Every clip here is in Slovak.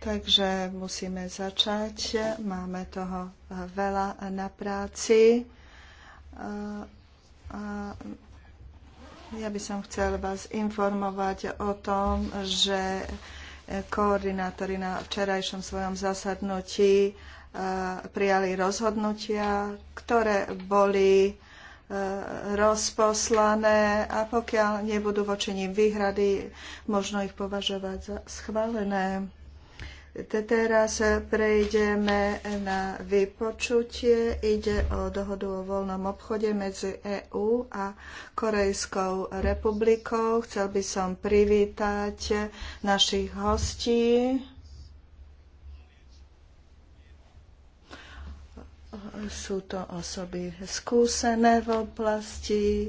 Takže musíme začať. Máme toho eh, veľa na práci. Eh, ja by som chcel vás informovať o tom, že koordinátori na včerajšom svojom zasadnutí eh, prijali rozhodnutia, ktoré boli rozposlané a pokiaľ nebudú voči nim výhrady, možno ich považovať za schválené. Teraz prejdeme na vypočutie. Ide o dohodu o voľnom obchode medzi EÚ a Korejskou republikou. Chcel by som privítať našich hostí Sú to osoby skúsené v oblasti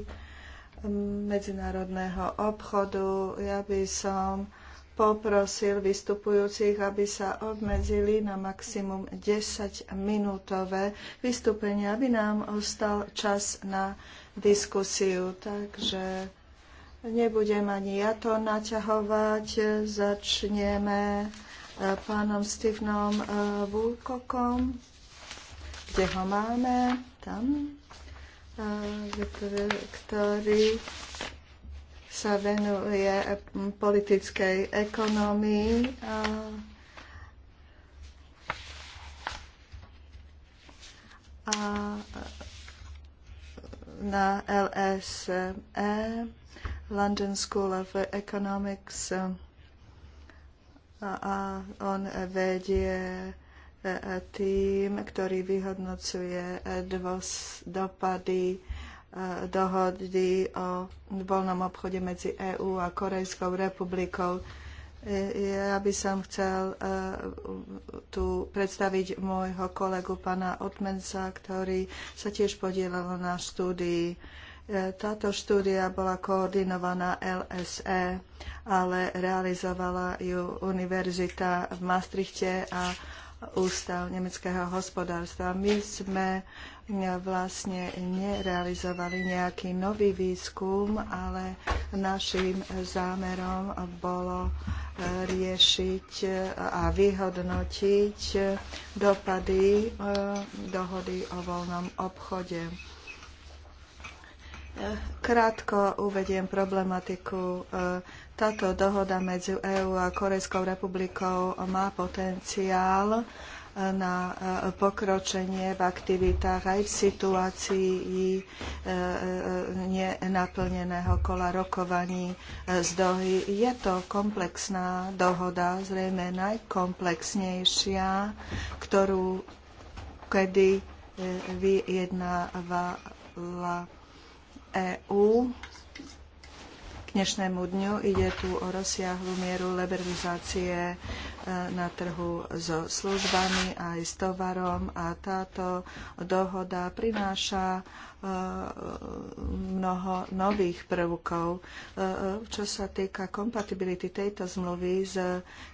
medzinárodného obchodu. Ja by som poprosil vystupujúcich, aby sa obmedzili na maximum 10-minútové vystúpenie, aby nám ostal čas na diskusiu. Takže nebudem ani ja to naťahovať. Začneme eh, pánom Stevenom Vulkokom. Eh, kde ho máme, tam, ktorý sa venuje politickej ekonomii. A na LSE, London School of Economics, a on vedie tým, ktorý vyhodnocuje eh, dvos, dopady eh, dohody o voľnom obchode medzi EÚ a Korejskou republikou. Eh, ja by som chcel tu predstaviť môjho kolegu pana Otmenca, ktorý sa tiež podielal na štúdii. Táto štúdia bola koordinovaná LSE, ale realizovala ju univerzita v Maastrichte a ústav nemeckého hospodárstva. My sme e, vlastne nerealizovali nejaký nový výskum, ale našim zámerom bolo e, riešiť e, a vyhodnotiť dopady dohody o voľnom obchode. Krátko uvediem problematiku táto dohoda medzi EÚ a Korejskou republikou má potenciál e, na e, pokročenie v aktivitách aj v situácii e, nenaplneného kola rokovaní z Dohy. Je to komplexná dohoda, zrejme najkomplexnejšia, ktorú kedy vyjednávala EÚ dnešnému dňu. Ide tu o rozsiahlu mieru liberalizácie e, na trhu so službami aj s tovarom a táto dohoda prináša e, mnoho nových prvkov. E, čo sa týka kompatibility tejto zmluvy s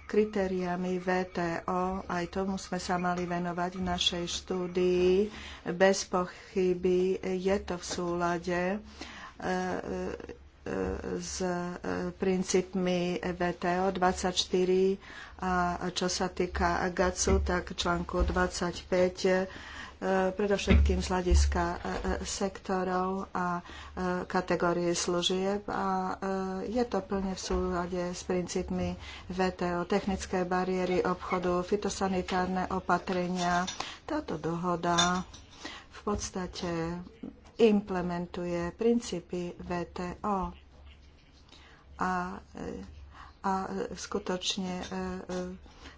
kritériami VTO, aj tomu sme sa mali venovať v našej štúdii. Bez pochyby je to v súlade s e, princípmi e VTO 24 a čo sa týka GACU, tak článku 25 e, predovšetkým z hľadiska sektorov a kategórie služieb a je to plne v súlade s princípmi VTO, technické bariéry obchodu, fitosanitárne opatrenia. Táto dohoda v podstate implementuje princípy VTO a, a skutočne e, e,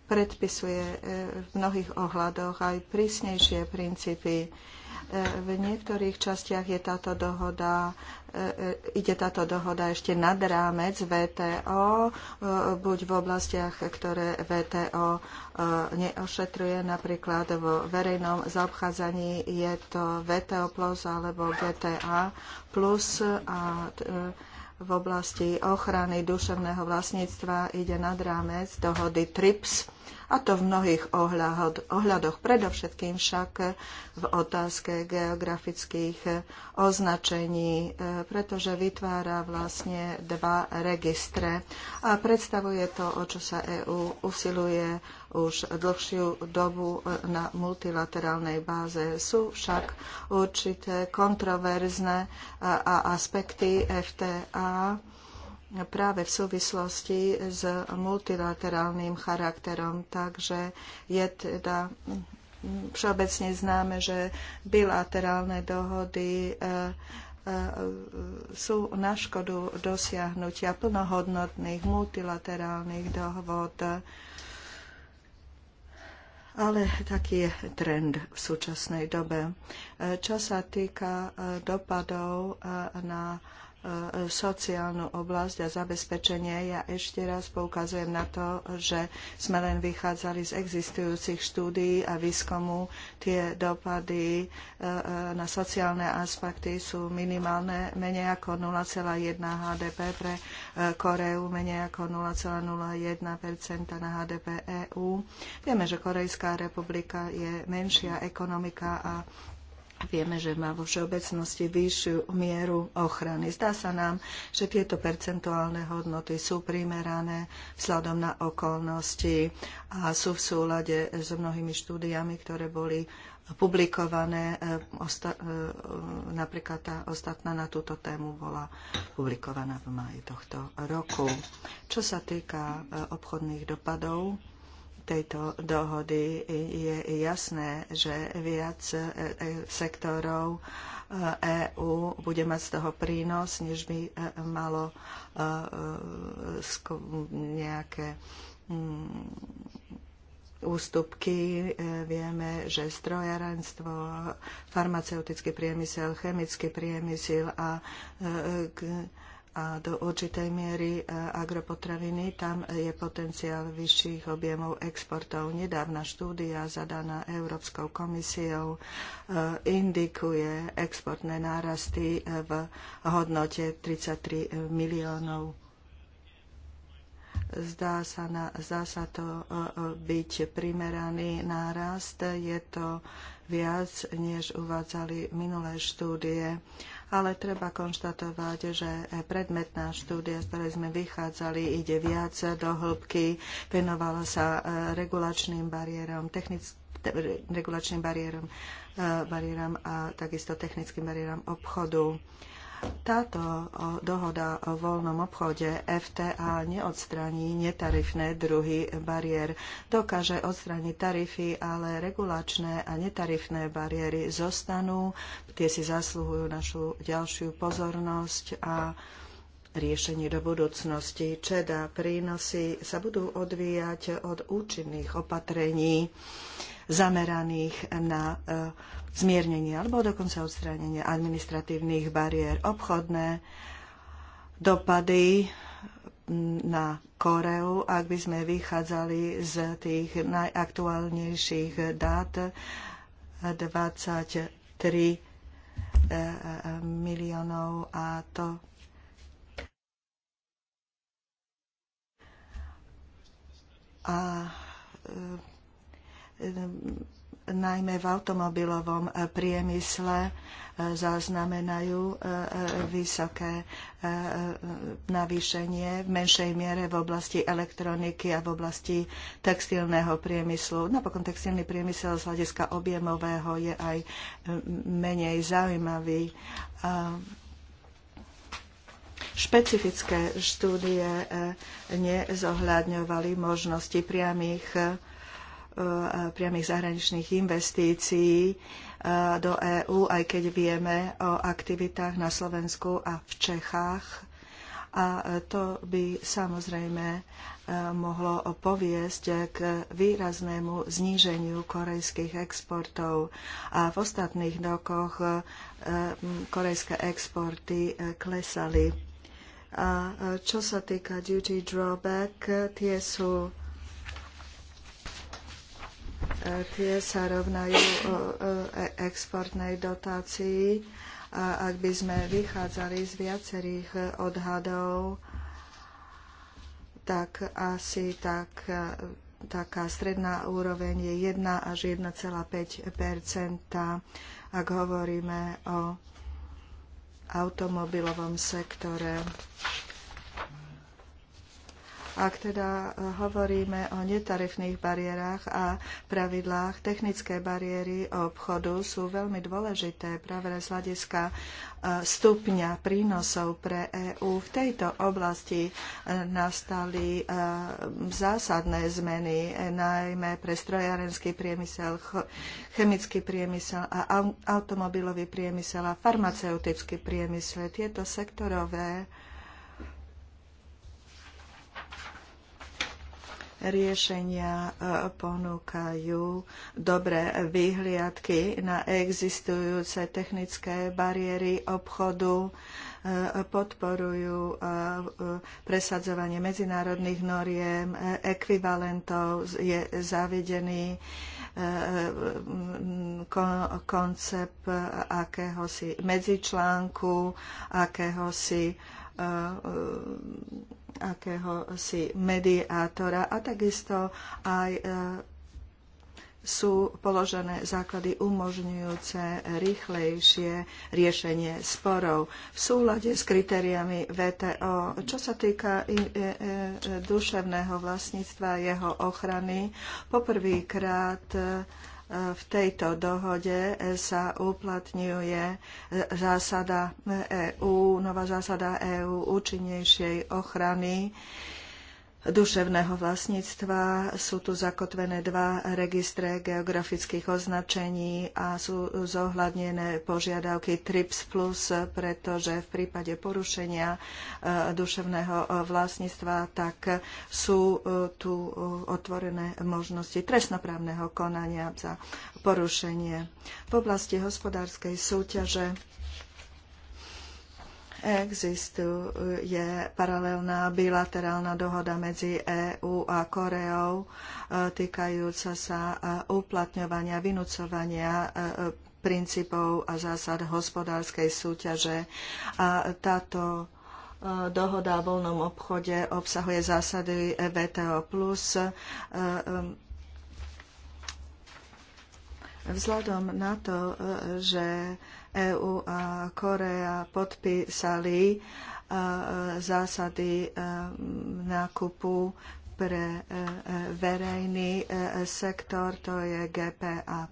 predpisuje e, v mnohých ohľadoch aj prísnejšie princípy. V niektorých častiach je táto dohoda E, e, ide táto dohoda ešte nad rámec VTO, e, buď v oblastiach, ktoré VTO neošetruje, napríklad v verejnom zaobchádzaní je to VTO plus alebo GTA plus a v oblasti ochrany duševného vlastníctva ide nad rámec dohody TRIPS a to v mnohých ohľadoch, predovšetkým však v otázke geografických označení, e, pretože vytvára vlastne dva registre a predstavuje to, o čo sa EÚ usiluje už dlhšiu dobu e, na multilaterálnej báze. Sú však určité kontroverzné e, aspekty FTA, práve v súvislosti s multilaterálnym charakterom. Takže je teda všeobecne známe, že bilaterálne dohody e, e, sú na škodu dosiahnutia plnohodnotných multilaterálnych dohod. Ale taký je trend v súčasnej dobe. E, čo sa týka dopadov na sociálnu oblasť a zabezpečenie. Ja ešte raz poukazujem na to, že sme len vychádzali z existujúcich štúdií a výskumu. Tie dopady e, e, na sociálne aspekty sú minimálne, menej ako 0,1 HDP pre e, Koreu, menej ako 0,01 na HDP EÚ. Vieme, že Korejská republika je menšia ekonomika a vieme, že má vo všeobecnosti vyššiu mieru ochrany. Zdá sa nám, že tieto percentuálne hodnoty sú primerané vzhľadom na okolnosti a sú v súlade s mnohými štúdiami, ktoré boli publikované. E, e, napríklad tá ostatná na túto tému bola publikovaná v maji tohto roku. Čo sa týka e, obchodných dopadov, tejto dohody je jasné, že viac e, e, sektorov EÚ e bude mať z toho prínos, než by malo nejaké mm, ústupky. Vieme, že strojárenstvo, farmaceutický priemysel, chemický priemysel a a do určitej miery e, agropotraviny. Tam je potenciál vyšších objemov exportov. Nedávna štúdia zadaná Európskou komisiou e, indikuje exportné nárasty e, v hodnote 33 miliónov. Zdá sa, na, zdá sa to byť primeraný nárast. Je to viac, než uvádzali minulé štúdie ale treba konštatovať, že predmetná štúdia, z ktorej sme vychádzali, ide viac do hĺbky, venovala sa e, regulačným bariérom, technickým regulačným bariéram, e, bariéram a takisto technickým bariéram obchodu. Táto dohoda o voľnom obchode FTA neodstraní netarifné druhy bariér. Dokáže odstraniť tarify, ale regulačné a netarifné bariéry zostanú. Tie si zasluhujú našu ďalšiu pozornosť a riešenie do budúcnosti. Čeda prínosy sa budú odvíjať od účinných opatrení zameraných na e, zmiernenie alebo dokonca odstránenie administratívnych bariér. Obchodné dopady na Koreu, ak by sme vychádzali z tých najaktuálnejších dát, 23 e, e, miliónov a to a e, najmä v automobilovom e, priemysle e, zaznamenajú e, vysoké navýšenie v menšej miere v oblasti elektroniky a v oblasti textilného priemyslu. Napokon textilný priemysel z hľadiska objemového je aj menej zaujímavý špecifické štúdie nezohľadňovali možnosti priamých Eh, priamých zahraničných investícií eh, do EÚ, aj keď vieme o aktivitách na Slovensku a v Čechách. A eh, to by samozrejme mohlo poviesť k výraznému zníženiu korejských exportov. A v ostatných rokoch korejské exporty klesali. A čo sa týka duty drawback, tie sú E, tie sa rovnajú e, exportnej dotácii. A ak by sme vychádzali z viacerých odhadov, tak asi tak, e, taká stredná úroveň je 1 až 1,5 ak hovoríme o automobilovom sektore. Ak teda e, hovoríme o netarifných bariérach a pravidlách, technické bariéry obchodu sú veľmi dôležité práve z hľadiska e, stupňa prínosov pre EÚ. V tejto oblasti e, nastali zásadné zmeny, najmä pre strojárenský priemysel, chemický priemysel a automobilový priemysel a farmaceutický priemysel. Tieto sektorové riešenia e, ponúkajú dobré výhliadky na existujúce technické bariéry obchodu, e, podporujú e, presadzovanie medzinárodných noriem, ekvivalentov je zavedený koncept akéhosi medzičlánku, akéhosi akéhosi mediátora a takisto aj e, sú položené základy umožňujúce rýchlejšie riešenie sporov v súlade s kritériami VTO. Čo sa týka e, e, duševného vlastníctva a jeho ochrany, poprvýkrát v tejto dohode sa uplatňuje zásada EÚ, nová zásada EÚ účinnejšej ochrany duševného vlastníctva. Sú tu zakotvené dva registre geografických označení a sú zohľadnené požiadavky TRIPS+, plus, pretože v prípade porušenia e, duševného e, vlastníctva tak sú e, tu otvorené možnosti trestnoprávneho konania za porušenie. V oblasti hospodárskej súťaže Existuje paralelná bilaterálna dohoda medzi EÚ a Koreou e, týkajúca sa e, uplatňovania, vynúcovania e, princípov a zásad hospodárskej súťaže. A táto dohoda o voľnom obchode obsahuje zásady VTO+, vzhľadom na to, že EÚ a Korea podpísali e, zásady e, nákupu pre e, verejný sektor, to je GPA+.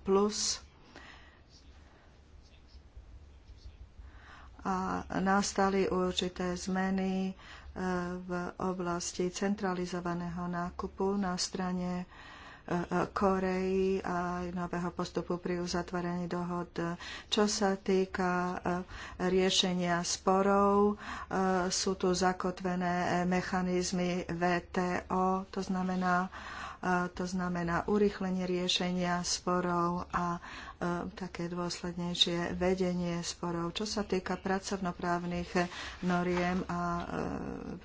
A nastali určité zmeny v oblasti centralizovaného nákupu na strane Koreji a nového postupu pri uzatvorení dohod. Čo sa týka eh, riešenia sporov, eh, sú tu zakotvené eh, mechanizmy VTO, to znamená, to znamená urychlenie riešenia sporov a také dôslednejšie vedenie sporov. Čo sa týka pracovnoprávnych noriem a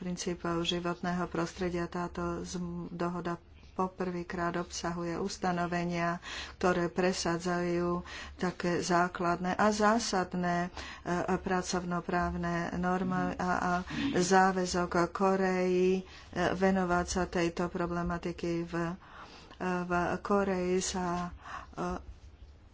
princípov životného prostredia, táto dohoda poprvýkrát obsahuje ustanovenia, ktoré presadzajú také základné a zásadné e, pracovnoprávne normy mhm. a, záväzok Koreji e, venovať sa tejto problematiky. V, e, v Koreji sa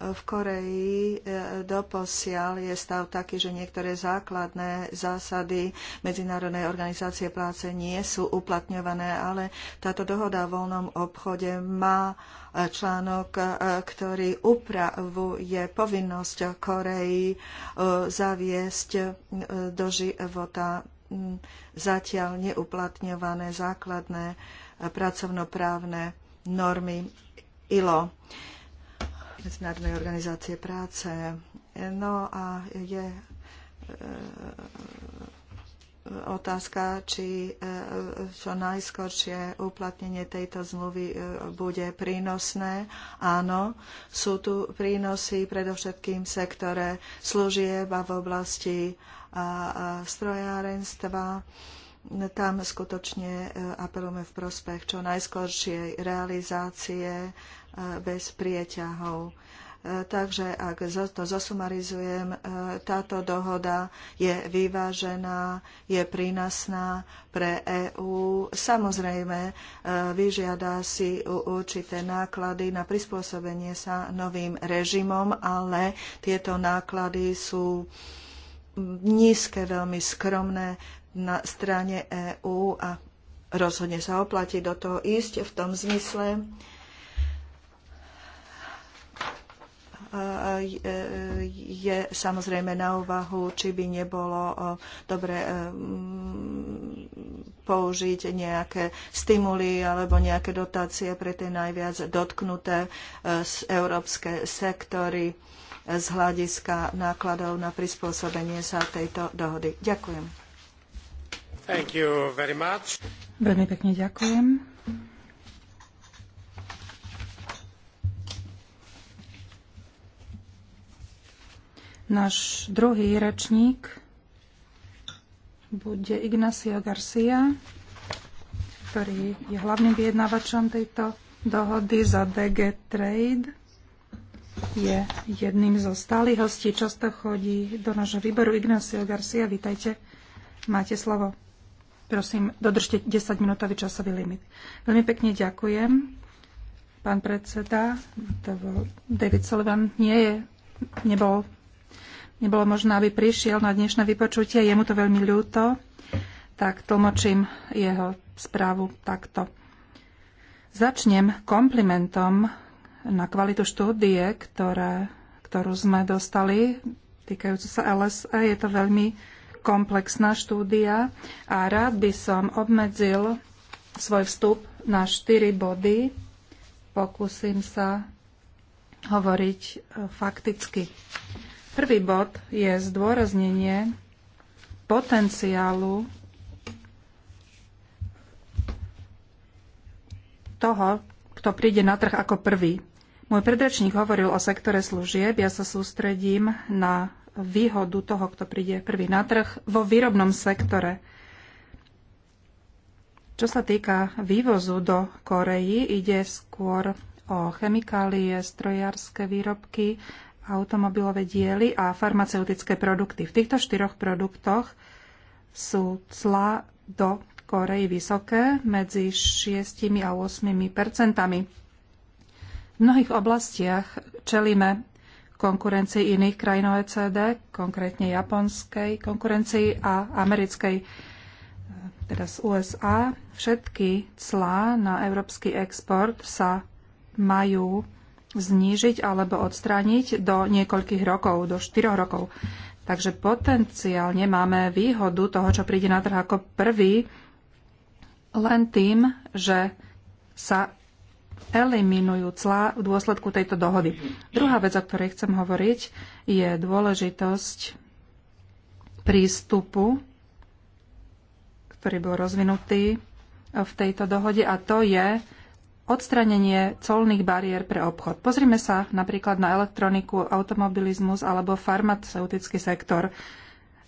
v Koreji e, doposiaľ je stav taký, že niektoré základné zásady Medzinárodnej organizácie práce nie sú uplatňované, ale táto dohoda o voľnom obchode má e, článok, e, ktorý upravuje povinnosť Koreji zaviesť do života zatiaľ neuplatňované základné pracovnoprávne normy ILO. Medzinárodnej organizácie práce. No a je e, otázka, či e, čo najskoršie uplatnenie tejto zmluvy e, bude prínosné. Áno, sú tu prínosy predovšetkým v sektore služieb a v oblasti strojárenstva. Tam skutočne apelujeme v prospech čo najskoršej realizácie bez prieťahov. E, takže ak to zosumarizujem, e, táto dohoda je vyvážená, je prínosná pre EÚ. Samozrejme, e, vyžiada si určité náklady na prispôsobenie sa novým režimom, ale tieto náklady sú nízke, veľmi skromné na strane EÚ a rozhodne sa oplatí do toho ísť v tom zmysle, je samozrejme na úvahu, či by nebolo dobre e, mm, použiť nejaké stimuly alebo nejaké dotácie pre tie najviac dotknuté e, európske sektory z hľadiska nákladov na prispôsobenie sa tejto dohody. Ďakujem. Veľmi pekne ďakujem. Náš druhý rečník bude Ignacio Garcia, ktorý je hlavným vyjednávačom tejto dohody za DG Trade. Je jedným zo stálych hostí, často chodí do nášho výboru. Ignacio Garcia, vítajte. Máte slovo. Prosím, dodržte 10-minútový časový limit. Veľmi pekne ďakujem. Pán predseda, David Sullivan nie je, nebol nebolo možné, aby prišiel na no dnešné vypočutie. Je mu to veľmi ľúto, tak tlmočím jeho správu takto. Začnem komplimentom na kvalitu štúdie, ktoré, ktorú sme dostali týkajúcu sa LSE. Je to veľmi komplexná štúdia a rád by som obmedzil svoj vstup na 4 body. Pokúsim sa hovoriť e, fakticky. Prvý bod je zdôraznenie potenciálu toho, kto príde na trh ako prvý. Môj predrečník hovoril o sektore služieb, ja sa sústredím na výhodu toho, kto príde prvý na trh vo výrobnom sektore. Čo sa týka vývozu do Koreji, ide skôr o chemikálie, strojárske výrobky automobilové diely a farmaceutické produkty. V týchto štyroch produktoch sú cla do Korei vysoké medzi 6 a 8 percentami. V mnohých oblastiach čelíme konkurencii iných krajín OECD, konkrétne japonskej konkurencii a americkej, teda z USA. Všetky clá na európsky export sa majú znížiť alebo odstrániť do niekoľkých rokov, do 4 rokov. Takže potenciálne máme výhodu toho, čo príde na trh ako prvý, len tým, že sa eliminujú clá v dôsledku tejto dohody. Druhá vec, o ktorej chcem hovoriť, je dôležitosť prístupu, ktorý bol rozvinutý v tejto dohode, a to je odstranenie colných bariér pre obchod. Pozrime sa napríklad na elektroniku, automobilizmus alebo farmaceutický sektor.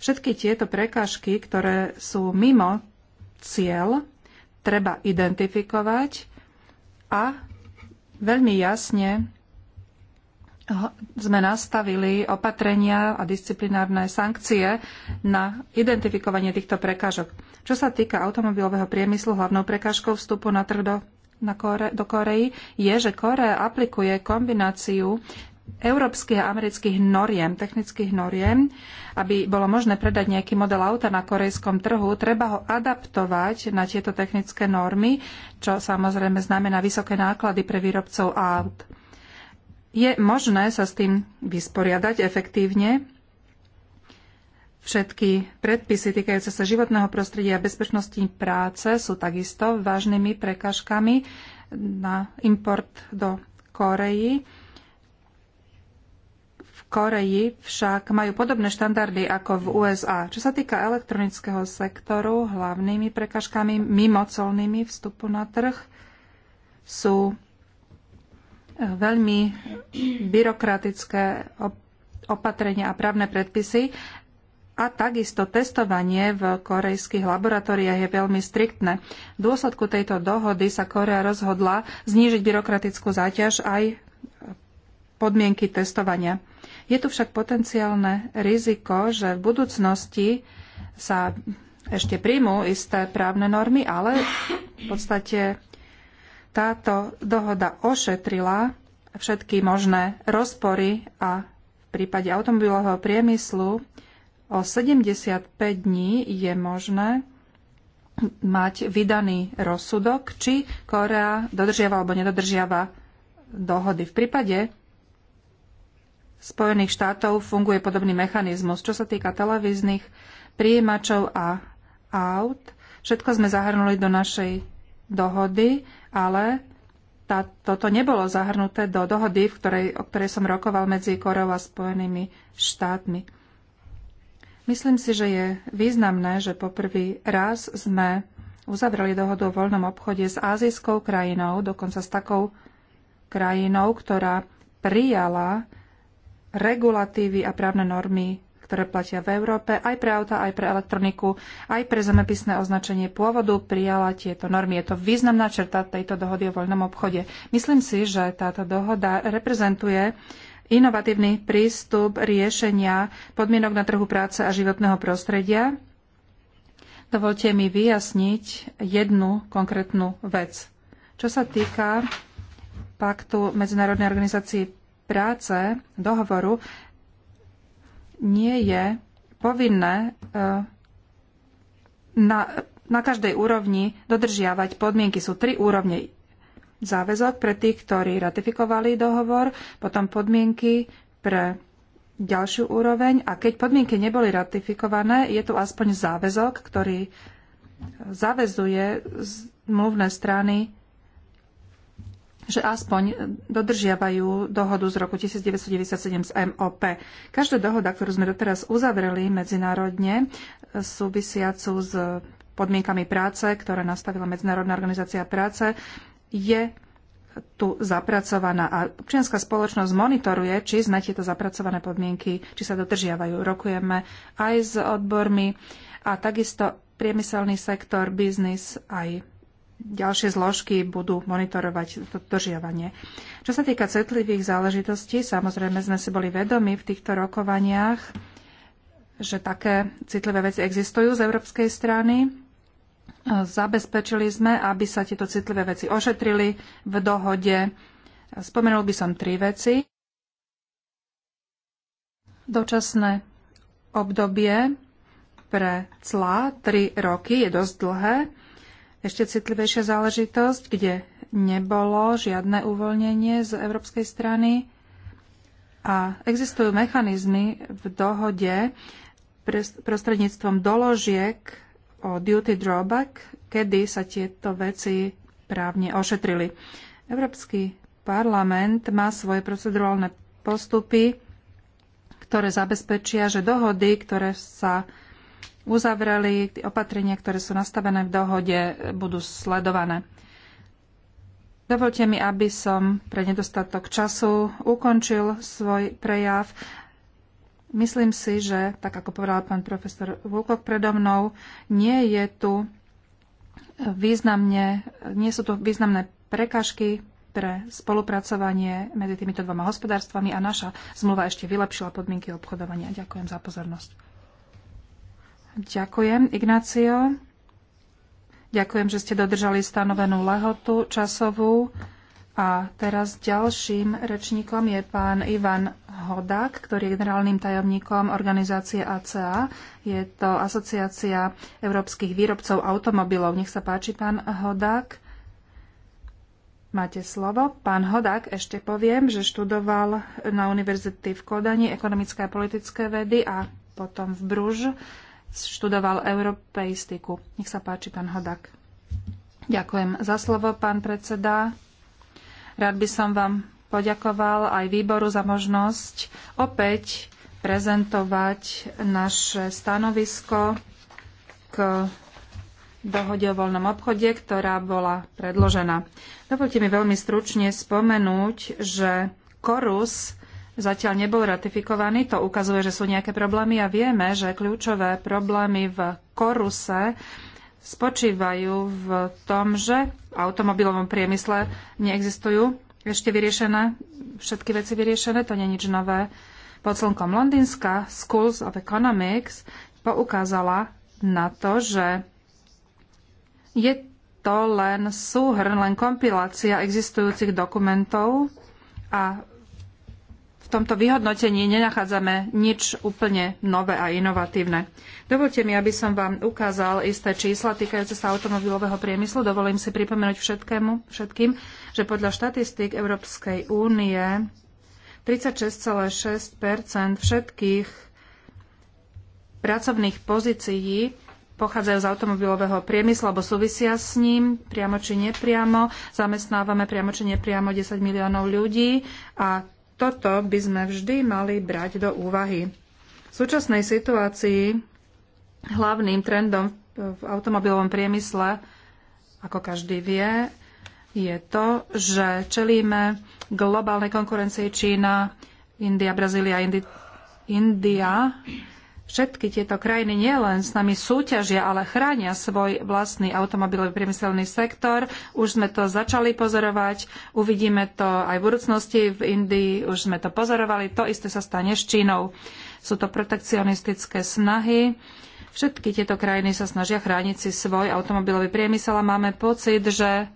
Všetky tieto prekážky, ktoré sú mimo cieľ, treba identifikovať a veľmi jasne sme nastavili opatrenia a disciplinárne sankcie na identifikovanie týchto prekážok. Čo sa týka automobilového priemyslu, hlavnou prekážkou vstupu na trh do na Kore- do Korei je, že Korea aplikuje kombináciu európskych a amerických noriem, technických noriem, aby bolo možné predať nejaký model auta na korejskom trhu, treba ho adaptovať na tieto technické normy, čo samozrejme znamená vysoké náklady pre výrobcov aut. Je možné sa s tým vysporiadať efektívne, Všetky predpisy týkajúce sa životného prostredia a bezpečnosti práce sú takisto vážnymi prekažkami na import do Koreji. V Koreji však majú podobné štandardy ako v USA. Čo sa týka elektronického sektoru, hlavnými prekažkami mimo colnými vstupu na trh sú veľmi byrokratické opatrenia a právne predpisy a takisto testovanie v korejských laboratóriách je veľmi striktné. V dôsledku tejto dohody sa Korea rozhodla znížiť byrokratickú záťaž aj podmienky testovania. Je tu však potenciálne riziko, že v budúcnosti sa ešte príjmú isté právne normy, ale v podstate táto dohoda ošetrila všetky možné rozpory a v prípade automobilového priemyslu o 75 dní je možné mať vydaný rozsudok, či Korea dodržiava alebo nedodržiava dohody. V prípade Spojených štátov funguje podobný mechanizmus. Čo sa týka televíznych príjimačov a aut, všetko sme zahrnuli do našej dohody, ale tá, toto nebolo zahrnuté do dohody, v ktorej, o ktorej som rokoval medzi Koreou a Spojenými štátmi. Myslím si, že je významné, že poprvý raz sme uzavreli dohodu o voľnom obchode s azijskou krajinou, dokonca s takou krajinou, ktorá prijala regulatívy a právne normy, ktoré platia v Európe, aj pre auta, aj pre elektroniku, aj pre zemepisné označenie pôvodu prijala tieto normy. Je to významná črta tejto dohody o voľnom obchode. Myslím si, že táto dohoda reprezentuje inovatívny prístup riešenia podmienok na trhu práce a životného prostredia. Dovolte mi vyjasniť jednu konkrétnu vec. Čo sa týka paktu Medzinárodnej organizácii práce, dohovoru, nie je povinné eh, na, na každej úrovni dodržiavať podmienky. Sú tri úrovne záväzok pre tých, ktorí ratifikovali dohovor, potom podmienky pre ďalšiu úroveň a keď podmienky neboli ratifikované, je tu aspoň záväzok, ktorý zavezuje zmluvné strany, že aspoň dodržiavajú dohodu z roku 1997 z MOP. Každá dohoda, ktorú sme doteraz uzavreli medzinárodne, súvisiacu s podmienkami práce, ktoré nastavila Medzinárodná organizácia práce, je tu zapracovaná a občianská spoločnosť monitoruje, či sme tieto zapracované podmienky, či sa dodržiavajú. Rokujeme aj s odbormi a takisto priemyselný sektor, biznis aj ďalšie zložky budú monitorovať dodržiavanie. Čo sa týka citlivých záležitostí, samozrejme sme si boli vedomi v týchto rokovaniach, že také citlivé veci existujú z európskej strany Zabezpečili sme, aby sa tieto citlivé veci ošetrili v dohode. Spomenul by som tri veci. Dočasné obdobie pre clá tri roky je dosť dlhé. Ešte citlivejšia záležitosť, kde nebolo žiadne uvoľnenie z európskej strany. A existujú mechanizmy v dohode prostredníctvom doložiek o duty drawback, kedy sa tieto veci právne ošetrili. Európsky parlament má svoje procedurálne postupy, ktoré zabezpečia, že dohody, ktoré sa uzavreli, opatrenia, ktoré sú nastavené v dohode, budú sledované. Dovolte mi, aby som pre nedostatok času ukončil svoj prejav Myslím si, že, tak ako povedal pán profesor Vúkok predo mnou, nie je tu významne, nie sú tu významné prekažky pre spolupracovanie medzi týmito dvoma hospodárstvami a naša zmluva ešte vylepšila podmienky obchodovania. Ďakujem za pozornosť. Ďakujem, Ignácio. Ďakujem, že ste dodržali stanovenú lehotu časovú. A teraz ďalším rečníkom je pán Ivan Hodák, ktorý je generálnym tajomníkom organizácie ACA. Je to Asociácia európskych výrobcov automobilov. Nech sa páči, pán Hodák. Máte slovo. Pán Hodák, ešte poviem, že študoval na univerzity v Kodani ekonomické a politické vedy a potom v Bruž študoval europeistiku. Nech sa páči, pán Hodák. Ďakujem za slovo, pán predseda. Rád by som vám poďakoval aj výboru za možnosť opäť prezentovať naše stanovisko k dohode o voľnom obchode, ktorá bola predložená. Dovolte mi veľmi stručne spomenúť, že Korus zatiaľ nebol ratifikovaný. To ukazuje, že sú nejaké problémy a vieme, že kľúčové problémy v Koruse spočívajú v tom, že v automobilovom priemysle neexistujú ešte vyriešené, všetky veci vyriešené, to nie je nič nové. Pod slnkom Londýnska Schools of Economics poukázala na to, že je to len súhrn, len kompilácia existujúcich dokumentov a v tomto vyhodnotení nenachádzame nič úplne nové a inovatívne. Dovolte mi, aby som vám ukázal isté čísla týkajúce sa automobilového priemyslu. Dovolím si pripomenúť všetkému, všetkým, že podľa štatistík Európskej únie 36,6 všetkých pracovných pozícií pochádzajú z automobilového priemyslu alebo súvisia s ním priamo či nepriamo. Zamestnávame priamo či nepriamo 10 miliónov ľudí a toto by sme vždy mali brať do úvahy. V súčasnej situácii hlavným trendom v automobilovom priemysle, ako každý vie, je to, že čelíme globálnej konkurencii Čína, India, Brazília, Indi- India Všetky tieto krajiny nielen s nami súťažia, ale chránia svoj vlastný automobilový priemyselný sektor. Už sme to začali pozorovať, uvidíme to aj v budúcnosti v Indii, už sme to pozorovali, to isté sa stane s Čínou. Sú to protekcionistické snahy. Všetky tieto krajiny sa snažia chrániť si svoj automobilový priemysel a máme pocit, že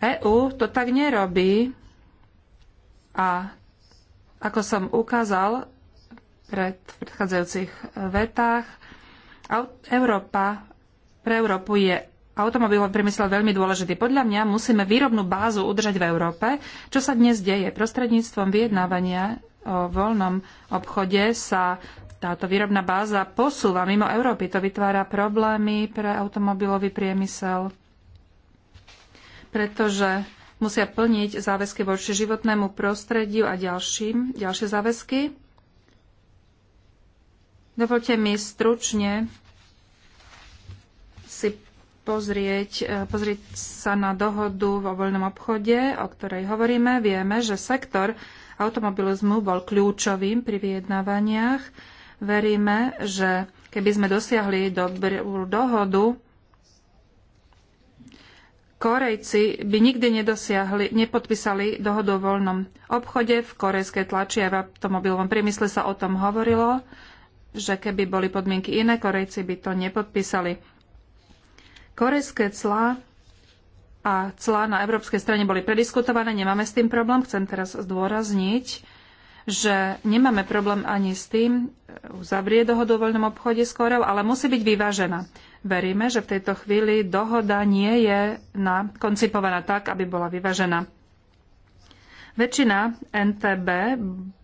EÚ to tak nerobí. A ako som ukázal, pred predchádzajúcich eh, vetách. Európa pre Európu je automobilový priemysel veľmi dôležitý. Podľa mňa musíme výrobnú bázu udržať v Európe. Čo sa dnes deje? Prostredníctvom vyjednávania o voľnom obchode sa táto výrobná báza posúva mimo Európy. To vytvára problémy pre automobilový priemysel, pretože musia plniť záväzky voči životnému prostrediu a ďalším, ďalšie záväzky Dovolte mi stručne si pozrieť, e, pozrieť sa na dohodu vo voľnom obchode, o ktorej hovoríme. Vieme, že sektor automobilizmu bol kľúčovým pri vyjednávaniach. Veríme, že keby sme dosiahli dobrú dohodu, Korejci by nikdy nedosiahli, nepodpísali dohodu o voľnom obchode. V korejskej tlači a v automobilovom priemysle sa o tom hovorilo že keby boli podmienky iné, Korejci by to nepodpísali. Korejské clá a clá na európskej strane boli prediskutované, nemáme s tým problém. Chcem teraz zdôrazniť, že nemáme problém ani s tým e, uzavrieť dohodu o voľnom obchode s Koreou, ale musí byť vyvážená. Veríme, že v tejto chvíli dohoda nie je na, koncipovaná tak, aby bola vyvážená. Väčšina NTB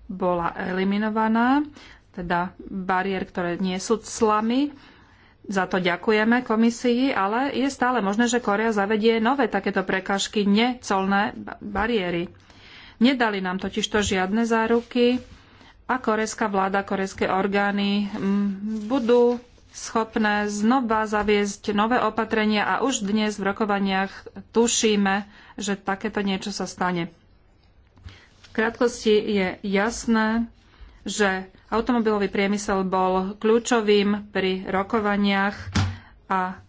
bola eliminovaná teda bariér, ktoré nie sú clami. Za to ďakujeme komisii, ale je stále možné, že Korea zavedie nové takéto prekážky, necolné bariéry. Nedali nám totiž to žiadne záruky a korejská vláda, korejské orgány mm, budú schopné znova zaviesť nové opatrenia a už dnes v rokovaniach tušíme, že takéto niečo sa stane. V krátkosti je jasné, že Automobilový priemysel bol kľúčovým pri rokovaniach a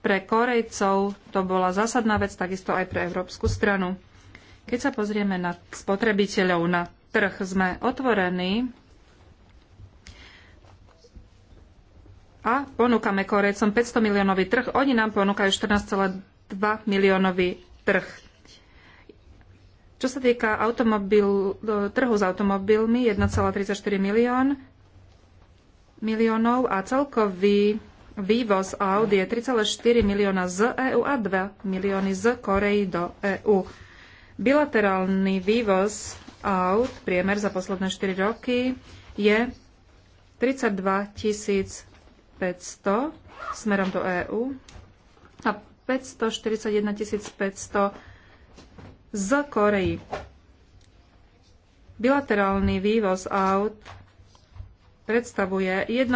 pre Korejcov to bola zásadná vec, takisto aj pre Európsku stranu. Keď sa pozrieme na spotrebiteľov, na trh, sme otvorení a ponúkame Korejcom 500 miliónový trh. Oni nám ponúkajú 14,2 miliónový trh. Čo sa týka automobil, e, trhu s automobilmi, 1,34 milión, miliónov a celkový vývoz aut je 3,4 milióna z EÚ a 2 milióny z Korei do EÚ. Bilaterálny vývoz aut, priemer za posledné 4 roky, je 32 500 smerom do EÚ a 541 500 z Korei. Bilaterálny vývoz aut predstavuje 1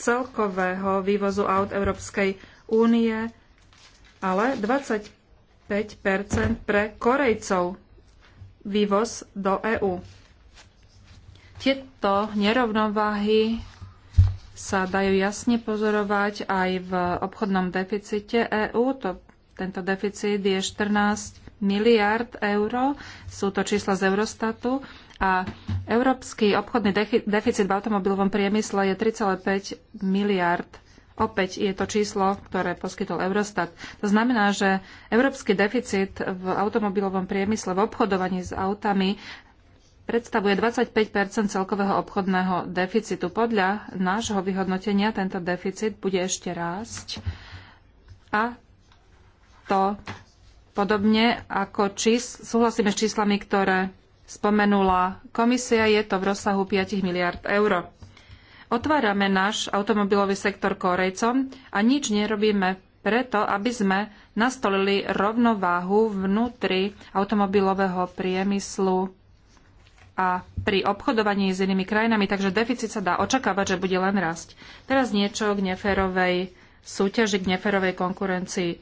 celkového vývozu aut Európskej únie, ale 25 pre Korejcov vývoz do EÚ. Tieto nerovnováhy sa dajú jasne pozorovať aj v obchodnom deficite EÚ. tento deficit je 14 miliard eur, sú to čísla z Eurostatu, a európsky obchodný deficit v automobilovom priemysle je 3,5 miliard Opäť je to číslo, ktoré poskytol Eurostat. To znamená, že európsky deficit v automobilovom priemysle v obchodovaní s autami predstavuje 25 celkového obchodného deficitu. Podľa nášho vyhodnotenia tento deficit bude ešte rásť a to Podobne ako čís, súhlasíme s číslami, ktoré spomenula komisia, je to v rozsahu 5 miliard eur. Otvárame náš automobilový sektor Korejcom a nič nerobíme preto, aby sme nastolili rovnováhu vnútri automobilového priemyslu a pri obchodovaní s inými krajinami, takže deficit sa dá očakávať, že bude len rásť. Teraz niečo k neférovej súťaži, k neférovej konkurencii.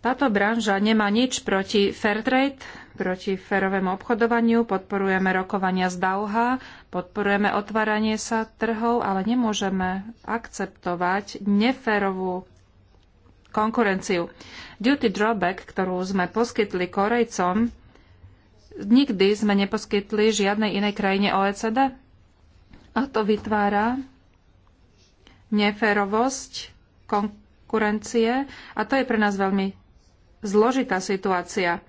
Táto branža nemá nič proti fair trade, proti férovému obchodovaniu, podporujeme rokovania z Dauha, podporujeme otváranie sa trhov, ale nemôžeme akceptovať neférovú konkurenciu. Duty drawback, ktorú sme poskytli Korejcom, nikdy sme neposkytli žiadnej inej krajine OECD. A to vytvára neférovosť konkurencie a to je pre nás veľmi zložitá situácia.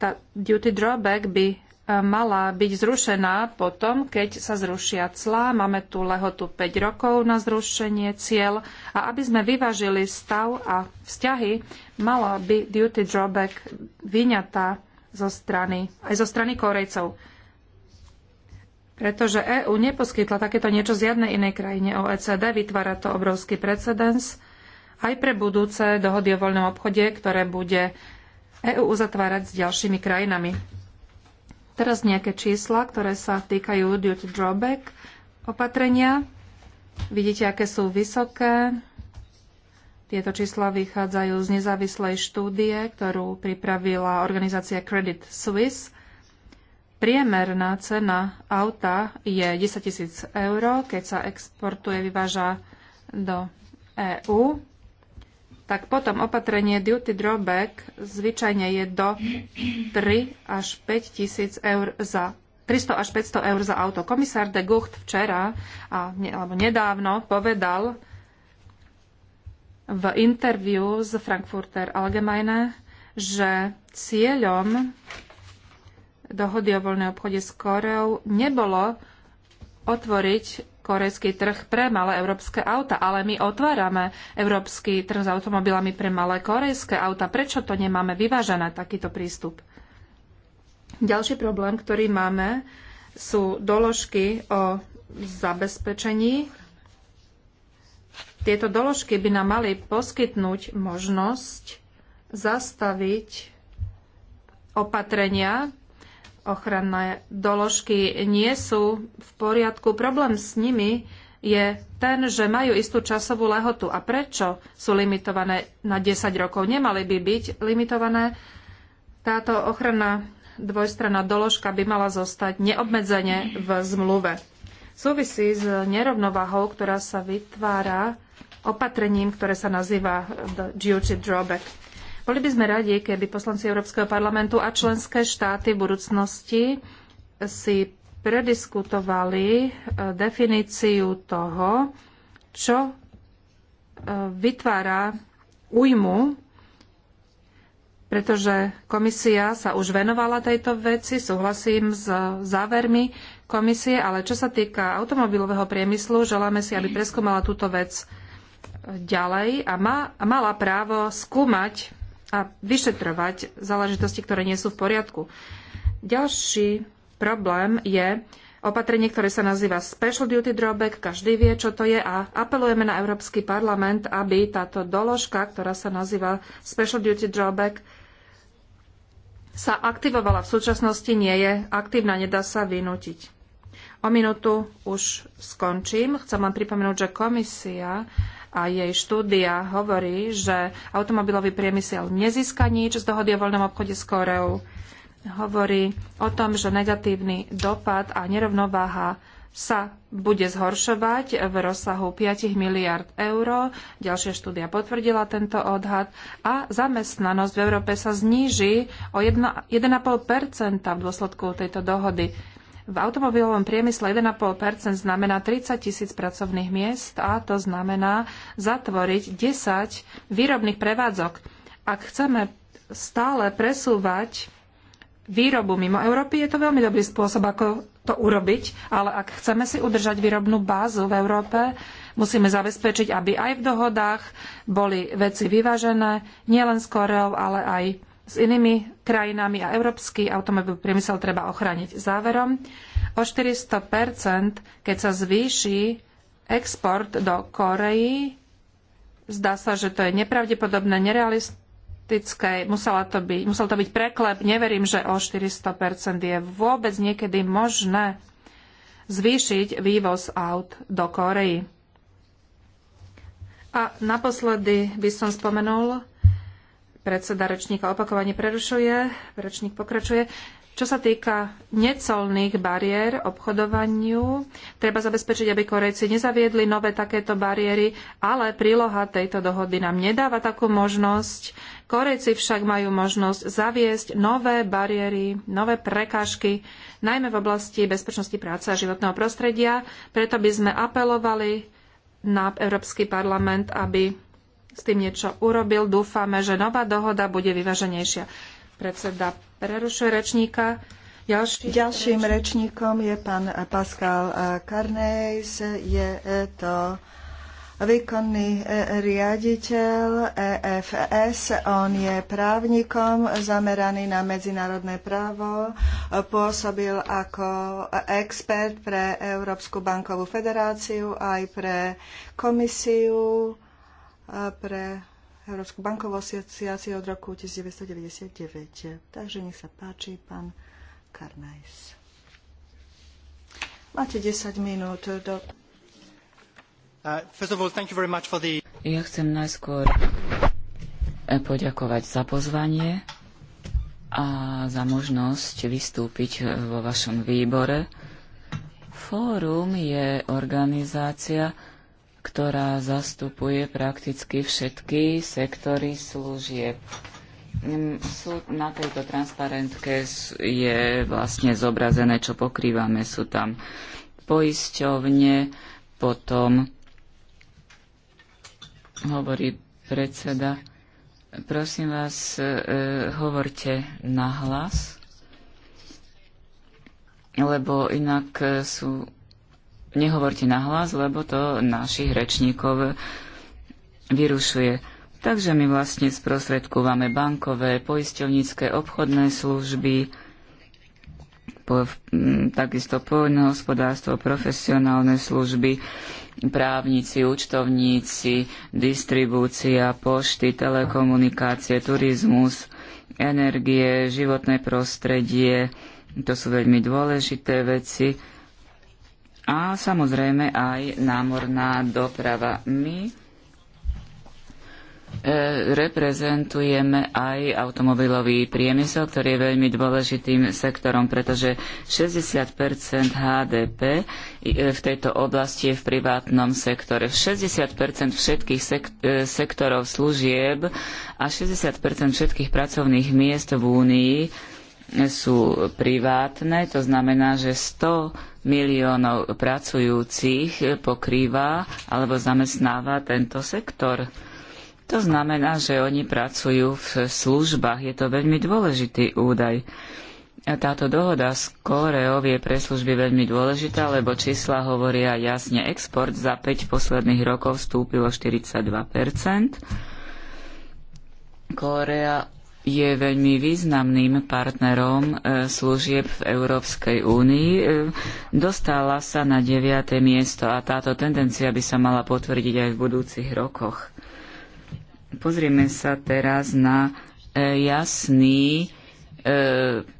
Tá duty drawback by e, mala byť zrušená potom, keď sa zrušia clá. Máme tu lehotu 5 rokov na zrušenie cieľ a aby sme vyvážili stav a vzťahy, mala by duty drawback vyňatá zo strany, aj zo strany Korejcov. Pretože EÚ neposkytla takéto niečo z jednej inej krajine OECD, vytvára to obrovský precedens aj pre budúce dohody o voľnom obchode, ktoré bude EÚ uzatvárať s ďalšími krajinami. Teraz nejaké čísla, ktoré sa týkajú duty drawback opatrenia. Vidíte, aké sú vysoké. Tieto čísla vychádzajú z nezávislej štúdie, ktorú pripravila organizácia Credit Suisse. Priemerná cena auta je 10 000 eur, keď sa exportuje, vyváža do EÚ tak potom opatrenie duty drawback zvyčajne je do 3 až 5 tisíc eur za 300 až 500 eur za auto. Komisár de Gucht včera a, ne, alebo nedávno povedal v interviu z Frankfurter Allgemeine, že cieľom dohody o voľnej obchode s Koreou nebolo otvoriť korejský trh pre malé európske auta, ale my otvárame európsky trh s automobilami pre malé korejské auta. Prečo to nemáme vyvážené, takýto prístup? Ďalší problém, ktorý máme, sú doložky o zabezpečení. Tieto doložky by nám mali poskytnúť možnosť zastaviť opatrenia ochranné doložky nie sú v poriadku. Problém s nimi je ten, že majú istú časovú lehotu. A prečo sú limitované na 10 rokov? Nemali by byť limitované. Táto ochranná dvojstranná doložka by mala zostať neobmedzene v zmluve. Súvisí s nerovnováhou, ktorá sa vytvára opatrením, ktoré sa nazýva duty drawback. Boli by sme radi, keby poslanci Európskeho parlamentu a členské štáty v budúcnosti si prediskutovali e, definíciu toho, čo e, vytvára újmu, pretože komisia sa už venovala tejto veci, súhlasím s závermi komisie, ale čo sa týka automobilového priemyslu, želáme si, aby preskúmala túto vec ďalej a, a mala právo skúmať a vyšetrovať záležitosti, ktoré nie sú v poriadku. Ďalší problém je opatrenie, ktoré sa nazýva Special Duty Drawback. Každý vie, čo to je a apelujeme na Európsky parlament, aby táto doložka, ktorá sa nazýva Special Duty Drawback, sa aktivovala. V súčasnosti nie je aktívna, nedá sa vynútiť. O minútu už skončím. Chcem vám pripomenúť, že komisia a jej štúdia hovorí, že automobilový priemysel nezíska nič z dohody o voľnom obchode s Koreou. Hovorí o tom, že negatívny dopad a nerovnováha sa bude zhoršovať v rozsahu 5 miliard eur. Ďalšia štúdia potvrdila tento odhad a zamestnanosť v Európe sa zníži o 1,5 v dôsledku tejto dohody. V automobilovom priemysle 1,5 znamená 30 tisíc pracovných miest a to znamená zatvoriť 10 výrobných prevádzok. Ak chceme stále presúvať výrobu mimo Európy, je to veľmi dobrý spôsob, ako to urobiť, ale ak chceme si udržať výrobnú bázu v Európe, musíme zabezpečiť, aby aj v dohodách boli veci vyvážené, nielen s Koreou, ale aj s inými krajinami a európsky automobil priemysel treba ochrániť. Záverom, o 400 keď sa zvýši export do Koreji, zdá sa, že to je nepravdepodobné, nerealistické, musela to byť, musel to byť preklep, neverím, že o 400 je vôbec niekedy možné zvýšiť vývoz aut do Koreji. A naposledy by som spomenul Predseda rečníka opakovane prerušuje, rečník pokračuje. Čo sa týka necolných bariér obchodovaniu, treba zabezpečiť, aby Korejci nezaviedli nové takéto bariéry, ale príloha tejto dohody nám nedáva takú možnosť. Korejci však majú možnosť zaviesť nové bariéry, nové prekážky, najmä v oblasti bezpečnosti práce a životného prostredia. Preto by sme apelovali na Európsky parlament, aby s tým niečo urobil. Dúfame, že nová dohoda bude vyváženejšia. Predseda prerušuje rečníka. Ďalší Ďalším rečník. rečníkom je pán Pascal Karnejs. Eh, je eh, to výkonný eh, riaditeľ EFS. On je právnikom zameraný na medzinárodné právo. Pôsobil ako expert pre Európsku bankovú federáciu aj pre komisiu pre Európsku bankovú asociáciu od roku 1999. Takže nech sa páči, pán Karnajs. Máte 10 minút do... Uh, first of all, thank you very much for the... Ja chcem najskôr eh, poďakovať za pozvanie a za možnosť vystúpiť eh, vo vašom výbore. Fórum je organizácia, ktorá zastupuje prakticky všetky sektory služieb. Mm, sú, na tejto transparentke je vlastne zobrazené, čo pokrývame. Sú tam poisťovne, potom hovorí predseda. Prosím vás, e, hovorte nahlas, lebo inak e, sú nehovorte nahlas, lebo to našich rečníkov vyrušuje. Takže my vlastne sprostredkúvame bankové, poisťovnícke, obchodné služby, po, takisto poľnohospodárstvo, profesionálne služby, právnici, účtovníci, distribúcia, pošty, telekomunikácie, turizmus, energie, životné prostredie. To sú veľmi dôležité veci a samozrejme aj námorná doprava. My e, reprezentujeme aj automobilový priemysel, ktorý je veľmi dôležitým sektorom, pretože 60 HDP e, v tejto oblasti je v privátnom sektore. 60 všetkých sek- e, sektorov služieb a 60 všetkých pracovných miest v Únii sú privátne, to znamená, že 100 miliónov pracujúcich pokrýva alebo zamestnáva tento sektor. To znamená, že oni pracujú v službách. Je to veľmi dôležitý údaj. Táto dohoda s Kóreou je pre služby veľmi dôležitá, lebo čísla hovoria jasne. Export za 5 posledných rokov vstúpilo 42 Kórea je veľmi významným partnerom e, služieb v Európskej únii. E, dostala sa na 9. miesto a táto tendencia by sa mala potvrdiť aj v budúcich rokoch. Pozrieme sa teraz na e, jasný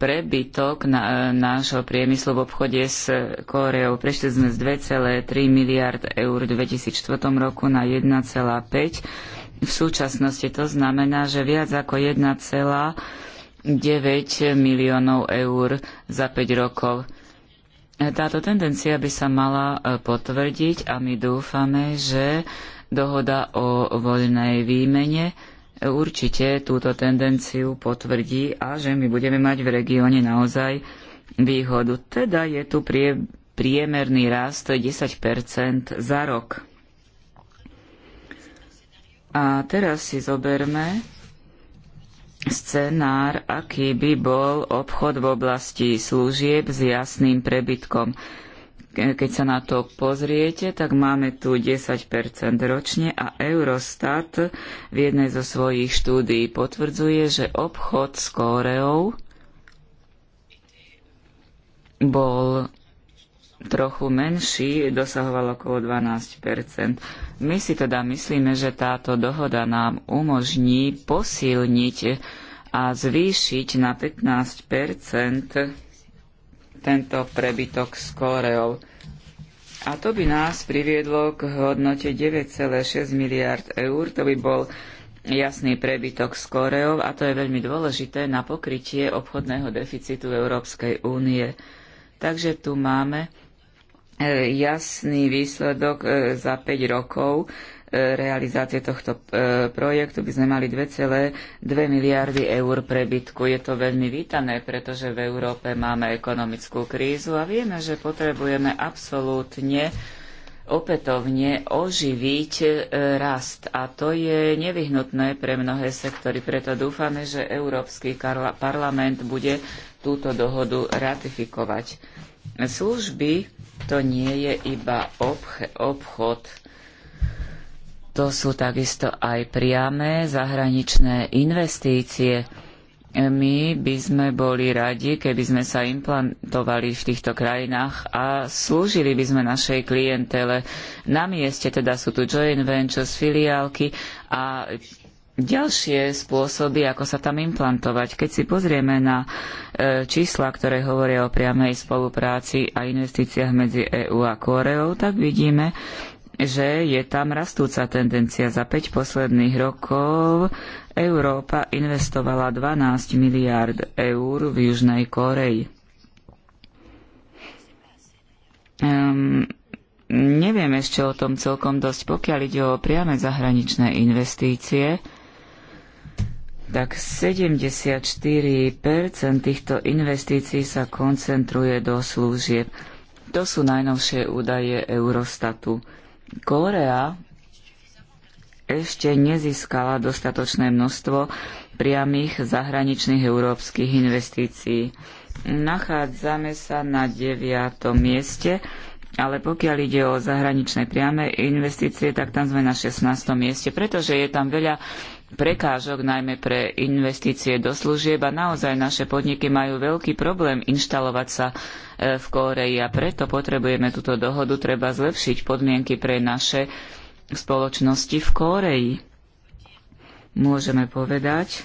prebytok na nášho priemyslu v obchode s Koreou. Prešli sme z 2,3 miliard eur v 2004 roku na 1,5 v súčasnosti. To znamená, že viac ako 1,9 miliónov eur za 5 rokov. Táto tendencia by sa mala e, potvrdiť a my dúfame, že dohoda o voľnej výmene e, určite túto tendenciu potvrdí a že my budeme mať v regióne naozaj výhodu. Teda je tu prie, priemerný rast 10 za rok. A teraz si zoberme scenár, aký by bol obchod v oblasti služieb s jasným prebytkom. Keď sa na to pozriete, tak máme tu 10% ročne a Eurostat v jednej zo svojich štúdií potvrdzuje, že obchod s Kóreou bol trochu menší, dosahoval okolo 12 My si teda myslíme, že táto dohoda nám umožní posilniť a zvýšiť na 15 tento prebytok s Kóreou. A to by nás priviedlo k hodnote 9,6 miliard eur. To by bol jasný prebytok s Kóreou a to je veľmi dôležité na pokrytie obchodného deficitu Európskej únie. Takže tu máme E, jasný výsledok e, za 5 rokov e, realizácie tohto projektu by sme mali 2,2 miliardy eur prebytku. Je to veľmi vítané, pretože v Európe máme ekonomickú krízu a vieme, že potrebujeme absolútne opätovne oživiť rast. A to je nevyhnutné pre mnohé sektory. Preto dúfame, že Európsky parlament bude túto dohodu ratifikovať. Služby to nie je iba obch- obchod. To sú takisto aj priame zahraničné investície. My by sme boli radi, keby sme sa implantovali v týchto krajinách a slúžili by sme našej klientele. Na mieste teda sú tu joint ventures, filiálky a ďalšie spôsoby, ako sa tam implantovať. Keď si pozrieme na e, čísla, ktoré hovoria o priamej spolupráci a investíciách medzi EÚ a Kóreou, tak vidíme, že je tam rastúca tendencia. Za 5 posledných rokov Európa investovala 12 miliárd eur v Južnej Koreji. Um, ehm, neviem ešte o tom celkom dosť, pokiaľ ide o priame zahraničné investície tak 74% týchto investícií sa koncentruje do služieb. To sú najnovšie údaje Eurostatu. Korea ešte nezískala dostatočné množstvo priamých zahraničných európskych investícií. Nachádzame sa na 9. mieste, ale pokiaľ ide o zahraničné priame investície, tak tam sme na 16. mieste, pretože je tam veľa prekážok najmä pre investície do služieb a naozaj naše podniky majú veľký problém inštalovať sa e, v Kóreji a preto potrebujeme túto dohodu, treba zlepšiť podmienky pre naše spoločnosti v Kóreji. Môžeme povedať,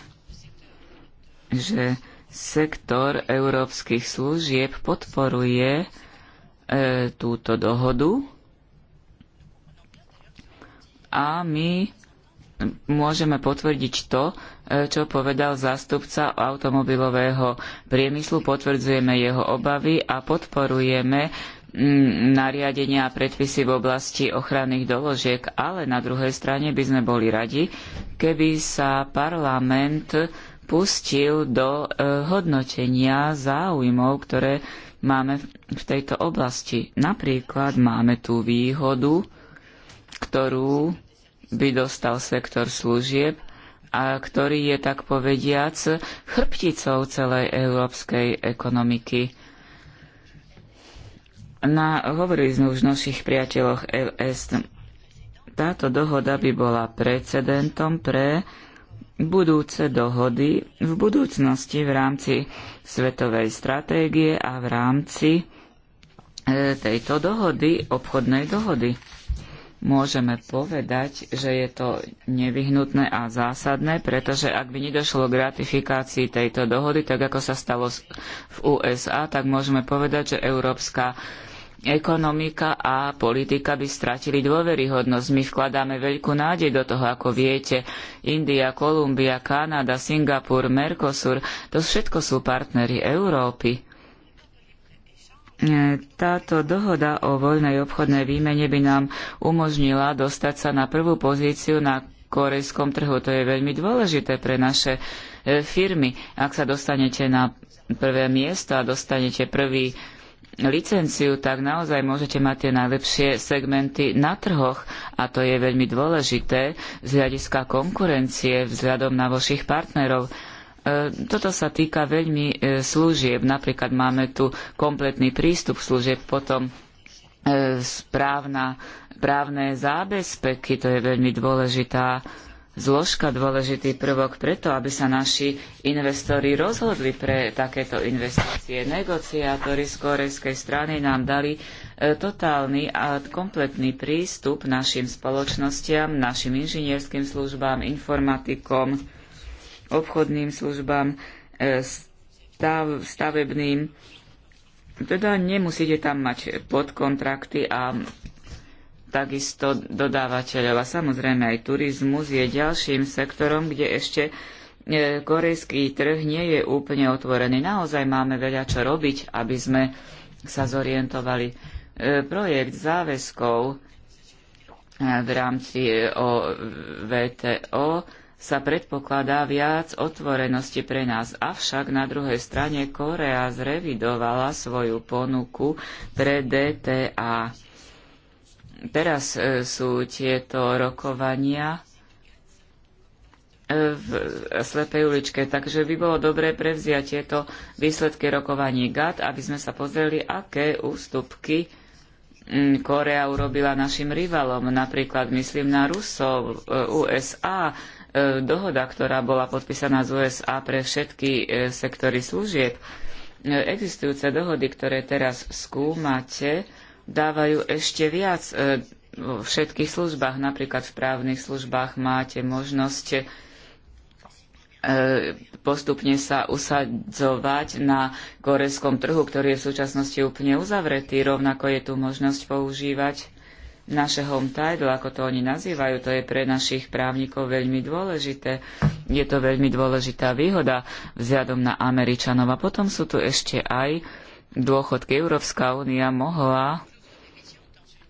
že sektor európskych služieb podporuje e, túto dohodu a my môžeme potvrdiť to, e, čo povedal zástupca automobilového priemyslu, potvrdzujeme jeho obavy a podporujeme mm, nariadenia a predpisy v oblasti ochranných doložiek, ale na druhej strane by sme boli radi, keby sa parlament pustil do e, hodnotenia záujmov, ktoré máme v tejto oblasti. Napríklad máme tú výhodu, ktorú by dostal sektor služieb, a ktorý je tak povediac chrbticou celej európskej ekonomiky. Na, hovorili sme už v našich priateľoch LS. Táto dohoda by bola precedentom pre budúce dohody v budúcnosti v rámci svetovej stratégie a v rámci e, tejto dohody, obchodnej dohody môžeme povedať, že je to nevyhnutné a zásadné, pretože ak by nedošlo k ratifikácii tejto dohody, tak ako sa stalo v USA, tak môžeme povedať, že európska ekonomika a politika by stratili dôveryhodnosť. My vkladáme veľkú nádej do toho, ako viete. India, Kolumbia, Kanada, Singapur, Mercosur, to všetko sú partnery Európy. Táto dohoda o voľnej obchodnej výmene by nám umožnila dostať sa na prvú pozíciu na korejskom trhu. To je veľmi dôležité pre naše e, firmy. Ak sa dostanete na prvé miesto a dostanete prvý licenciu, tak naozaj môžete mať tie najlepšie segmenty na trhoch a to je veľmi dôležité z hľadiska konkurencie vzhľadom na vašich partnerov. E, toto sa týka veľmi e, služieb. Napríklad máme tu kompletný prístup služieb, potom e, správna, právne zábezpeky, to je veľmi dôležitá zložka, dôležitý prvok preto, aby sa naši investori rozhodli pre takéto investície. Negociátori z korejskej strany nám dali totálny a kompletný prístup našim spoločnostiam, našim inžinierským službám, informatikom, obchodným službám, e, stav, stavebným. Teda nemusíte tam mať podkontrakty a takisto dodávateľov. A samozrejme aj turizmus je ďalším sektorom, kde ešte e, korejský trh nie je úplne otvorený. Naozaj máme veľa čo robiť, aby sme sa zorientovali. E, projekt záväzkov v rámci VTO sa predpokladá viac otvorenosti pre nás. Avšak na druhej strane Korea zrevidovala svoju ponuku pre DTA. Teraz e, sú tieto rokovania e, v slepej uličke. Takže by bolo dobré prevziať tieto výsledky rokovaní GAT, aby sme sa pozreli, aké ústupky Korea urobila našim rivalom. Napríklad myslím na Rusov, e, USA, E, dohoda, ktorá bola podpísaná z USA pre všetky e, sektory služieb. E, existujúce dohody, ktoré teraz skúmate, dávajú ešte viac vo všetkých službách, napríklad v právnych službách máte možnosť postupne sa usadzovať na korejskom trhu, ktorý je v súčasnosti úplne uzavretý. Rovnako je tu možnosť používať naše home title, ako to oni nazývajú, to je pre našich právnikov veľmi dôležité. Je to veľmi dôležitá výhoda vzhľadom na Američanov. A potom sú tu ešte aj dôchodky. Európska únia mohla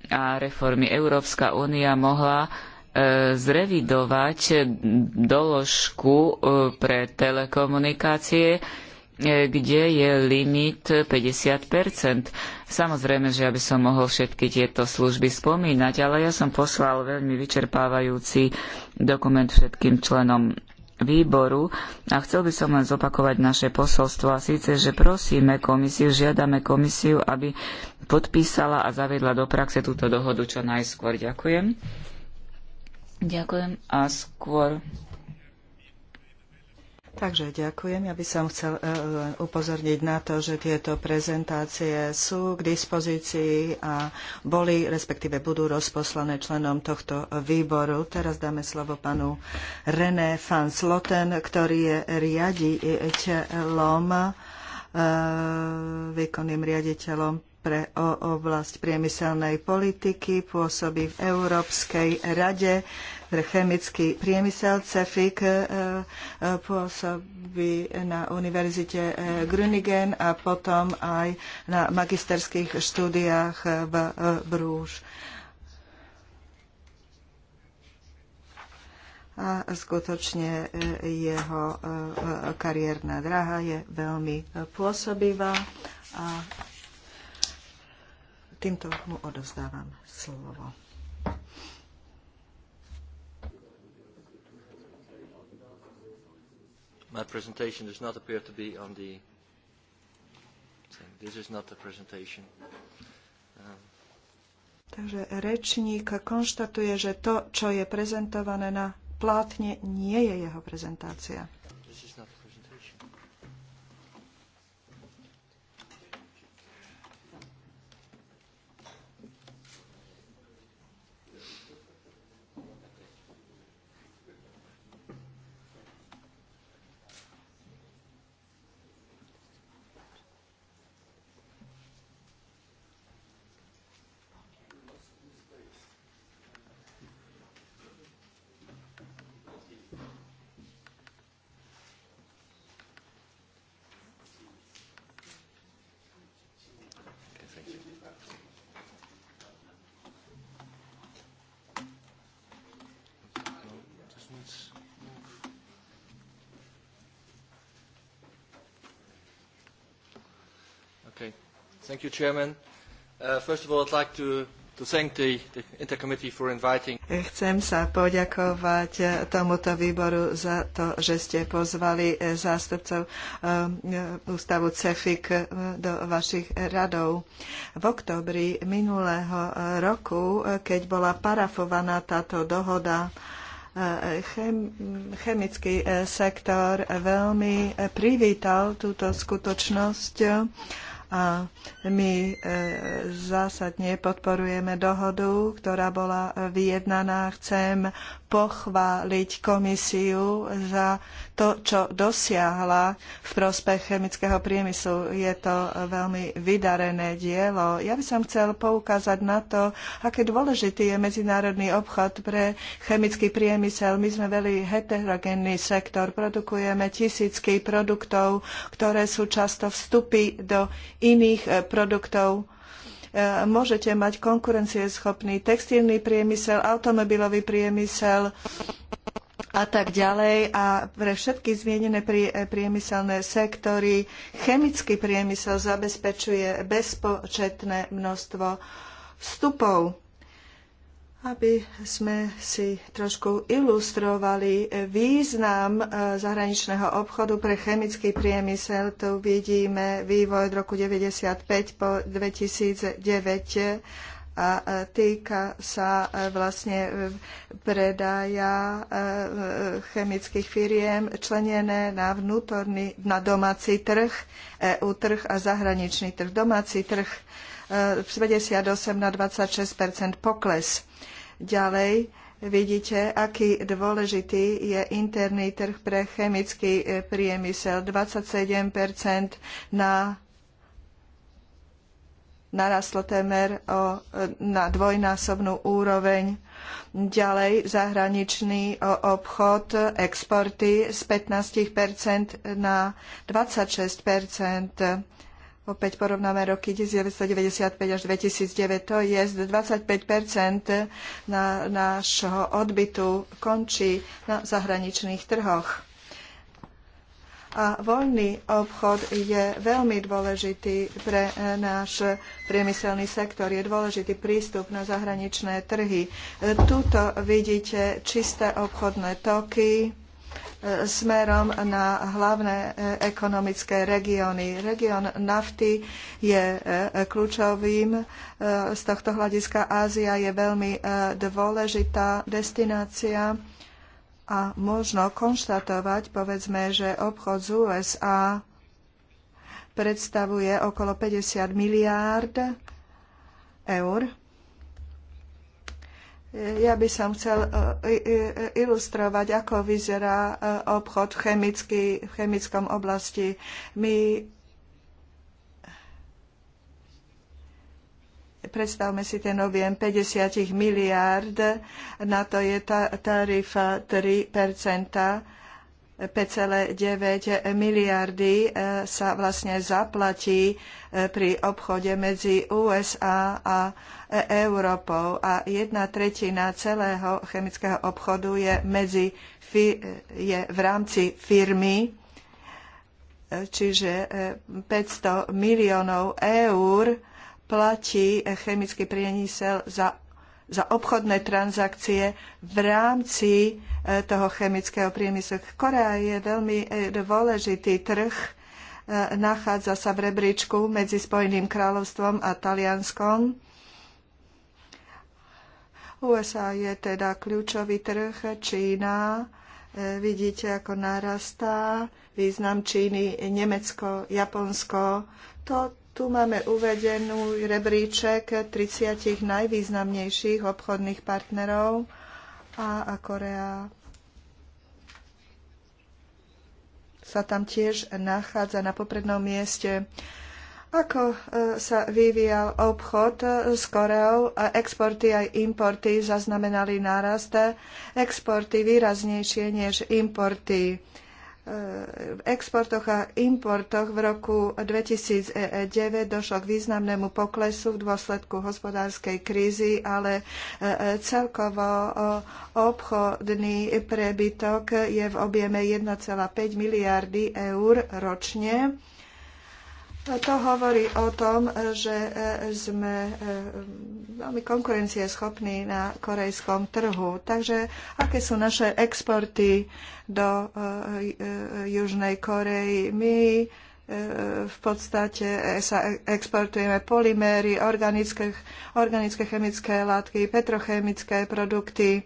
a reformy Európska únia mohla e, zrevidovať doložku e, pre telekomunikácie, E, kde je limit 50%. Samozrejme, že ja by som mohol všetky tieto služby spomínať, ale ja som poslal veľmi vyčerpávajúci dokument všetkým členom výboru a chcel by som len zopakovať naše posolstvo a síce, že prosíme komisiu, žiadame komisiu, aby podpísala a zaviedla do praxe túto dohodu čo najskôr. Ďakujem. Ďakujem a skôr Takže ďakujem. Ja by som chcel e, len upozorniť na to, že tieto prezentácie sú k dispozícii a boli, respektíve budú rozposlané členom tohto výboru. Teraz dáme slovo panu René van Sloten, ktorý je riaditeľom, e, výkonným riaditeľom pre oblasť priemyselnej politiky, pôsobí v Európskej rade pre chemický priemysel. Cefik e, e, pôsobí na Univerzite e, Grünigen a potom aj na magisterských štúdiách v Brúž. a skutočne jeho kariérna dráha je veľmi pôsobivá a týmto mu odovzdávam slovo. My presentation does not appear to be on the thing. This is not the presentation. Um, Takže rečník konštatuje, že to, čo je prezentované na plátne, nie je jeho prezentácia. Okay. Thank you, Chairman. Uh, first of all, I'd like to eh, Chcem sa poďakovať eh, tomuto výboru za to, že ste pozvali eh, zástupcov ústavu CEFIC do vašich radov. V oktobri minulého roku, keď bola parafovaná táto dohoda, chemický sektor veľmi privítal túto skutočnosť a my e, zásadne podporujeme dohodu, ktorá bola e, vyjednaná. Chcem pochváliť komisiu za to, čo dosiahla v prospech chemického priemyslu. Je to veľmi vydarené dielo. Ja by som chcel poukázať na to, aké dôležitý je medzinárodný obchod pre chemický priemysel. My sme veľmi heterogénny sektor. Produkujeme tisícky produktov, ktoré sú často vstupy do iných produktov E, môžete mať konkurencieschopný textilný priemysel, automobilový priemysel a tak ďalej. A pre všetky zmienené e, priemyselné sektory chemický priemysel zabezpečuje bezpočetné množstvo vstupov aby sme si trošku ilustrovali eh, význam eh, zahraničného obchodu pre chemický priemysel. Tu vidíme vývoj od roku 1995 po 2009 a eh, týka sa vlastne predaja chemických firiem členené na vnútorný, na domáci trh, EU trh a zahraničný trh. Domáci trh z 58 na 26 pokles. Ďalej vidíte, aký dôležitý je interný trh pre chemický e, priemysel. 27 na narastlo témer o, e, na dvojnásobnú úroveň. Ďalej zahraničný obchod, exporty z 15 na 26 opäť porovnáme roky 1995 až 2009, to je 25 na nášho odbytu končí na zahraničných trhoch. A voľný obchod je veľmi dôležitý pre náš priemyselný sektor. Je dôležitý prístup na zahraničné trhy. Tuto vidíte čisté obchodné toky E, smerom na hlavné e, ekonomické regióny. Región nafty je e, kľúčovým z tohto hľadiska. Ázia je veľmi dôležitá destinácia a možno konštatovať, povedzme, že obchod z USA predstavuje okolo 50 miliárd eur ja by som chcel e, e, e, ilustrovať, ako vyzerá obchod v, chemický, v chemickom oblasti. My predstavme si ten objem 50 miliárd, na to je ta tarifa 3 5,9 miliardy sa vlastne zaplatí pri obchode medzi USA a E- Európou a jedna tretina celého chemického obchodu je, medzi, je v rámci firmy, čiže 500 e, miliónov eur platí chemický priemysel za za obchodné transakcie v rámci e, toho chemického priemyslu. Korea je veľmi dôležitý trh, nachádza sa v rebríčku medzi Spojeným kráľovstvom a Talianskom USA je teda kľúčový trh, Čína, e, vidíte, ako narastá význam Číny, Nemecko, Japonsko. To, tu máme uvedenú rebríček 30 najvýznamnejších obchodných partnerov a, a Korea sa tam tiež nachádza na poprednom mieste ako e, sa vyvíjal obchod e, s Koreou, exporty aj importy zaznamenali nárast, e, exporty výraznejšie než importy. V exportoch a importoch v roku 2009 došlo k významnému poklesu v dôsledku hospodárskej krízy, ale celkovo obchodný prebytok je v objeme 1,5 miliardy eur ročne to hovorí o tom, že e, sme e, veľmi konkurencieschopní na korejskom trhu. Takže aké sú naše exporty do e, Južnej Korei? My v podstate sa exportujeme polyméry, organické, organické chemické látky, petrochemické produkty.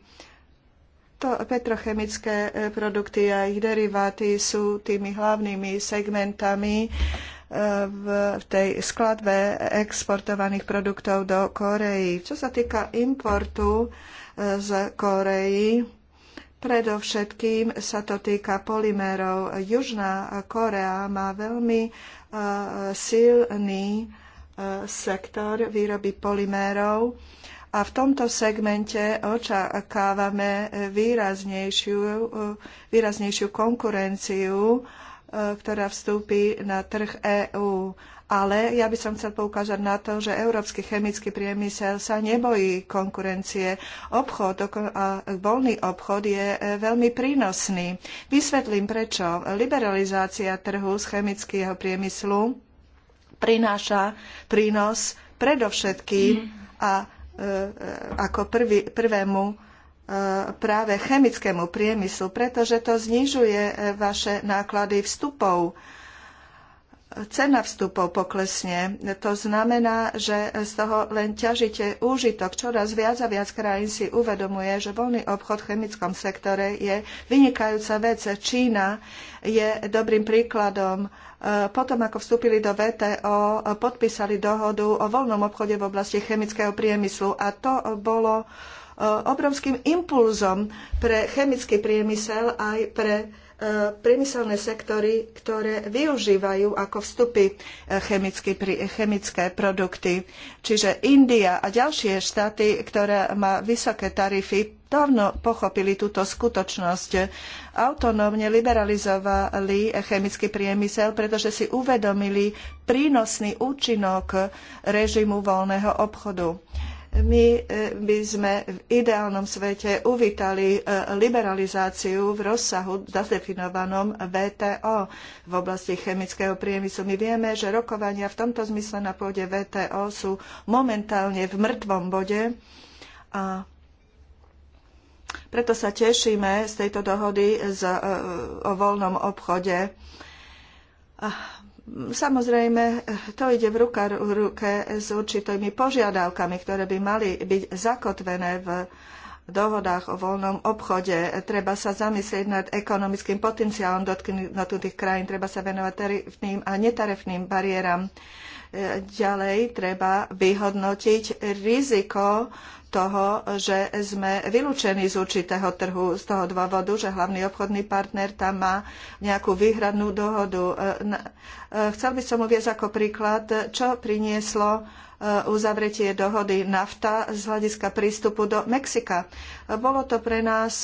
To petrochemické produkty a ich deriváty sú tými hlavnými segmentami v tej skladbe exportovaných produktov do Koreji. Čo sa týka importu e, z Koreji, predovšetkým sa to týka polymerov. Južná Korea má veľmi e, silný e, sektor výroby polymérov a v tomto segmente očakávame výraznejšiu, výraznejšiu konkurenciu ktorá vstúpi na trh EÚ. Ale ja by som chcel poukázať na to, že európsky chemický priemysel sa nebojí konkurencie. Obchod a voľný obchod je e, veľmi prínosný. Vysvetlím prečo. Liberalizácia trhu z chemického priemyslu prináša prínos predovšetkým a e, e, ako prvý, prvému práve chemickému priemyslu, pretože to znižuje e, vaše náklady vstupov. Cena vstupov poklesne. To znamená, že z toho len ťažíte úžitok. Čoraz viac a viac krajín si uvedomuje, že voľný obchod v chemickom sektore je vynikajúca vec. Čína je dobrým príkladom. E, Potom, ako vstúpili do VTO, podpísali dohodu o voľnom obchode v oblasti chemického priemyslu a to bolo E, obrovským impulzom pre chemický priemysel aj pre e, priemyselné sektory, ktoré využívajú ako vstupy e, chemické, chemické produkty. Čiže India a ďalšie štáty, ktoré má vysoké tarify, dávno pochopili túto skutočnosť. Autonómne liberalizovali chemický priemysel, pretože si uvedomili prínosný účinok režimu voľného obchodu my e, by sme v ideálnom svete uvítali e, liberalizáciu v rozsahu zadefinovanom VTO v oblasti chemického priemyslu. My vieme, že rokovania v tomto zmysle na pôde VTO sú momentálne v mŕtvom bode a preto sa tešíme z tejto dohody e, o voľnom obchode. Samozrejme, to ide v ruka, v ruke s určitými požiadavkami, ktoré by mali byť zakotvené v dohodách o voľnom obchode. Treba sa zamyslieť nad ekonomickým potenciálom dotknutých krajín, treba sa venovať tarifným a netarifným bariéram. E, ďalej treba vyhodnotiť riziko toho, že sme vylúčení z určitého trhu z toho dôvodu, že hlavný obchodný partner tam má nejakú výhradnú dohodu. E, e, chcel by som uviezť ako príklad, čo prinieslo e, uzavretie dohody NAFTA z hľadiska prístupu do Mexika. Bolo to pre nás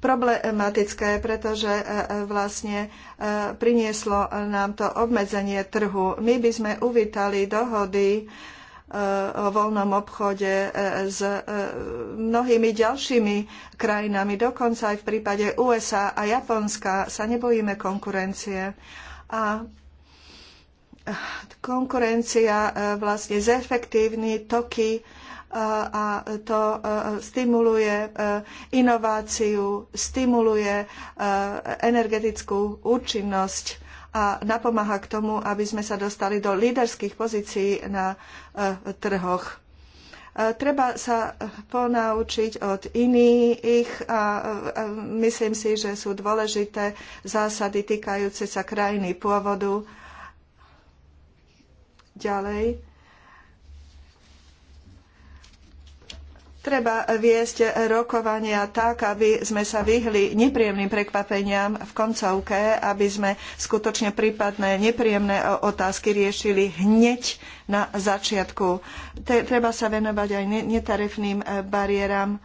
problematické, pretože e, e, vlastne e, prinieslo nám to obmedzenie trhu. My by sme uvítali dohody o voľnom obchode s mnohými ďalšími krajinami. Dokonca aj v prípade USA a Japonska sa nebojíme konkurencie. A konkurencia vlastne zefektívni toky a to e, stimuluje e, inováciu, stimuluje e, energetickú účinnosť a napomáha k tomu, aby sme sa dostali do líderských pozícií na trhoch. Treba sa ponaučiť od iných a myslím si, že sú dôležité zásady týkajúce sa krajiny pôvodu. Ďalej Treba viesť rokovania tak, aby sme sa vyhli nepríjemným prekvapeniam v koncovke, aby sme skutočne prípadné nepríjemné otázky riešili hneď na začiatku. Treba sa venovať aj netarifným eh, bariéram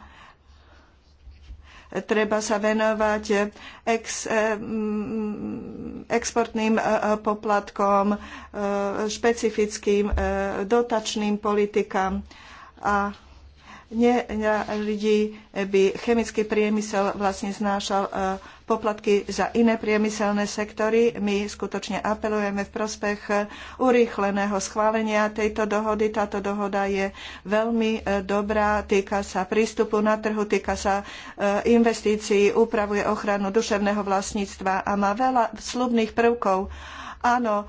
treba sa venovať eh, ex, eh, mm, exportným poplatkom, špecifickým dotačným politikám a ne, ľudí by chemický priemysel vlastne znášal e, poplatky za iné priemyselné sektory. My skutočne apelujeme v prospech e, urýchleného schválenia tejto dohody. Táto dohoda je veľmi e, dobrá, týka sa prístupu na trhu, týka sa investícií, upravuje ochranu duševného vlastníctva a má veľa slubných prvkov. Áno,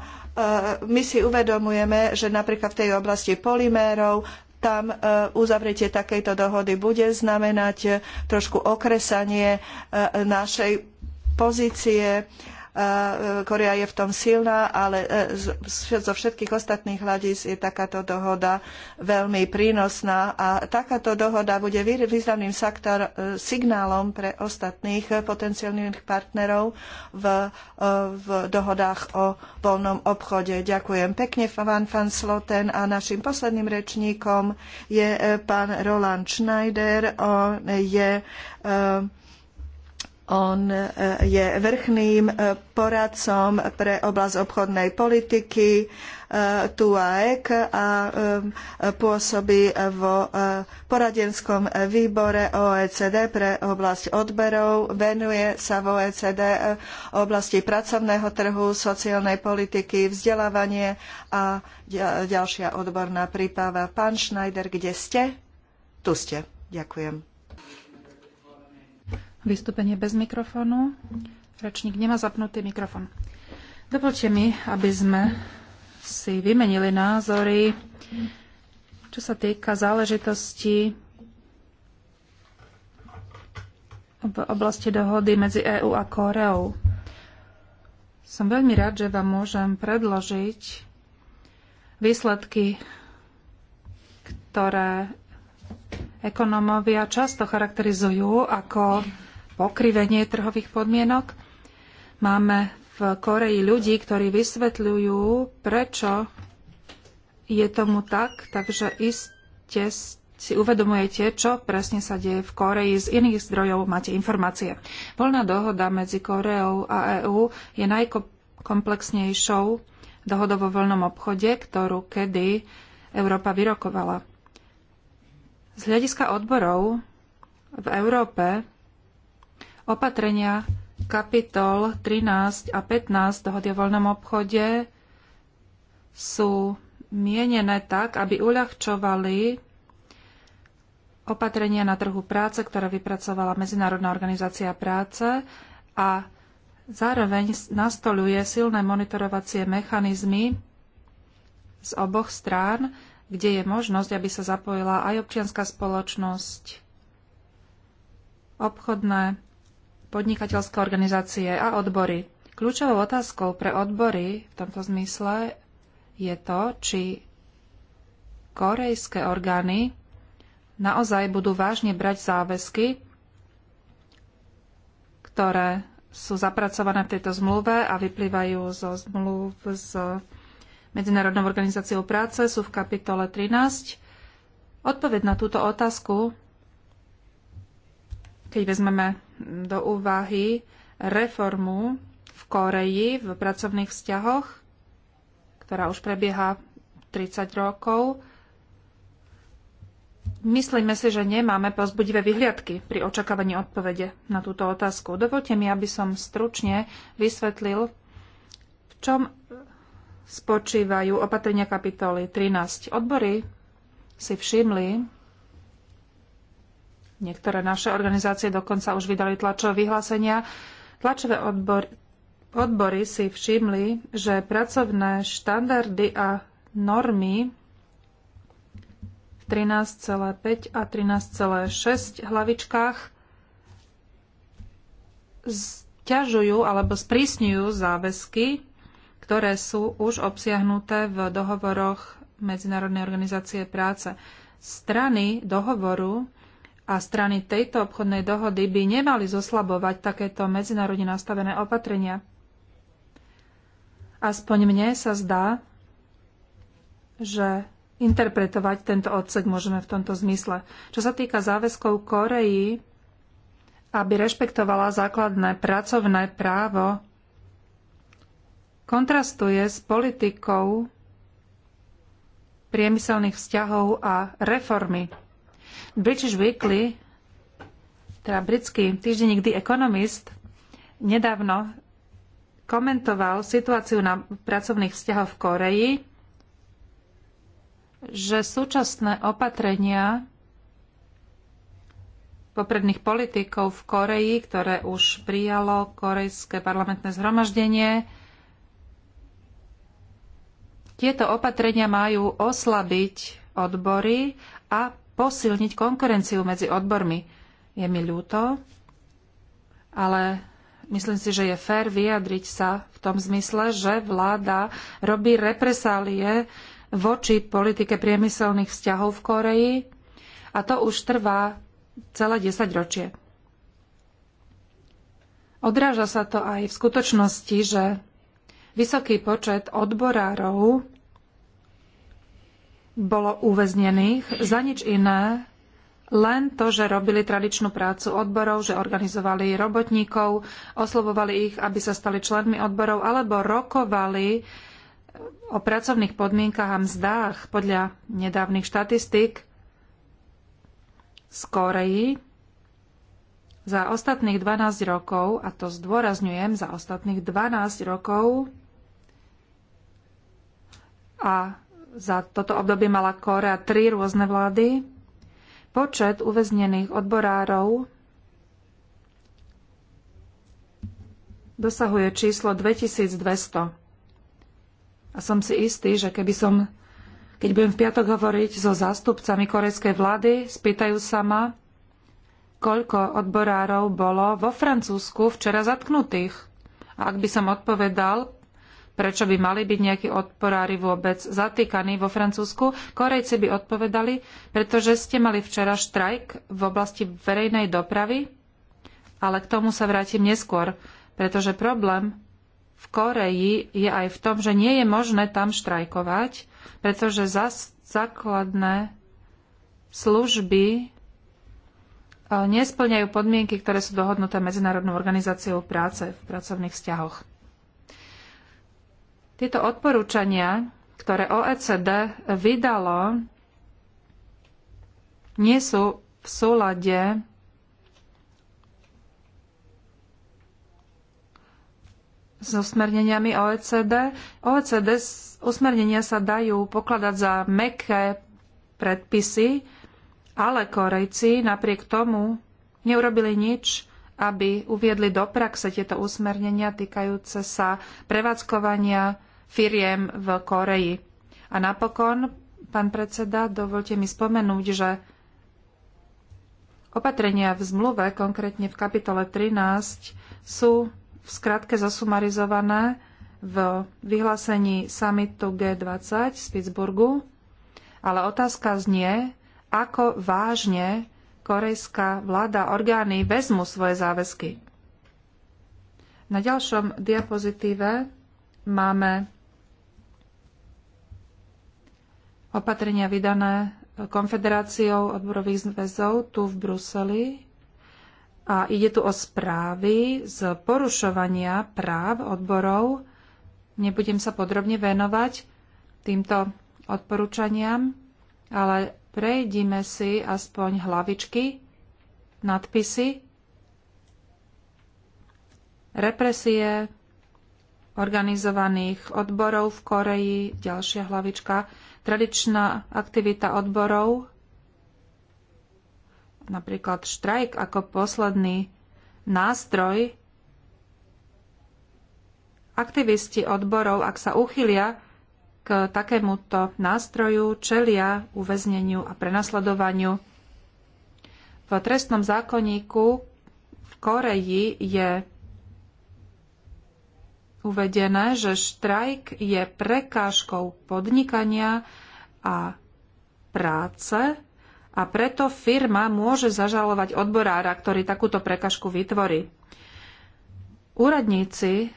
my si uvedomujeme, že napríklad v tej oblasti polymérov tam e, uzavretie takejto dohody bude znamenať e, trošku okresanie e, našej pozície E, Korea je v tom silná, ale e, zo všetkých ostatných hľadíc je takáto dohoda veľmi prínosná a takáto dohoda bude významným saktor, e, signálom pre ostatných potenciálnych partnerov v, v dohodách o voľnom obchode. Ďakujem pekne, pán Van Sloten a našim posledným rečníkom je pán Roland Schneider. On je uh, on e, je vrchným e, poradcom pre oblasť obchodnej politiky e, TUAEK a pôsobí vo poradenskom výbore OECD pre oblasť odberov. Venuje sa v OECD oblasti pracovného trhu, sociálnej politiky, vzdelávanie a ďalšia odborná príprava. Pán Schneider, kde ste? Tu ste. Ďakujem. Vystúpenie bez mikrofónu. Rečník nemá zapnutý mikrofón. Dovolte mi, aby sme si vymenili názory, čo sa týka záležitosti v oblasti dohody medzi EÚ a Koreou. Som veľmi rád, že vám môžem predložiť výsledky, ktoré ekonomovia často charakterizujú ako pokrivenie trhových podmienok. Máme v Koreji ľudí, ktorí vysvetľujú, prečo je tomu tak, takže iste si uvedomujete, čo presne sa deje v Koreji. Z iných zdrojov máte informácie. Voľná dohoda medzi Koreou a EÚ je najkomplexnejšou dohodou vo voľnom obchode, ktorú kedy Európa vyrokovala. Z hľadiska odborov v Európe Opatrenia kapitol 13 a 15 dohody o voľnom obchode sú mienené tak, aby uľahčovali opatrenia na trhu práce, ktoré vypracovala Medzinárodná organizácia práce a zároveň nastoluje silné monitorovacie mechanizmy z oboch strán, kde je možnosť, aby sa zapojila aj občianská spoločnosť, obchodné podnikateľské organizácie a odbory. Kľúčovou otázkou pre odbory v tomto zmysle je to, či korejské orgány naozaj budú vážne brať záväzky, ktoré sú zapracované v tejto zmluve a vyplývajú zo zmluv s Medzinárodnou organizáciou práce, sú v kapitole 13. Odpoveď na túto otázku, keď vezmeme do úvahy reformu v Koreji v pracovných vzťahoch, ktorá už prebieha 30 rokov. Myslíme si, že nemáme pozbudivé vyhliadky pri očakávaní odpovede na túto otázku. Dovolte mi, aby som stručne vysvetlil, v čom spočívajú opatrenia kapitoly 13. Odbory si všimli, Niektoré naše organizácie dokonca už vydali tlačové vyhlásenia. Tlačové odbory, odbory si všimli, že pracovné štandardy a normy v 13,5 a 13,6 hlavičkách zťažujú alebo sprísňujú záväzky, ktoré sú už obsiahnuté v dohovoroch Medzinárodnej organizácie práce. Strany dohovoru a strany tejto obchodnej dohody by nemali zoslabovať takéto medzinárodne nastavené opatrenia. Aspoň mne sa zdá, že interpretovať tento odsek môžeme v tomto zmysle. Čo sa týka záväzkov Koreji, aby rešpektovala základné pracovné právo, kontrastuje s politikou priemyselných vzťahov a reformy British Weekly, teda britský týždenník The Economist, nedávno komentoval situáciu na pracovných vzťahoch v Koreji, že súčasné opatrenia popredných politikov v Koreji, ktoré už prijalo korejské parlamentné zhromaždenie. Tieto opatrenia majú oslabiť odbory a posilniť konkurenciu medzi odbormi. Je mi ľúto, ale myslím si, že je fér vyjadriť sa v tom zmysle, že vláda robí represálie voči politike priemyselných vzťahov v Koreji a to už trvá celé ročie. Odráža sa to aj v skutočnosti, že vysoký počet odborárov bolo uväznených za nič iné, len to, že robili tradičnú prácu odborov, že organizovali robotníkov, oslovovali ich, aby sa stali členmi odborov, alebo rokovali o pracovných podmienkach a mzdách podľa nedávnych štatistík z Koreji. Za ostatných 12 rokov, a to zdôrazňujem, za ostatných 12 rokov a za toto obdobie mala Korea tri rôzne vlády. Počet uväznených odborárov dosahuje číslo 2200. A som si istý, že keby som, keď budem v piatok hovoriť so zástupcami korejskej vlády, spýtajú sa ma, koľko odborárov bolo vo Francúzsku včera zatknutých. A ak by som odpovedal, prečo by mali byť nejakí odporári vôbec zatýkaní vo Francúzsku. Korejci by odpovedali, pretože ste mali včera štrajk v oblasti verejnej dopravy, ale k tomu sa vrátim neskôr, pretože problém v Koreji je aj v tom, že nie je možné tam štrajkovať, pretože za základné služby e, nesplňajú podmienky, ktoré sú dohodnuté Medzinárodnou organizáciou práce v pracovných vzťahoch. Tieto odporúčania, ktoré OECD vydalo, nie sú v súlade s usmerneniami OECD. OECD usmernenia sa dajú pokladať za meké predpisy, ale Korejci napriek tomu neurobili nič, aby uviedli do praxe tieto usmernenia týkajúce sa prevádzkovania firiem v Koreji. A napokon, pán predseda, dovolte mi spomenúť, že opatrenia v zmluve, konkrétne v kapitole 13, sú v skratke zosumarizované v vyhlásení samitu G20 z Pittsburghu, ale otázka znie, ako vážne korejská vláda orgány vezmu svoje záväzky. Na ďalšom diapozitíve máme opatrenia vydané Konfederáciou odborových zväzov tu v Bruseli. A ide tu o správy z porušovania práv odborov. Nebudem sa podrobne venovať týmto odporúčaniam, ale prejdime si aspoň hlavičky, nadpisy, represie organizovaných odborov v Koreji, ďalšia hlavička, tradičná aktivita odborov, napríklad štrajk ako posledný nástroj, aktivisti odborov, ak sa uchylia k takémuto nástroju, čelia uväzneniu a prenasledovaniu. V trestnom zákonníku v Koreji je uvedené, že štrajk je prekážkou podnikania a práce a preto firma môže zažalovať odborára, ktorý takúto prekážku vytvorí. Úradníci,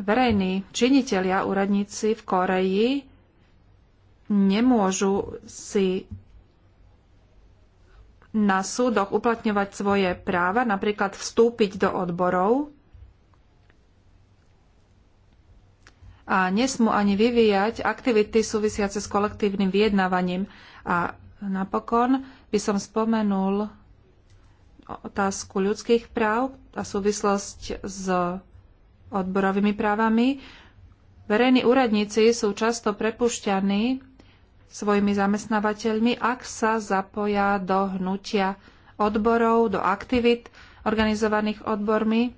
verejní činitelia úradníci v Koreji nemôžu si na súdoch uplatňovať svoje práva, napríklad vstúpiť do odborov, a nesmú ani vyvíjať aktivity súvisiace s kolektívnym vyjednávaním. A napokon by som spomenul otázku ľudských práv a súvislosť s odborovými právami. Verejní úradníci sú často prepušťaní svojimi zamestnávateľmi, ak sa zapoja do hnutia odborov, do aktivít organizovaných odbormi.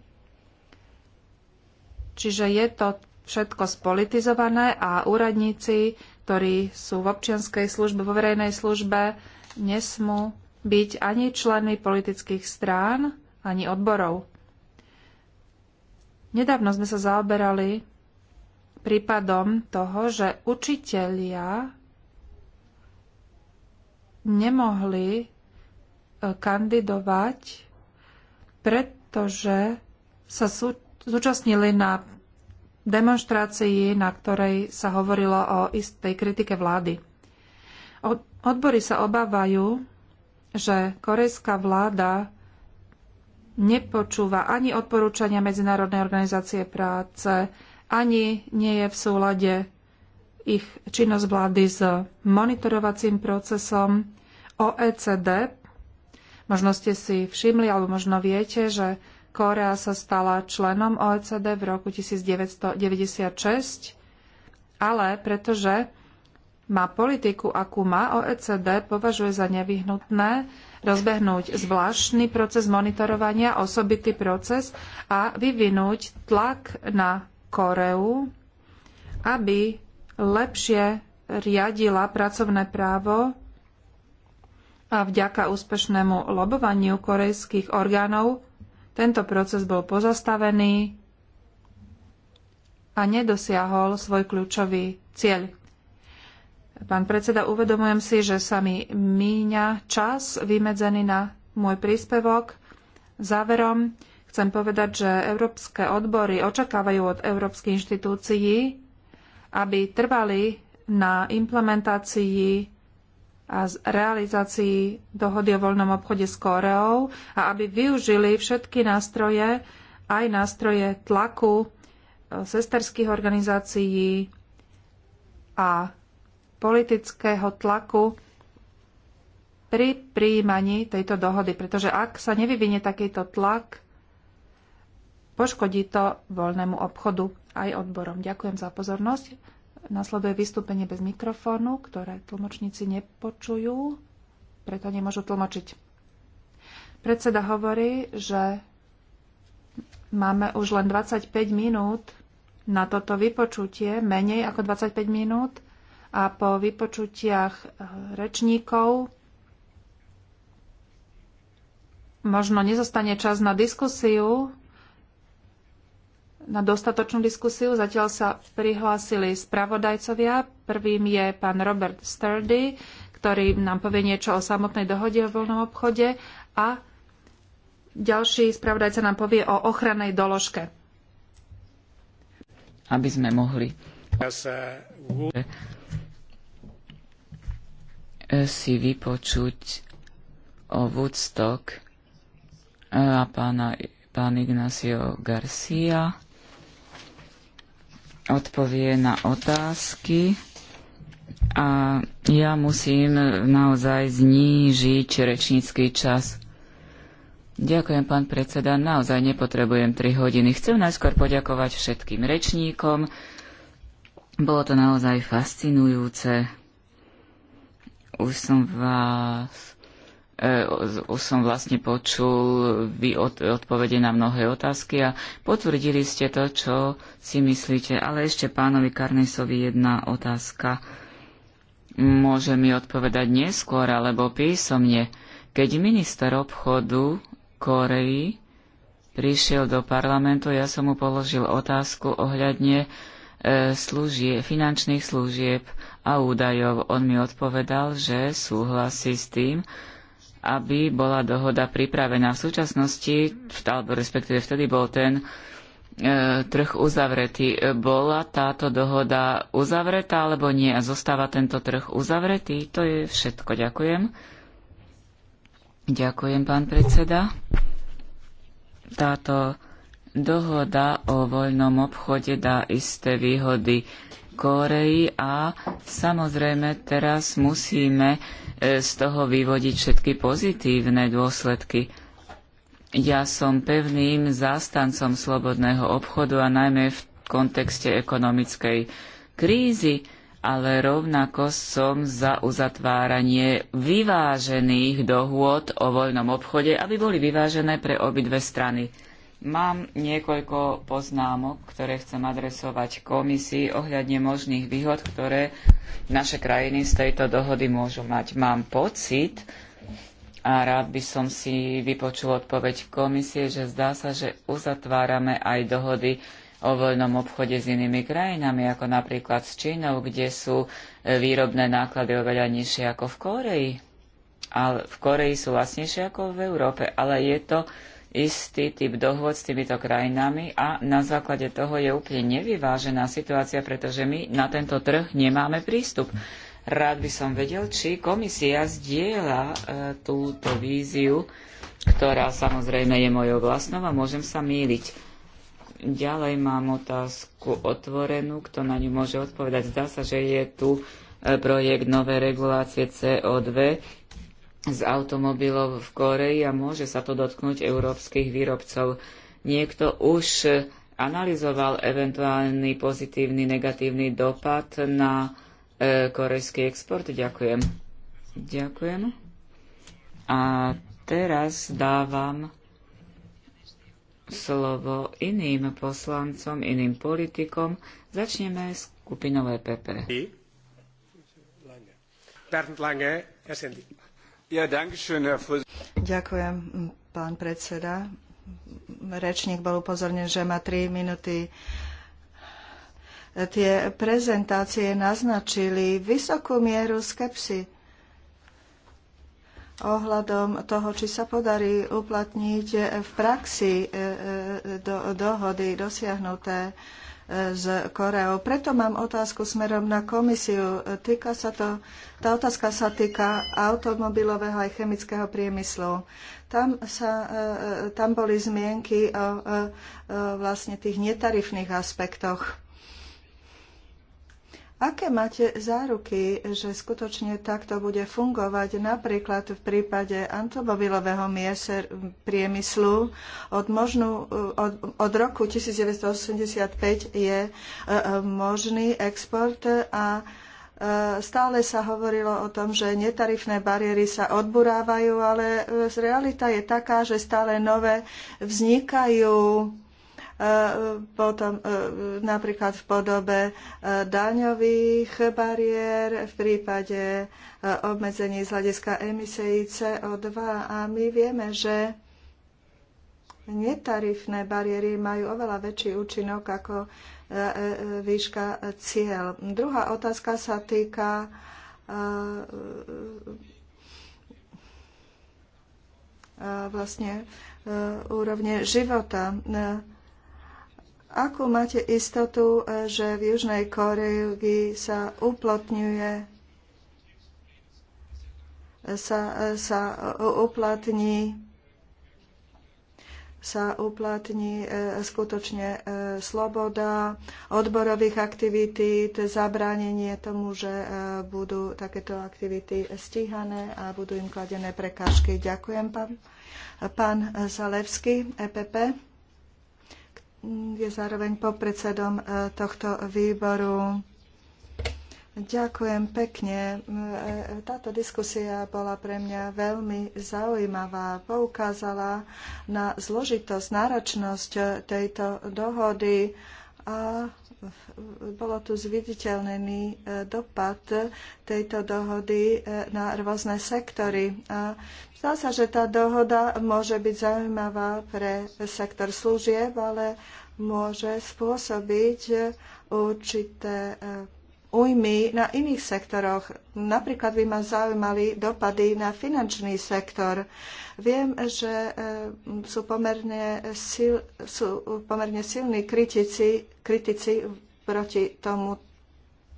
Čiže je to všetko spolitizované a úradníci, ktorí sú v občianskej službe, vo verejnej službe, nesmú byť ani členmi politických strán, ani odborov. Nedávno sme sa zaoberali prípadom toho, že učitelia nemohli e, kandidovať, pretože sa zúčastnili na demonstrácii, na ktorej sa hovorilo o istej kritike vlády. Odbory sa obávajú, že korejská vláda nepočúva ani odporúčania Medzinárodnej organizácie práce, ani nie je v súlade ich činnosť vlády s monitorovacím procesom OECD. Možno ste si všimli, alebo možno viete, že Korea sa stala členom OECD v roku 1996, ale pretože má politiku, akú má OECD, považuje za nevyhnutné rozbehnúť zvláštny proces monitorovania, osobitý proces a vyvinúť tlak na Koreu, aby lepšie riadila pracovné právo a vďaka úspešnému lobovaniu korejských orgánov tento proces bol pozastavený a nedosiahol svoj kľúčový cieľ. Pán predseda, uvedomujem si, že sa mi míňa čas vymedzený na môj príspevok. Záverom chcem povedať, že európske odbory očakávajú od európskych inštitúcií, aby trvali na implementácii a z realizácii dohody o voľnom obchode s Koreou a aby využili všetky nástroje, aj nástroje tlaku e, sesterských organizácií a politického tlaku pri príjmaní tejto dohody, pretože ak sa nevyvinie takýto tlak, poškodí to voľnému obchodu aj odborom. Ďakujem za pozornosť. Nasleduje vystúpenie bez mikrofónu, ktoré tlmočníci nepočujú, preto nemôžu tlmočiť. Predseda hovorí, že máme už len 25 minút na toto vypočutie, menej ako 25 minút a po vypočutiach eh, rečníkov možno nezostane čas na diskusiu, na dostatočnú diskusiu. Zatiaľ sa prihlásili spravodajcovia. Prvým je pán Robert Sturdy, ktorý nám povie niečo o samotnej dohode o voľnom obchode a ďalší spravodajca nám povie o ochrannej doložke. Aby sme mohli si vypočuť o Woodstock a pána, pán Ignacio Garcia odpovie na otázky a ja musím naozaj znížiť rečnícky čas. Ďakujem, pán predseda. Naozaj nepotrebujem 3 hodiny. Chcem najskôr poďakovať všetkým rečníkom. Bolo to naozaj fascinujúce. Už som vás už e, som vlastne počul vy od, odpovede na mnohé otázky a potvrdili ste to, čo si myslíte. Ale ešte pánovi Karnesovi jedna otázka. Môže mi odpovedať neskôr alebo písomne. Keď minister obchodu Koreji prišiel do parlamentu, ja som mu položil otázku ohľadne e, služie, finančných služieb a údajov. On mi odpovedal, že súhlasí s tým, aby bola dohoda pripravená. V súčasnosti, alebo respektíve vtedy bol ten e, trh uzavretý. Bola táto dohoda uzavretá alebo nie? A zostáva tento trh uzavretý? To je všetko. Ďakujem. Ďakujem, pán predseda. Táto dohoda o voľnom obchode dá isté výhody Kórei a samozrejme teraz musíme e, z toho vyvodiť všetky pozitívne dôsledky. Ja som pevným zástancom slobodného obchodu a najmä v kontexte ekonomickej krízy, ale rovnako som za uzatváranie vyvážených dohôd o voľnom obchode, aby boli vyvážené pre obidve strany. Mám niekoľko poznámok, ktoré chcem adresovať komisii ohľadne možných výhod, ktoré naše krajiny z tejto dohody môžu mať. Mám pocit, a rád by som si vypočul odpoveď komisie, že zdá sa, že uzatvárame aj dohody o voľnom obchode s inými krajinami, ako napríklad s Čínou, kde sú výrobné náklady oveľa nižšie ako v Kóreji. Ale v Koreji sú vlastnejšie ako v Európe, ale je to istý typ dohôd s týmito krajinami a na základe toho je úplne nevyvážená situácia, pretože my na tento trh nemáme prístup. Rád by som vedel, či komisia zdieľa e, túto víziu, ktorá samozrejme je mojou vlastnou a môžem sa míliť. Ďalej mám otázku otvorenú, kto na ňu môže odpovedať. Zdá sa, že je tu e, projekt nové regulácie CO2 z automobilov v Koreji a môže sa to dotknúť európskych výrobcov. Niekto už analyzoval eventuálny pozitívny, negatívny dopad na e, korejský export. Ďakujem. Ďakujem. A teraz dávam slovo iným poslancom, iným politikom. Začneme skupinou EPP. Bernd Lange, SND. Ďakujem, pán predseda. Rečník bol upozornený, že má 3 minúty. Tie prezentácie naznačili vysokú mieru skepsy ohľadom toho, či sa podarí uplatniť v praxi e, e, do, dohody dosiahnuté. E, s Koreou. Preto mám otázku smerom na komisiu. Týka sa to, tá otázka sa týka automobilového aj chemického priemyslu. Tam, sa, e, e, tam boli zmienky o, o vlastne tých netarifných aspektoch Aké máte záruky, že skutočne takto bude fungovať napríklad v prípade antomobilového priemyslu? Od, možnú, od, od roku 1985 je e, e, možný export a e, stále sa hovorilo o tom, že netarifné bariéry sa odburávajú, ale realita je taká, že stále nové vznikajú potom e, napríklad v podobe e, daňových bariér, v prípade e, obmedzení z hľadiska emisí CO2. A my vieme, že netarifné bariéry majú oveľa väčší účinok ako výška cieľ. Druhá otázka sa týka vlastne úrovne života. Ako máte istotu, e, že v Južnej Koreji sa uplatňuje sa, e, sa e, uplatní sa uplatní skutočne sloboda odborových aktivít, zabránenie tomu, že budú takéto aktivity stíhané a budú im kladené prekážky. Ďakujem, pán, pán Zalevský, EPP je zároveň popredsedom e, tohto výboru. Ďakujem pekne. E, e, táto diskusia bola pre mňa veľmi zaujímavá. Poukázala na zložitosť, náročnosť tejto dohody a bolo tu zviditeľnený dopad tejto dohody na rôzne sektory. A Zdá sa, že tá dohoda môže byť zaujímavá pre sektor služieb, ale môže spôsobiť určité e, újmy na iných sektoroch. Napríklad by ma zaujímali dopady na finančný sektor. Viem, že e, sú pomerne, sil, sú pomerne silní kritici, kritici proti, tomu,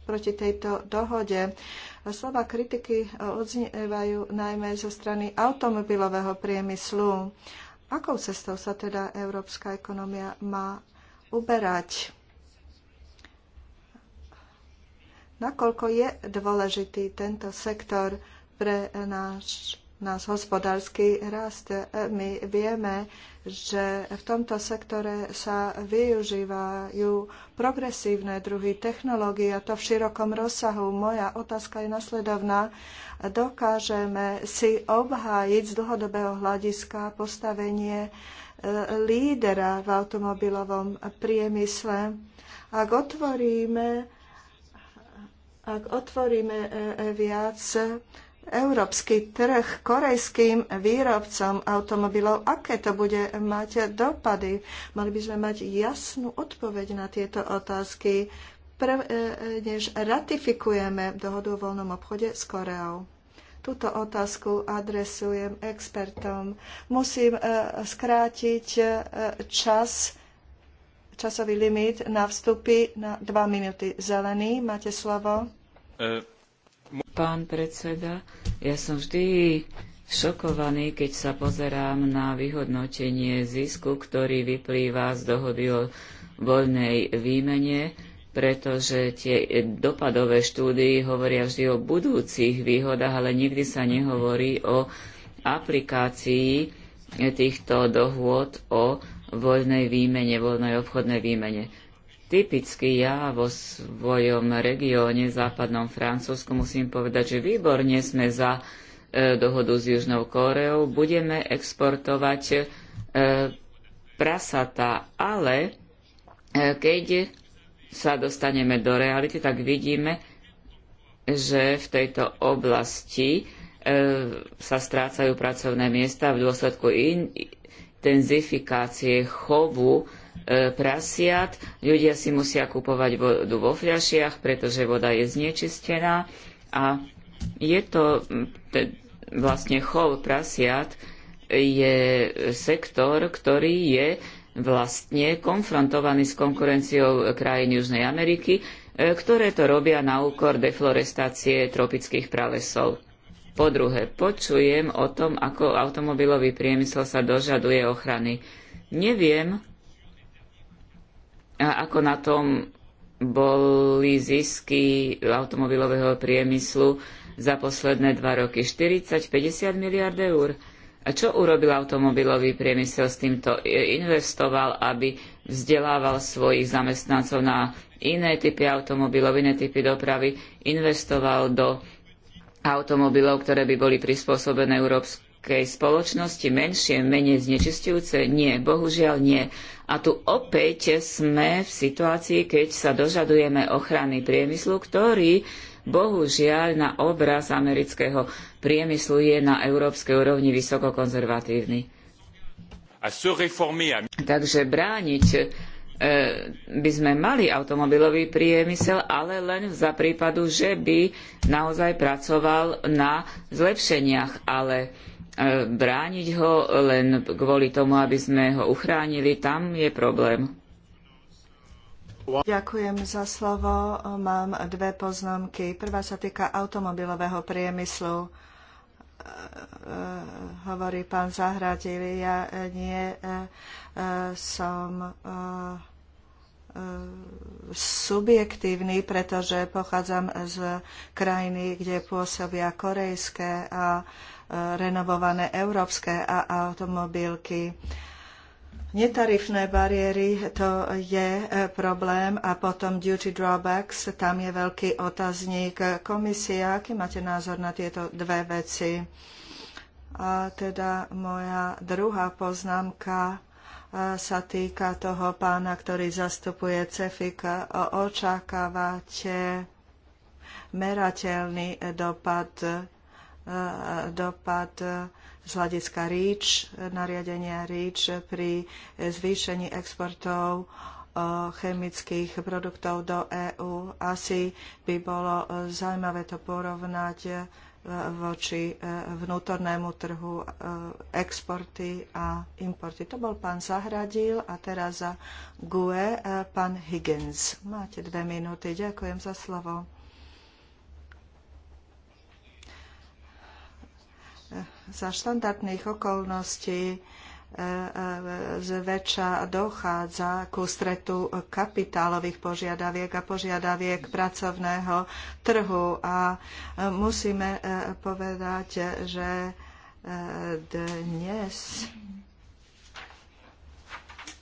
proti tejto dohode. Slova kritiky e, odznievajú najmä zo strany automobilového priemyslu. Akou cestou sa teda európska ekonomia má uberať? Nakoľko je dôležitý tento sektor pre náš nás hospodársky rast. E, my vieme, že v tomto sektore sa využívajú progresívne druhy technológií a to v širokom rozsahu. Moja otázka je nasledovná. Dokážeme si obhájiť z dlhodobého hľadiska postavenie e, lídera v automobilovom priemysle. Ak otvoríme, ak otvoríme e, viac európsky trh korejským výrobcom automobilov, aké to bude mať dopady. Mali by sme mať jasnú odpoveď na tieto otázky, prv, e, než ratifikujeme dohodu o voľnom obchode s Koreou. Túto otázku adresujem expertom. Musím e, skrátiť e, čas časový limit na vstupy na dva minúty. Zelený, máte slovo. Pán predseda, ja som vždy šokovaný, keď sa pozerám na vyhodnotenie zisku, ktorý vyplýva z dohody o voľnej výmene, pretože tie dopadové štúdie hovoria vždy o budúcich výhodách, ale nikdy sa nehovorí o aplikácii týchto dohôd o voľnej výmene, voľnej obchodnej výmene typický ja vo svojom regióne, západnom Francúzsku, musím povedať, že výborne sme za e, dohodu s Južnou Kóreou. Budeme exportovať e, prasata, ale e, keď sa dostaneme do reality, tak vidíme, že v tejto oblasti e, sa strácajú pracovné miesta v dôsledku intenzifikácie chovu E, prasiat. Ľudia si musia kupovať vodu vo fľašiach, pretože voda je znečistená a je to vlastne chov prasiat je sektor, ktorý je vlastne konfrontovaný s konkurenciou krajín Južnej Ameriky, e, ktoré to robia na úkor deflorestácie tropických pralesov. Po druhé, počujem o tom, ako automobilový priemysel sa dožaduje ochrany. Neviem, ako na tom boli zisky automobilového priemyslu za posledné dva roky 40-50 miliard eur. A čo urobil automobilový priemysel s týmto? Investoval, aby vzdelával svojich zamestnancov na iné typy automobilov, iné typy dopravy, investoval do automobilov, ktoré by boli prispôsobené európskym nejakej spoločnosti menšie, menej znečistujúce? Nie, bohužiaľ nie. A tu opäť sme v situácii, keď sa dožadujeme ochrany priemyslu, ktorý bohužiaľ na obraz amerického priemyslu je na európskej úrovni vysoko konzervatívny. Takže brániť e, by sme mali automobilový priemysel, ale len za prípadu, že by naozaj pracoval na zlepšeniach. Ale brániť ho len kvôli tomu, aby sme ho uchránili, tam je problém. Ďakujem za slovo. Mám dve poznámky. Prvá sa týka automobilového priemyslu. Eh, hovorí pán Zahradil, ja nie eh, som eh, subjektívny, pretože pochádzam z krajiny, kde pôsobia korejské a renovované európske automobilky. Netarifné bariéry to je e, problém a potom duty drawbacks, tam je veľký otazník. Komisia, aký máte názor na tieto dve veci? A teda moja druhá poznámka e, sa týka toho pána, ktorý zastupuje CEFIK. Očakávate merateľný dopad dopad e, z hľadiska REACH, nariadenia REACH pri zvýšení exportov e, chemických produktov do EÚ. Asi by bolo e, zaujímavé to porovnať voči vnútornému trhu exporty a importy. To bol pán Zahradil a teraz za GUE pán Higgins. Máte dve minúty. Ďakujem za slovo. za štandardných okolností zväčša e, e, dochádza ku stretu kapitálových požiadaviek a požiadaviek pracovného trhu. A e, musíme povedať, že dnes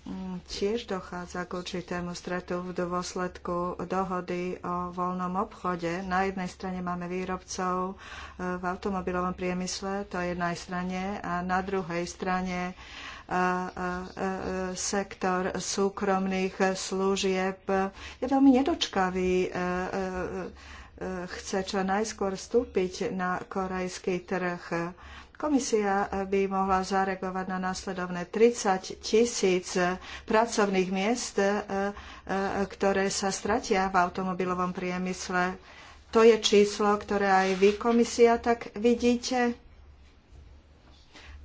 Mm, tiež dochádza k určitému stretu v dôsledku dohody o voľnom obchode. Na jednej strane máme výrobcov e, v automobilovom priemysle, to je na jednej strane, a na druhej strane e, e, sektor súkromných služieb je veľmi nedočkavý chce čo najskôr vstúpiť na korejský trh. Komisia by mohla zareagovať na následovné 30 tisíc pracovných miest, e, e, ktoré sa stratia v automobilovom priemysle. To je číslo, ktoré aj vy, komisia, tak vidíte.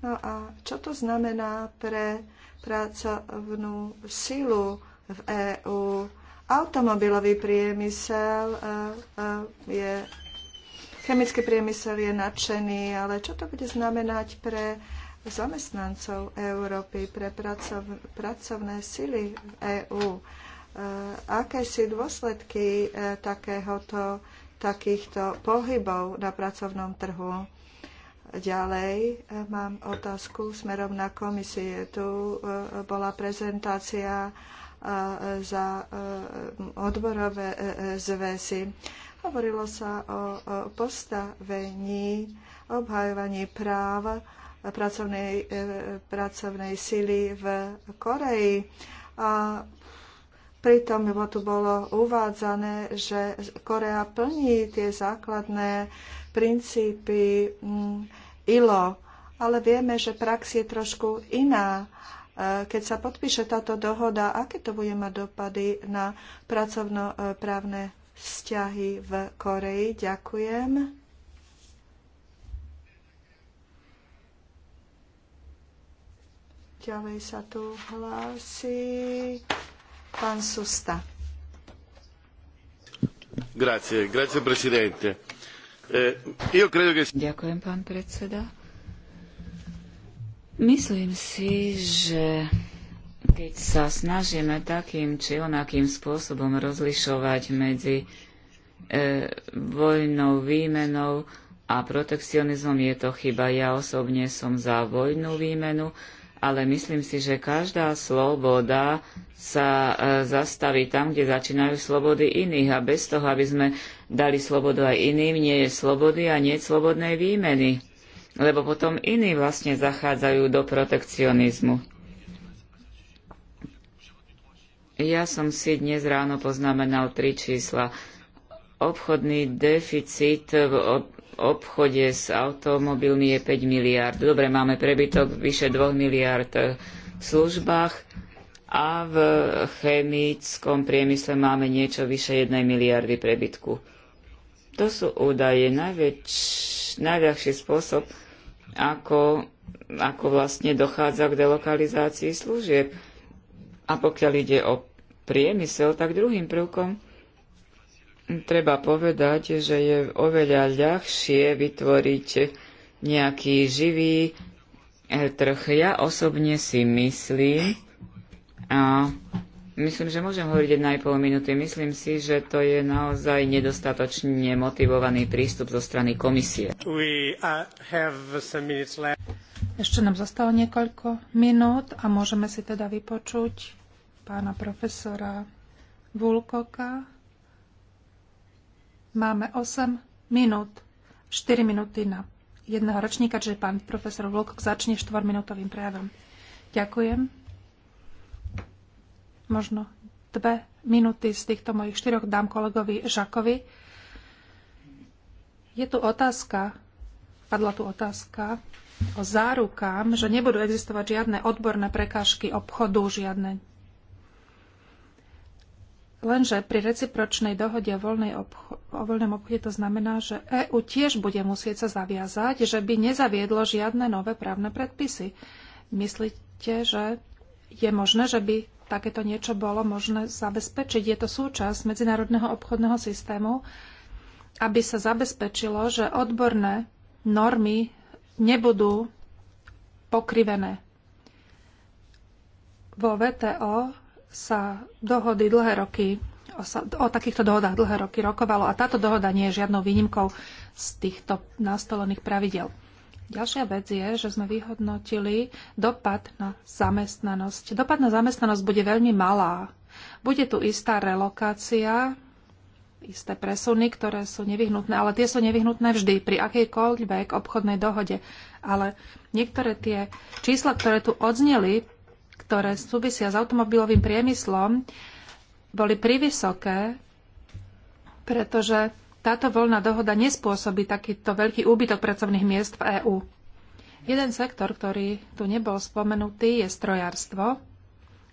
No a čo to znamená pre pracovnú silu v EÚ? Automobilový priemysel e, je Chemický priemysel je nadšený, ale čo to bude znamenať pre zamestnancov Európy, pre pracov, pracovné sily v EÚ? E, aké si dôsledky e, takéhoto, takýchto pohybov na pracovnom trhu? Ďalej e, mám otázku smerom na komisie. Tu bola prezentácia za odborové zväzy. Hovorilo sa o, postavení, obhajovaní práv pracovnej, e, pracovnej sily v Koreji. A Pritom tu bolo uvádzané, že Korea plní tie základné princípy mm, ILO, ale vieme, že prax je trošku iná. E, keď sa podpíše táto dohoda, aké to bude mať dopady na pracovnoprávne vzťahy v Koreji. Ďakujem. Ďalej sa tu hlási pán Susta. Grazie, grazie presidente. Eh, io credo che... Ďakujem, pán predseda. Myslím si, že keď sa snažíme takým či onakým spôsobom rozlišovať medzi e, vojnou, výmenou a protekcionizmom, je to chyba. Ja osobne som za vojnú výmenu, ale myslím si, že každá sloboda sa e, zastaví tam, kde začínajú slobody iných a bez toho, aby sme dali slobodu aj iným, nie je slobody a nie je slobodnej výmeny, lebo potom iní vlastne zachádzajú do protekcionizmu. Ja som si dnes ráno poznamenal tri čísla. Obchodný deficit v obchode s automobilmi je 5 miliard. Dobre, máme prebytok vyše 2 miliard v službách a v chemickom priemysle máme niečo vyše 1 miliardy prebytku. To sú údaje, najväč, najľahší spôsob, ako, ako vlastne dochádza k delokalizácii služieb. A pokiaľ ide o priemysel, tak druhým prvkom treba povedať, že je oveľa ľahšie vytvoriť nejaký živý e, trh. Ja osobne si myslím, a myslím, že môžem hovoriť na pol minúty, myslím si, že to je naozaj nedostatočne motivovaný prístup zo strany komisie. Uh, Ešte nám zostalo niekoľko minút a môžeme si teda vypočuť pána profesora Vulkoka. Máme 8 minút, 4 minúty na jedného ročníka, čiže pán profesor Vulkok začne 4-minútovým prejavom. Ďakujem. Možno dve minúty z týchto mojich štyroch dám kolegovi Žakovi. Je tu otázka, padla tu otázka o zárukám, že nebudú existovať žiadne odborné prekážky obchodu, žiadne Lenže pri recipročnej dohode o, voľnej obcho- o voľnom obchode to znamená, že EÚ tiež bude musieť sa zaviazať, že by nezaviedlo žiadne nové právne predpisy. Myslíte, že je možné, že by takéto niečo bolo možné zabezpečiť? Je to súčasť medzinárodného obchodného systému, aby sa zabezpečilo, že odborné normy nebudú pokrivené. Vo VTO sa dohody dlhé roky, o, sa, o takýchto dohodách dlhé roky rokovalo a táto dohoda nie je žiadnou výnimkou z týchto nastolených pravidel. Ďalšia vec je, že sme vyhodnotili dopad na zamestnanosť. Dopad na zamestnanosť bude veľmi malá. Bude tu istá relokácia, isté presuny, ktoré sú nevyhnutné, ale tie sú nevyhnutné vždy pri akejkoľvek obchodnej dohode. Ale niektoré tie čísla, ktoré tu odzneli, ktoré súvisia s automobilovým priemyslom, boli privysoké, pretože táto voľná dohoda nespôsobí takýto veľký úbytok pracovných miest v EÚ. Jeden sektor, ktorý tu nebol spomenutý, je strojárstvo.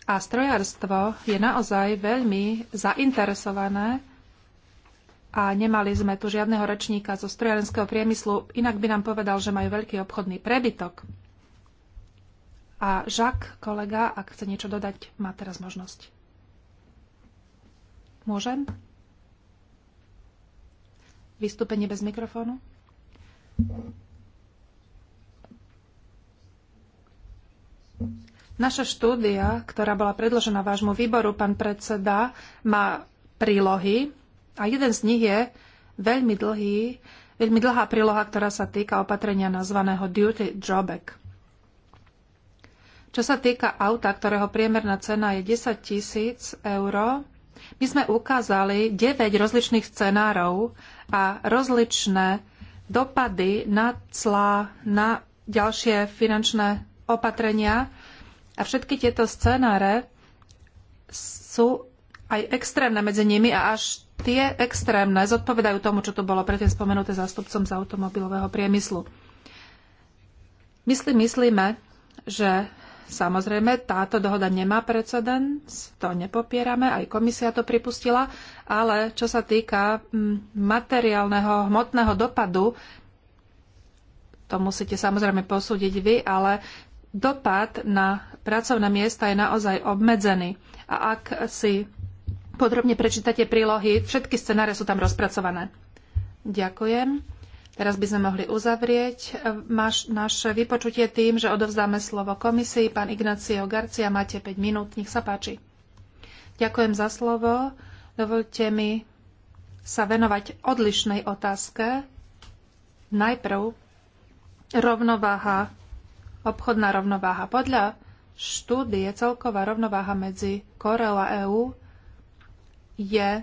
A strojárstvo je naozaj veľmi zainteresované a nemali sme tu žiadneho rečníka zo strojárenského priemyslu, inak by nám povedal, že majú veľký obchodný prebytok. A Žak, kolega, ak chce niečo dodať, má teraz možnosť. Môžem? Vystúpenie bez mikrofónu? Naša štúdia, ktorá bola predložená vášmu výboru, pán predseda, má prílohy a jeden z nich je veľmi dlhý, veľmi dlhá príloha, ktorá sa týka opatrenia nazvaného duty drawback. Čo sa týka auta, ktorého priemerná cena je 10 tisíc eur, my sme ukázali 9 rozličných scenárov a rozličné dopady na clá, na ďalšie finančné opatrenia. A všetky tieto scenáre sú aj extrémne medzi nimi a až tie extrémne zodpovedajú tomu, čo to bolo predtým spomenuté zástupcom z automobilového priemyslu. My si myslíme, že Samozrejme, táto dohoda nemá precedens, to nepopierame, aj komisia to pripustila, ale čo sa týka mm, materiálneho, hmotného dopadu, to musíte samozrejme posúdiť vy, ale dopad na pracovné miesta je naozaj obmedzený. A ak si podrobne prečítate prílohy, všetky scenáre sú tam rozpracované. Ďakujem. Teraz by sme mohli uzavrieť naše eh, vypočutie tým, že odovzdáme slovo komisii. Pán Ignacio Garcia, máte 5 minút, nech sa páči. Ďakujem za slovo. Dovolte mi sa venovať odlišnej otázke. Najprv rovnováha, obchodná rovnováha. Podľa štúdie celková rovnováha medzi Korel a EÚ je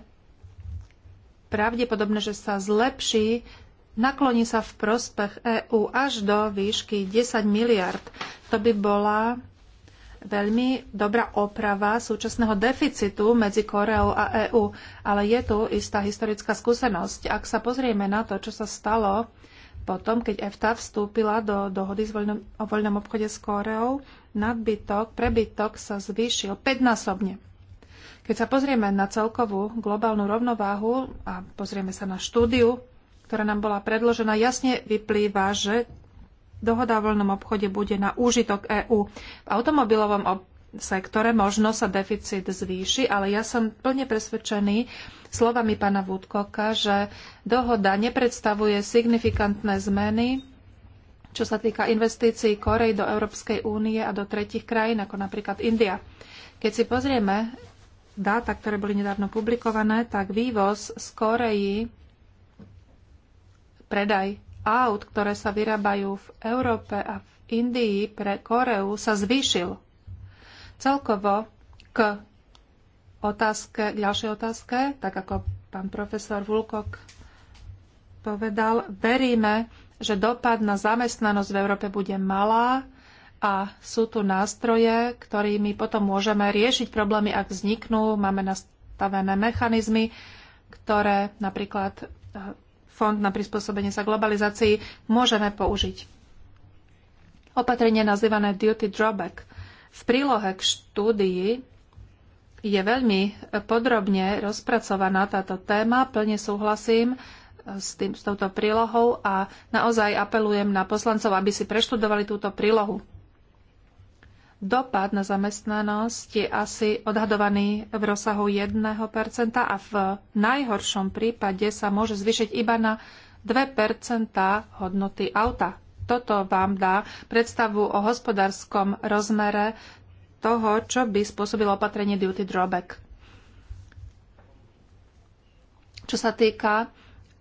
pravdepodobné, že sa zlepší nakloní sa v prospech EÚ až do výšky 10 miliard. To by bola veľmi dobrá oprava súčasného deficitu medzi Koreou a EÚ, ale je tu istá historická skúsenosť. Ak sa pozrieme na to, čo sa stalo potom, keď EFTA vstúpila do dohody o voľnom obchode s Koreou, nadbytok, prebytok sa zvýšil 5-násobne. Keď sa pozrieme na celkovú globálnu rovnováhu a pozrieme sa na štúdiu ktorá nám bola predložená, jasne vyplýva, že dohoda o voľnom obchode bude na úžitok EÚ. V automobilovom sektore možno sa deficit zvýši, ale ja som plne presvedčený slovami pána Vúdkoka, že dohoda nepredstavuje signifikantné zmeny, čo sa týka investícií Korej do Európskej únie a do tretich krajín, ako napríklad India. Keď si pozrieme dáta, ktoré boli nedávno publikované, tak vývoz z Koreji predaj aut, ktoré sa vyrábajú v Európe a v Indii pre Koreu sa zvýšil. Celkovo k otázke, k ďalšej otázke, tak ako pán profesor Vulkok povedal, veríme, že dopad na zamestnanosť v Európe bude malá a sú tu nástroje, ktorými potom môžeme riešiť problémy, ak vzniknú. Máme nastavené mechanizmy, ktoré napríklad eh, fond na prispôsobenie sa globalizácii môžeme použiť. Opatrenie nazývané duty drawback. V prílohe k štúdii je veľmi podrobne rozpracovaná táto téma. Plne súhlasím s, tým, s touto prílohou a naozaj apelujem na poslancov, aby si preštudovali túto prílohu. Dopad na zamestnanosť je asi odhadovaný v rozsahu 1% a v najhoršom prípade sa môže zvyšiť iba na 2% hodnoty auta. Toto vám dá predstavu o hospodárskom rozmere toho, čo by spôsobilo opatrenie duty drawback. Čo sa týka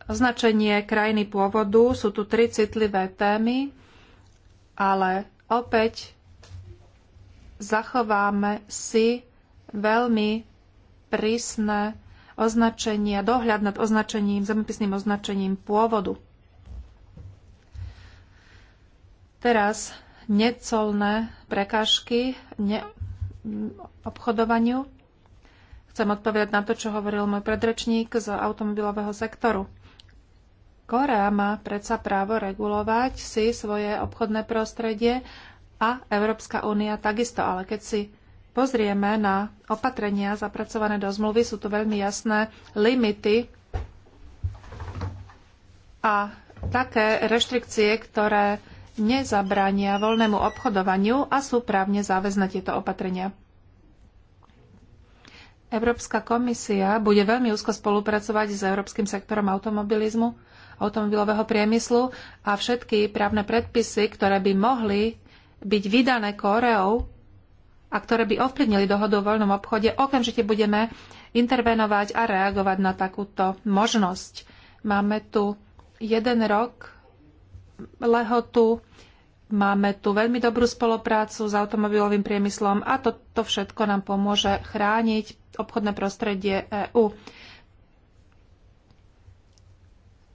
označenie krajiny pôvodu, sú tu tri citlivé témy, ale opäť zachováme si veľmi prísne označenia, dohľad nad označením, zemepisným označením pôvodu. Teraz necolné prekážky ne, obchodovaniu. Chcem odpovedať na to, čo hovoril môj predrečník z automobilového sektoru. Korea má predsa právo regulovať si svoje obchodné prostredie a Európska únia takisto. Ale keď si pozrieme na opatrenia zapracované do zmluvy, sú tu veľmi jasné limity a také reštrikcie, ktoré nezabránia voľnému obchodovaniu a sú právne záväzné tieto opatrenia. Európska komisia bude veľmi úzko spolupracovať s Európskym sektorom automobilizmu, automobilového priemyslu a všetky právne predpisy, ktoré by mohli byť vydané Kóreou a ktoré by ovplyvnili dohodu o voľnom obchode, okamžite budeme intervenovať a reagovať na takúto možnosť. Máme tu jeden rok lehotu, máme tu veľmi dobrú spoluprácu s automobilovým priemyslom a to, to všetko nám pomôže chrániť obchodné prostredie EÚ.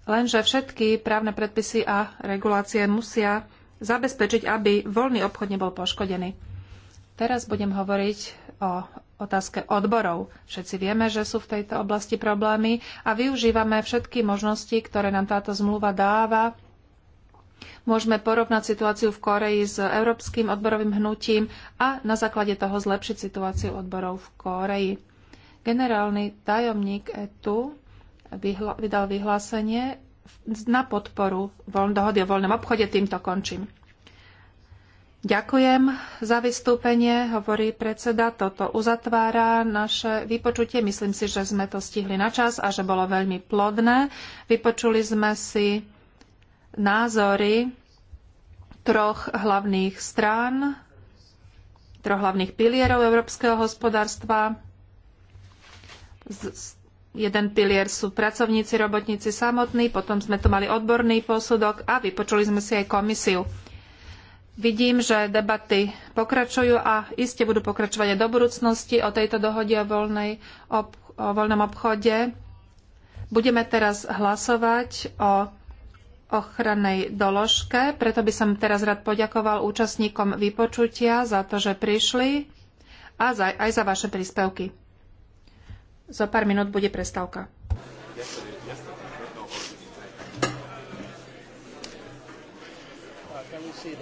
Lenže všetky právne predpisy a regulácie musia zabezpečiť, aby voľný obchod nebol poškodený. Teraz budem hovoriť o otázke odborov. Všetci vieme, že sú v tejto oblasti problémy a využívame všetky možnosti, ktoré nám táto zmluva dáva. Môžeme porovnať situáciu v Koreji s európskym odborovým hnutím a na základe toho zlepšiť situáciu odborov v Koreji. Generálny tajomník ETU vydal vyhlásenie na podporu dohody o voľnom obchode. Týmto končím. Ďakujem za vystúpenie, hovorí predseda. Toto uzatvára naše vypočutie. Myslím si, že sme to stihli na čas a že bolo veľmi plodné. Vypočuli sme si názory troch hlavných strán, troch hlavných pilierov európskeho hospodárstva, z Jeden pilier sú pracovníci, robotníci samotní, potom sme tu mali odborný posudok a vypočuli sme si aj komisiu. Vidím, že debaty pokračujú a iste budú pokračovať aj do budúcnosti o tejto dohode o, voľnej, ob, o voľnom obchode. Budeme teraz hlasovať o ochrannej doložke, preto by som teraz rád poďakoval účastníkom vypočutia za to, že prišli a za, aj za vaše príspevky. Za pár minút bude prestávka. see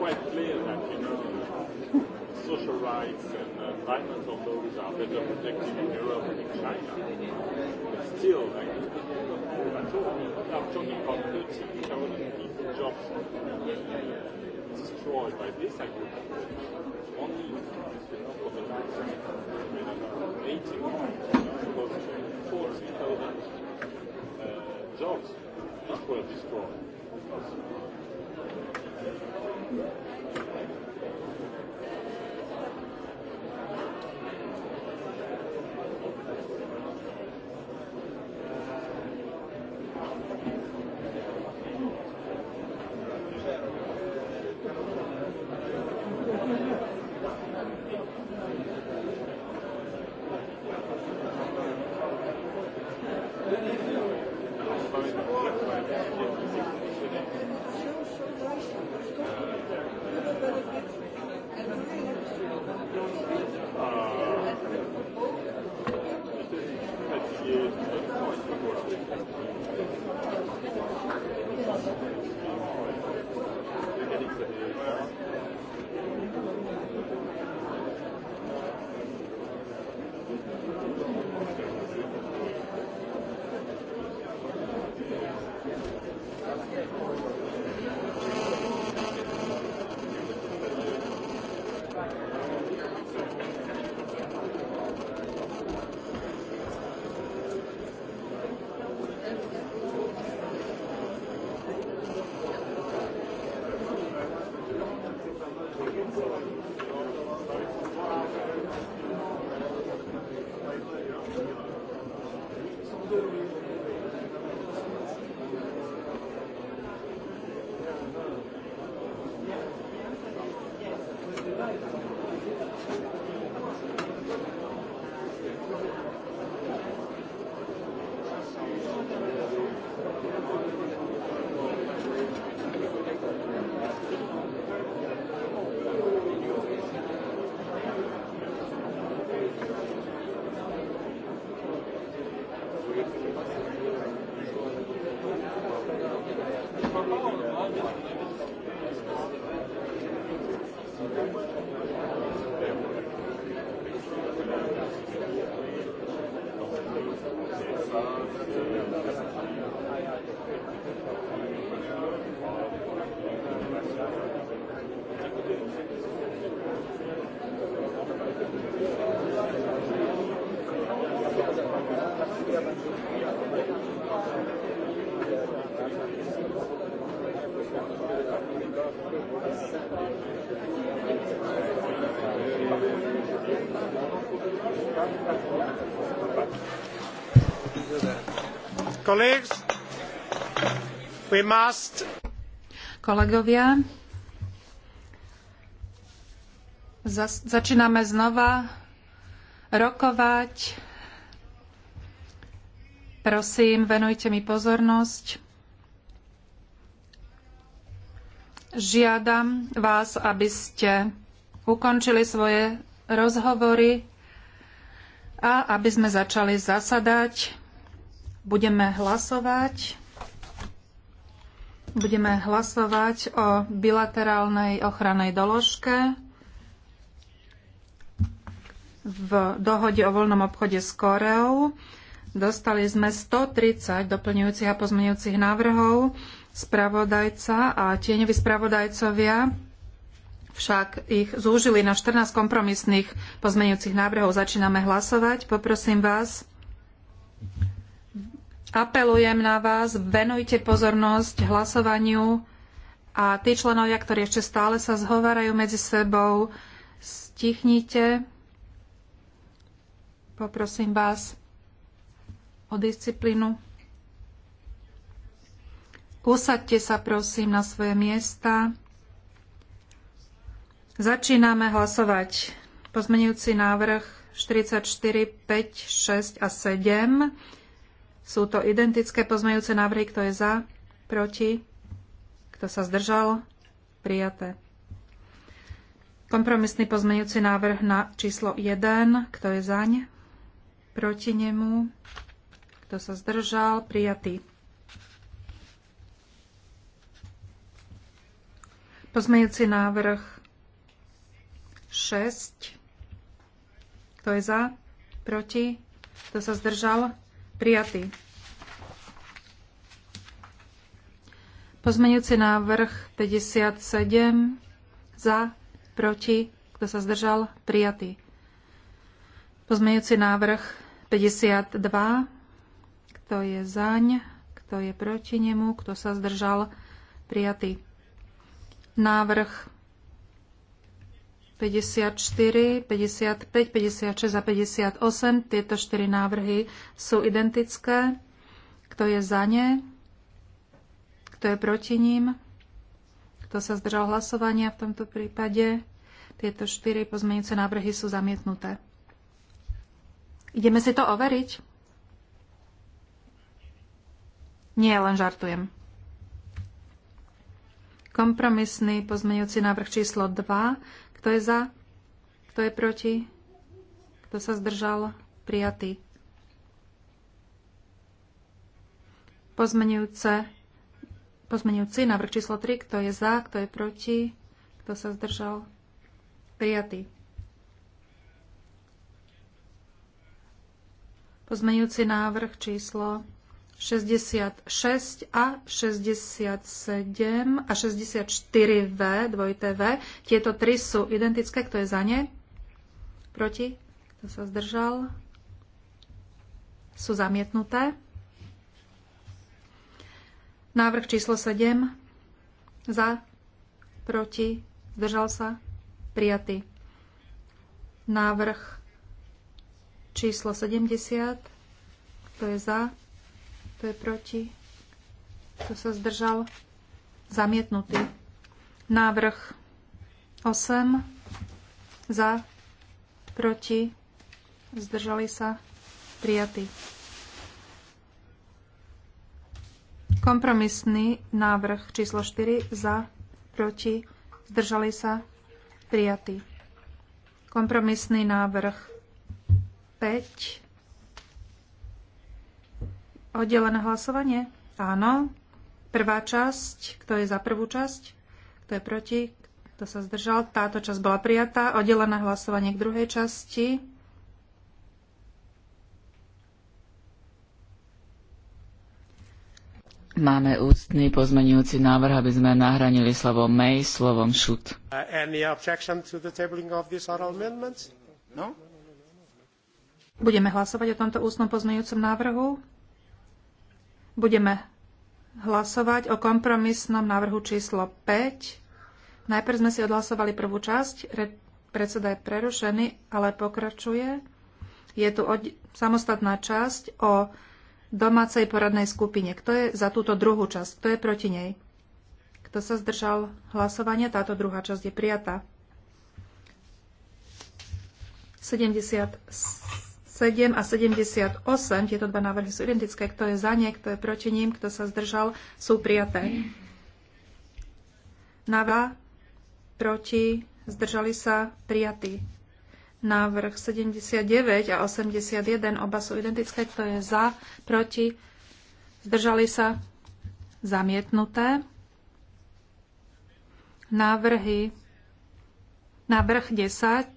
quite clear that, you know, social rights and uh, climate, although those are better protected in Europe and in China, but still, I like, at all, I'm talking about 30,000 people jobs destroyed by this agriculture. Only for the last 80 months, you know, 40,000 uh, jobs just were destroyed. Thank you. Kolegovia, začíname znova rokovať. Prosím, venujte mi pozornosť. Žiadam vás, aby ste ukončili svoje rozhovory a aby sme začali zasadať. Budeme hlasovať. Budeme hlasovať o bilaterálnej ochranej doložke v dohode o voľnom obchode s Koreou. Dostali sme 130 doplňujúcich a pozmeňujúcich návrhov spravodajca a tieňoví spravodajcovia však ich zúžili na 14 kompromisných pozmeňujúcich návrhov. Začíname hlasovať. Poprosím vás, apelujem na vás, venujte pozornosť hlasovaniu a tí členovia, ktorí ešte stále sa zhovárajú medzi sebou, stichnite. Poprosím vás o disciplínu. Usaďte sa prosím na svoje miesta. Začíname hlasovať. Pozmenujúci návrh 44, 5, 6 a 7 sú to identické pozmejúce návrhy, kto je za, proti, kto sa zdržal, prijaté. Kompromisný pozmejúci návrh na číslo 1, kto je zaň, proti nemu, kto sa zdržal, prijatý. Pozmejúci návrh 6, kto je za, proti, kto sa zdržal, Prijatý. Pozmeňujúci návrh 57 za, proti, kto sa zdržal, prijatý. Pozmeňujúci návrh 52, kto je zaň, kto je proti nemu, kto sa zdržal, prijatý. Návrh 54, 55, 56 a 58. Tieto štyri návrhy sú identické. Kto je za ne? Kto je proti ním? Kto sa zdržal hlasovania v tomto prípade? Tieto štyri pozmeňujúce návrhy sú zamietnuté. Ideme si to overiť? Nie, len žartujem. Kompromisný pozmeňujúci návrh číslo 2, kto je za? Kto je proti? Kto sa zdržal? Prijatý. Pozmenujúce, pozmenujúci návrh číslo 3. Kto je za? Kto je proti? Kto sa zdržal? Prijatý. Pozmenujúci návrh číslo 66 a 67 a 64V, dvojité V. Tieto tri sú identické. Kto je za ne? Proti? Kto sa zdržal? Sú zamietnuté. Návrh číslo 7. Za? Proti? Zdržal sa? Prijatý. Návrh číslo 70. Kto je za? Kto je proti? Kto sa zdržal? Zamietnutý. Návrh 8. Za. Proti. Zdržali sa. Prijatý. Kompromisný návrh číslo 4. Za. Proti. Zdržali sa. Prijatý. Kompromisný návrh 5 Oddelené hlasovanie? Áno. Prvá časť, kto je za prvú časť, kto je proti, kto sa zdržal. Táto časť bola prijatá. Oddelené hlasovanie k druhej časti. Máme ústny pozmenujúci návrh, aby sme nahranili slovo may slovom should. Uh, no? Budeme hlasovať o tomto ústnom pozmenujúcom návrhu. Budeme hlasovať o kompromisnom návrhu číslo 5. Najprv sme si odhlasovali prvú časť, predseda je prerušený, ale pokračuje. Je tu od, samostatná časť o domácej poradnej skupine. Kto je za túto druhú časť? Kto je proti nej? Kto sa zdržal hlasovania? Táto druhá časť je prijatá. 77. 7 a 78, tieto dva návrhy sú identické, kto je za ne, kto je proti ním, kto sa zdržal, sú prijaté. Návrh proti, zdržali sa, prijatí. Návrh 79 a 81, oba sú identické, kto je za, proti, zdržali sa, zamietnuté. Návrhy, návrh 10,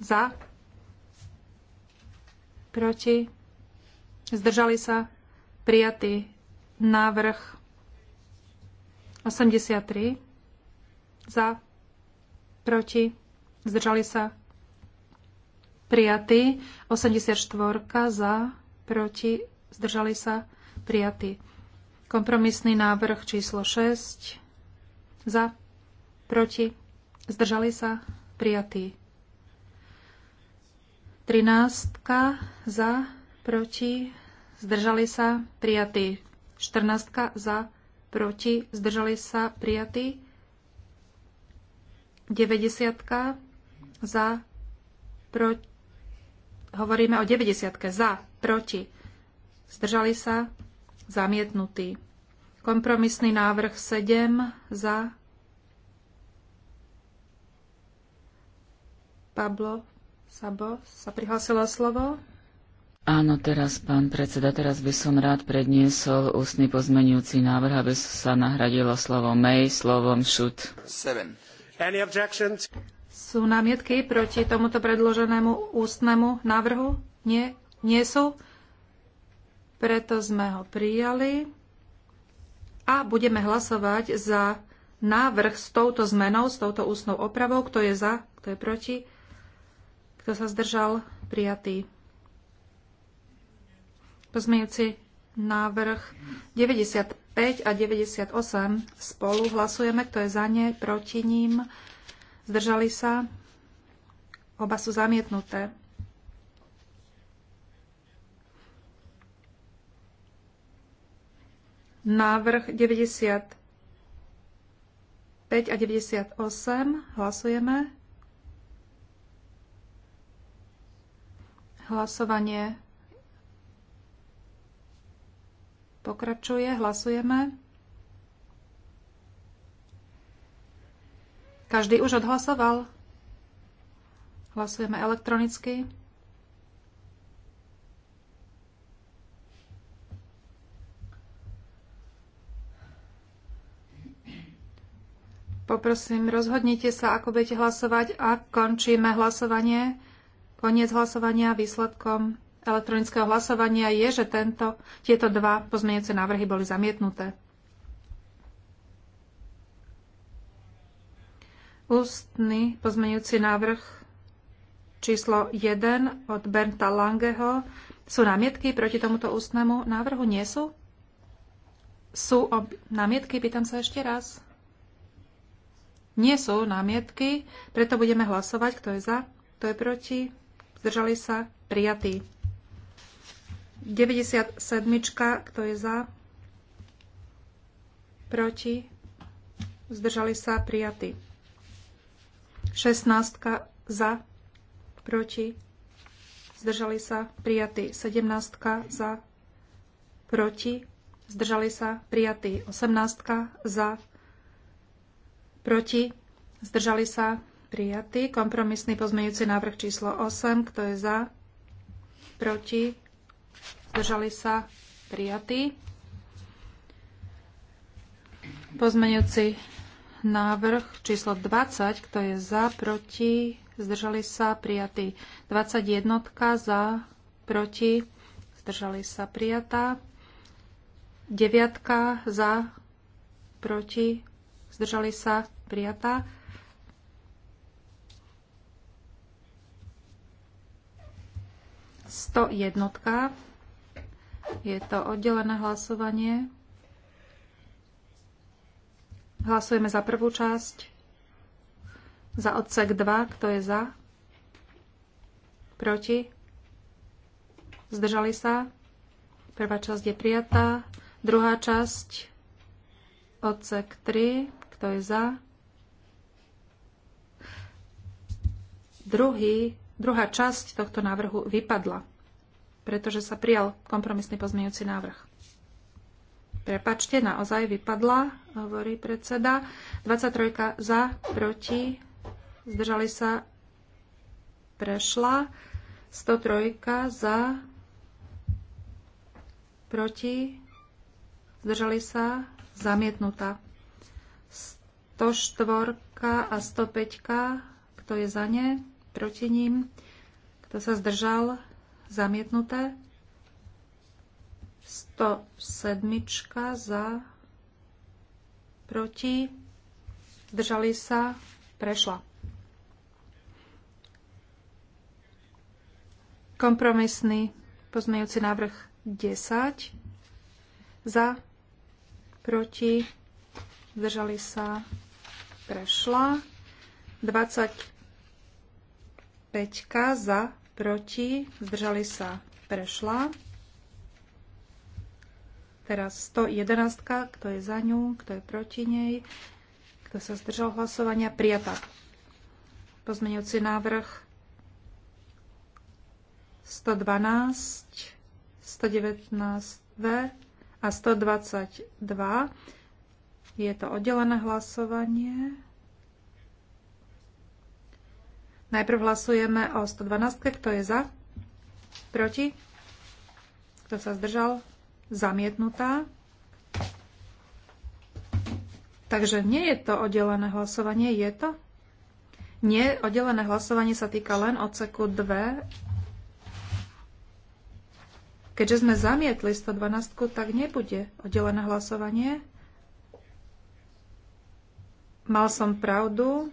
za? Proti? Zdržali sa? Prijatý návrh 83. Za? Proti? Zdržali sa? Prijatý 84. Za? Proti? Zdržali sa? Prijatý. Kompromisný návrh číslo 6. Za? Proti? Zdržali sa? Prijatý. 13 za, proti, zdržali sa, prijatý. 14 za, proti, zdržali sa, prijatý. 90 za, proti, hovoríme o 90 za, proti, zdržali sa, zamietnutý. Kompromisný návrh 7 za, Pablo Sabo sa prihlásila slovo. Áno, teraz, pán predseda, teraz by som rád predniesol ústny pozmenujúci návrh, aby sa nahradilo slovo may slovom should. Sú námietky proti tomuto predloženému ústnemu návrhu? Nie, nie sú. Preto sme ho prijali a budeme hlasovať za návrh s touto zmenou, s touto ústnou opravou. Kto je za, kto je proti? Kto sa zdržal? Prijatý. Pozmejúci návrh 95 a 98 spolu. Hlasujeme, kto je za ne, proti ním. Zdržali sa. Oba sú zamietnuté. Návrh 95 a 98. Hlasujeme. Hlasovanie pokračuje. Hlasujeme. Každý už odhlasoval. Hlasujeme elektronicky. Poprosím, rozhodnite sa, ako budete hlasovať a končíme hlasovanie. Koniec hlasovania výsledkom elektronického hlasovania je, že tento, tieto dva pozmeňujúce návrhy boli zamietnuté. Ústny pozmeňujúci návrh číslo 1 od Bernta Langeho. Sú námietky proti tomuto ústnemu návrhu? Nie sú? Sú ob... námietky? Pýtam sa ešte raz. Nie sú námietky, preto budeme hlasovať, kto je za, kto je proti zdržali sa, prijatý. 97. Kto je za? Proti? Zdržali sa? Prijatí. 16. Za? Proti? Zdržali sa? Prijatí. 17. Za? Proti? Zdržali sa? Prijatí. 18. Za? Proti? Zdržali sa? prijatý. Kompromisný pozmeňujúci návrh číslo 8. Kto je za? Proti? Zdržali sa? Prijatý. Pozmeňujúci návrh číslo 20. Kto je za? Proti? Zdržali sa? Prijatý. 21. Za? Proti? Zdržali sa? Prijatá. 9. Za? Proti? Zdržali sa? Prijatá. 101. Je to oddelené hlasovanie. Hlasujeme za prvú časť, za odsek 2, kto je za, proti, zdržali sa. Prvá časť je prijatá, druhá časť, odsek 3, kto je za, druhý druhá časť tohto návrhu vypadla, pretože sa prijal kompromisný pozmeňujúci návrh. Prepačte, naozaj vypadla, hovorí predseda. 23 za, proti, zdržali sa, prešla. 103 za, proti, zdržali sa, zamietnutá. 104 a 105, kto je za ne? proti ním. Kto sa zdržal? Zamietnuté. 107 za, proti, zdržali sa, prešla. Kompromisný pozmejúci návrh 10 za, proti, zdržali sa, prešla. 20. 5 za, proti, zdržali sa, prešla. Teraz 111, kto je za ňu, kto je proti nej, kto sa zdržal hlasovania, prijatá. Pozmeňujúci návrh 112, 119V a 122. Je to oddelené hlasovanie. Najprv hlasujeme o 112. Kto je za? Proti? Kto sa zdržal? Zamietnutá. Takže nie je to oddelené hlasovanie, je to? Nie, oddelené hlasovanie sa týka len odseku 2. Keďže sme zamietli 112, tak nebude oddelené hlasovanie. Mal som pravdu,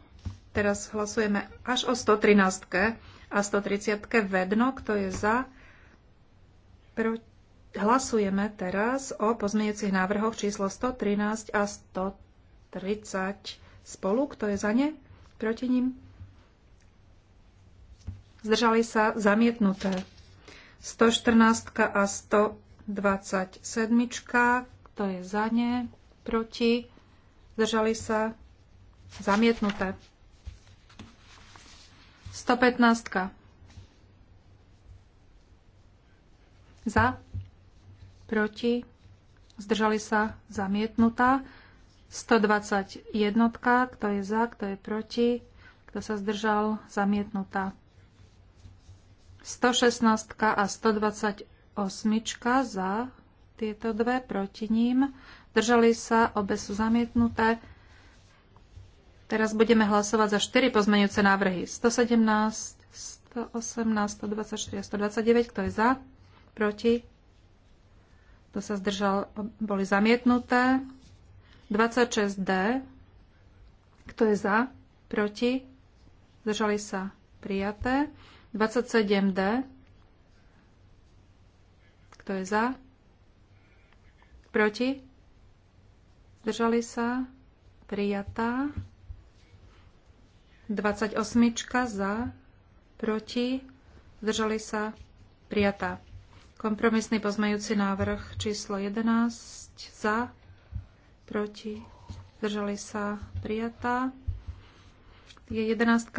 Teraz hlasujeme až o 113 a 130 vedno, kto je za. Hlasujeme teraz o pozmeňujúcich návrhoch číslo 113 a 130 spolu. Kto je za ne? Proti ním? Zdržali sa zamietnuté. 114 a 127. Kto je za ne? Proti? Zdržali sa zamietnuté. 115. Za, proti, zdržali sa, zamietnutá. 121, kto je za, kto je proti, kto sa zdržal, zamietnutá. 116 a 128 za tieto dve proti ním. Držali sa, obe sú zamietnuté. Teraz budeme hlasovať za 4 pozmeňujúce návrhy. 117, 118, 124 a 129. Kto je za? Proti? Kto sa zdržal? Boli zamietnuté. 26D. Kto je za? Proti? Zdržali sa? Prijaté. 27D. Kto je za? Proti? Zdržali sa? Prijatá. 28 za, proti, zdržali sa, prijatá. Kompromisný pozmejúci návrh číslo 11 za, proti, zdržali sa, prijatá. Je 11.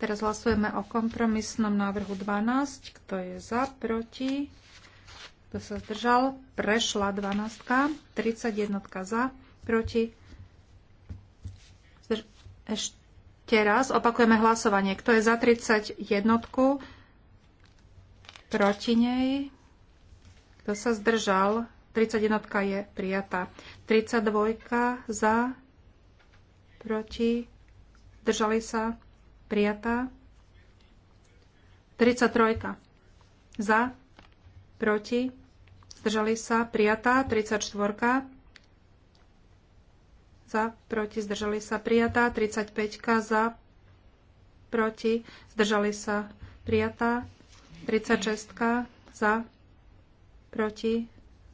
Teraz hlasujeme o kompromisnom návrhu 12. Kto je za, proti, kto sa zdržal, prešla 12. 31 za, proti, ešte raz opakujeme hlasovanie. Kto je za 31? Proti nej? Kto sa zdržal? 31 je prijatá. 32 za? Proti? Držali sa? Prijatá. 33 za? Proti? Zdržali sa? Prijatá. 34 za, proti, zdržali sa prijatá, 35 za, proti, zdržali sa prijatá, 36 za, proti,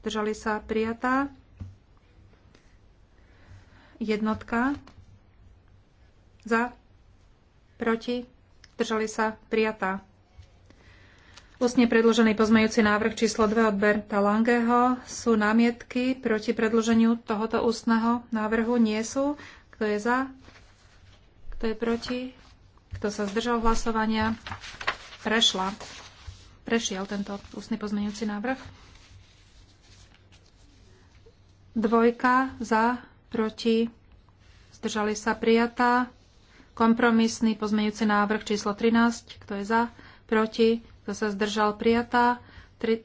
zdržali sa prijatá, jednotka za, proti, zdržali sa prijatá. Ústne predložený pozmejúci návrh číslo 2 od Berta Langeho. Sú námietky proti predloženiu tohoto ústneho návrhu? Nie sú. Kto je za? Kto je proti? Kto sa zdržal hlasovania? Prešla. Prešiel tento ústny pozmeňujúci návrh. Dvojka za, proti, zdržali sa prijatá. Kompromisný pozmeňujúci návrh číslo 13. Kto je za? Proti? Kto sa zdržal? Prijatá. 30. E,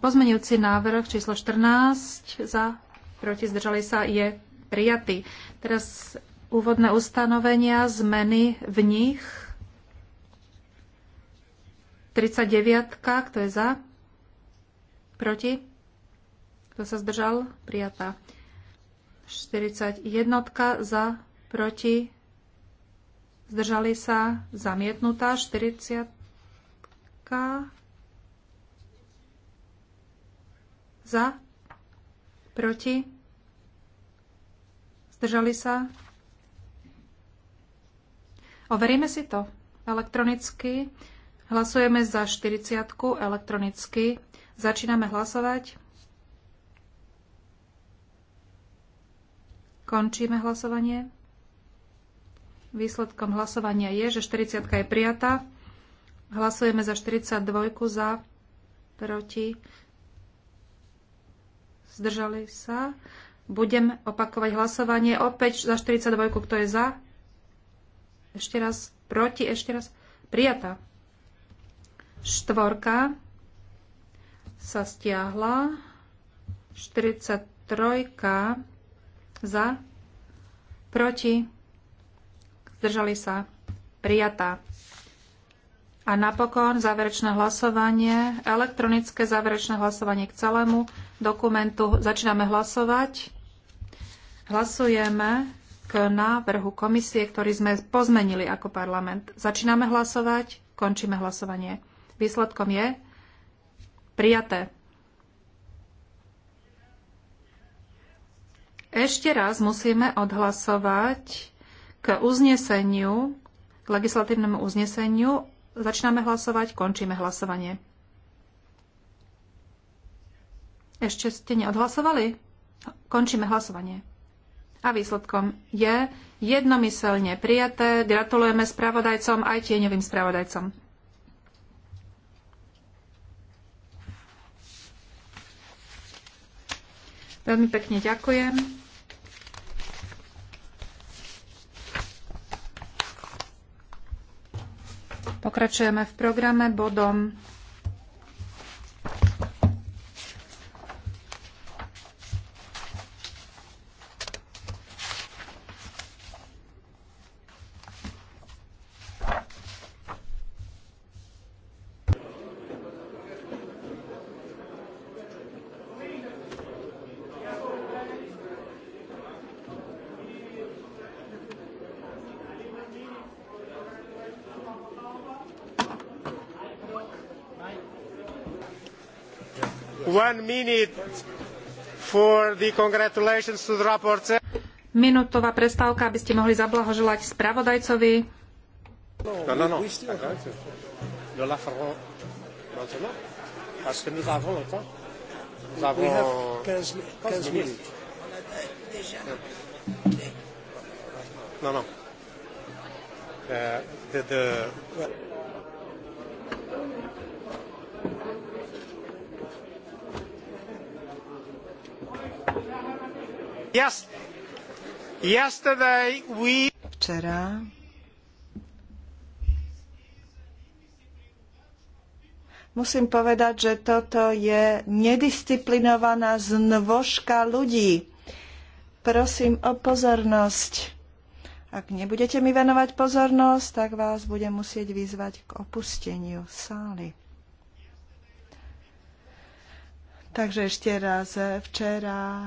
Pozmenujúci návrh číslo 14 za, proti zdržali sa je prijatý. Teraz úvodné ustanovenia, zmeny v nich. 39. Kto je za? Proti? Kto sa zdržal? Prijatá. 41. Za? Proti? zdržali sa, zamietnutá 40. Za, proti, zdržali sa. Overíme si to elektronicky. Hlasujeme za 40 elektronicky. Začíname hlasovať. Končíme hlasovanie. Výsledkom hlasovania je, že 40 je prijatá. Hlasujeme za 42 za, proti, zdržali sa. Budem opakovať hlasovanie opäť za 42, kto je za. Ešte raz proti, ešte raz prijatá. Štvorka sa stiahla. 43 za, proti, zdržali sa, prijatá. A napokon záverečné hlasovanie, elektronické záverečné hlasovanie k celému dokumentu. Začíname hlasovať. Hlasujeme k návrhu komisie, ktorý sme pozmenili ako parlament. Začíname hlasovať, končíme hlasovanie. Výsledkom je prijaté. Ešte raz musíme odhlasovať k uzneseniu, k legislatívnemu uzneseniu. Začíname hlasovať, končíme hlasovanie. Ešte ste neodhlasovali? Končíme hlasovanie. A výsledkom je jednomyselne prijaté. Gratulujeme spravodajcom aj tieňovým spravodajcom. Veľmi pekne ďakujem. Pokračujeme v programe bodom One minute for the congratulations to the rapporteur. Minútová prestávka, aby ste mohli zablahoželať spravodajcovi. No, no, no. De la Ferrand. Maintenant. Parce que nous avons le temps. Nous avons 15, 15 minutes. Non, non. Euh, de, de... Včera Musím povedať, že toto je nedisciplinovaná znvožka ľudí. Prosím o pozornosť. Ak nebudete mi venovať pozornosť, tak vás budem musieť vyzvať k opusteniu sály. Takže ešte raz včera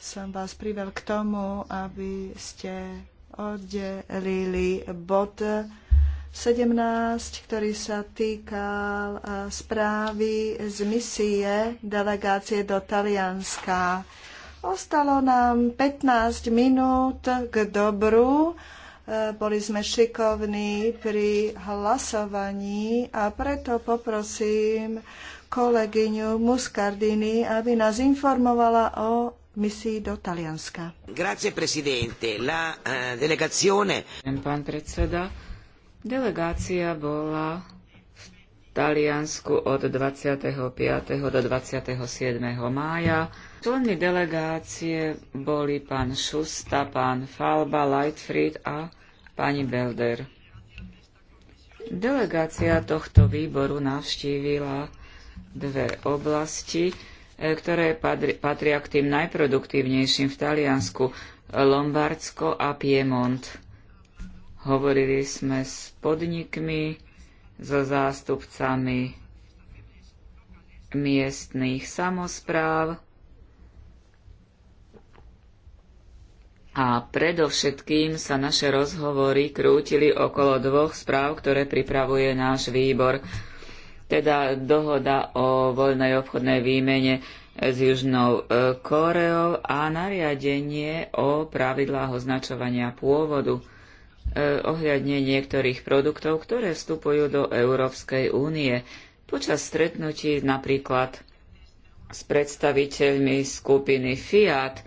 som vás privel k tomu, aby ste oddelili bod 17, ktorý sa týkal eh, správy z misie delegácie do Talianska. Ostalo nám 15 minút k dobru. Eh, boli sme šikovní pri hlasovaní a preto poprosím kolegyňu Muscardini, aby nás informovala o misií do Talianska. Grazie, presidente. La uh, delegazione... Pán predseda, delegácia bola v Taliansku od 25. do 27. mája. Členmi delegácie boli pán Šusta, pán Falba, Lightfried a pani Belder. Delegácia tohto výboru navštívila dve oblasti ktoré patria k tým najproduktívnejším v Taliansku, Lombardsko a Piemont. Hovorili sme s podnikmi, so zástupcami miestných samozpráv a predovšetkým sa naše rozhovory krútili okolo dvoch správ, ktoré pripravuje náš výbor – teda dohoda o voľnej obchodnej výmene s Južnou e, Koreou a nariadenie o pravidlách označovania pôvodu e, ohľadne niektorých produktov, ktoré vstupujú do Európskej únie. Počas stretnutí napríklad s predstaviteľmi skupiny Fiat e,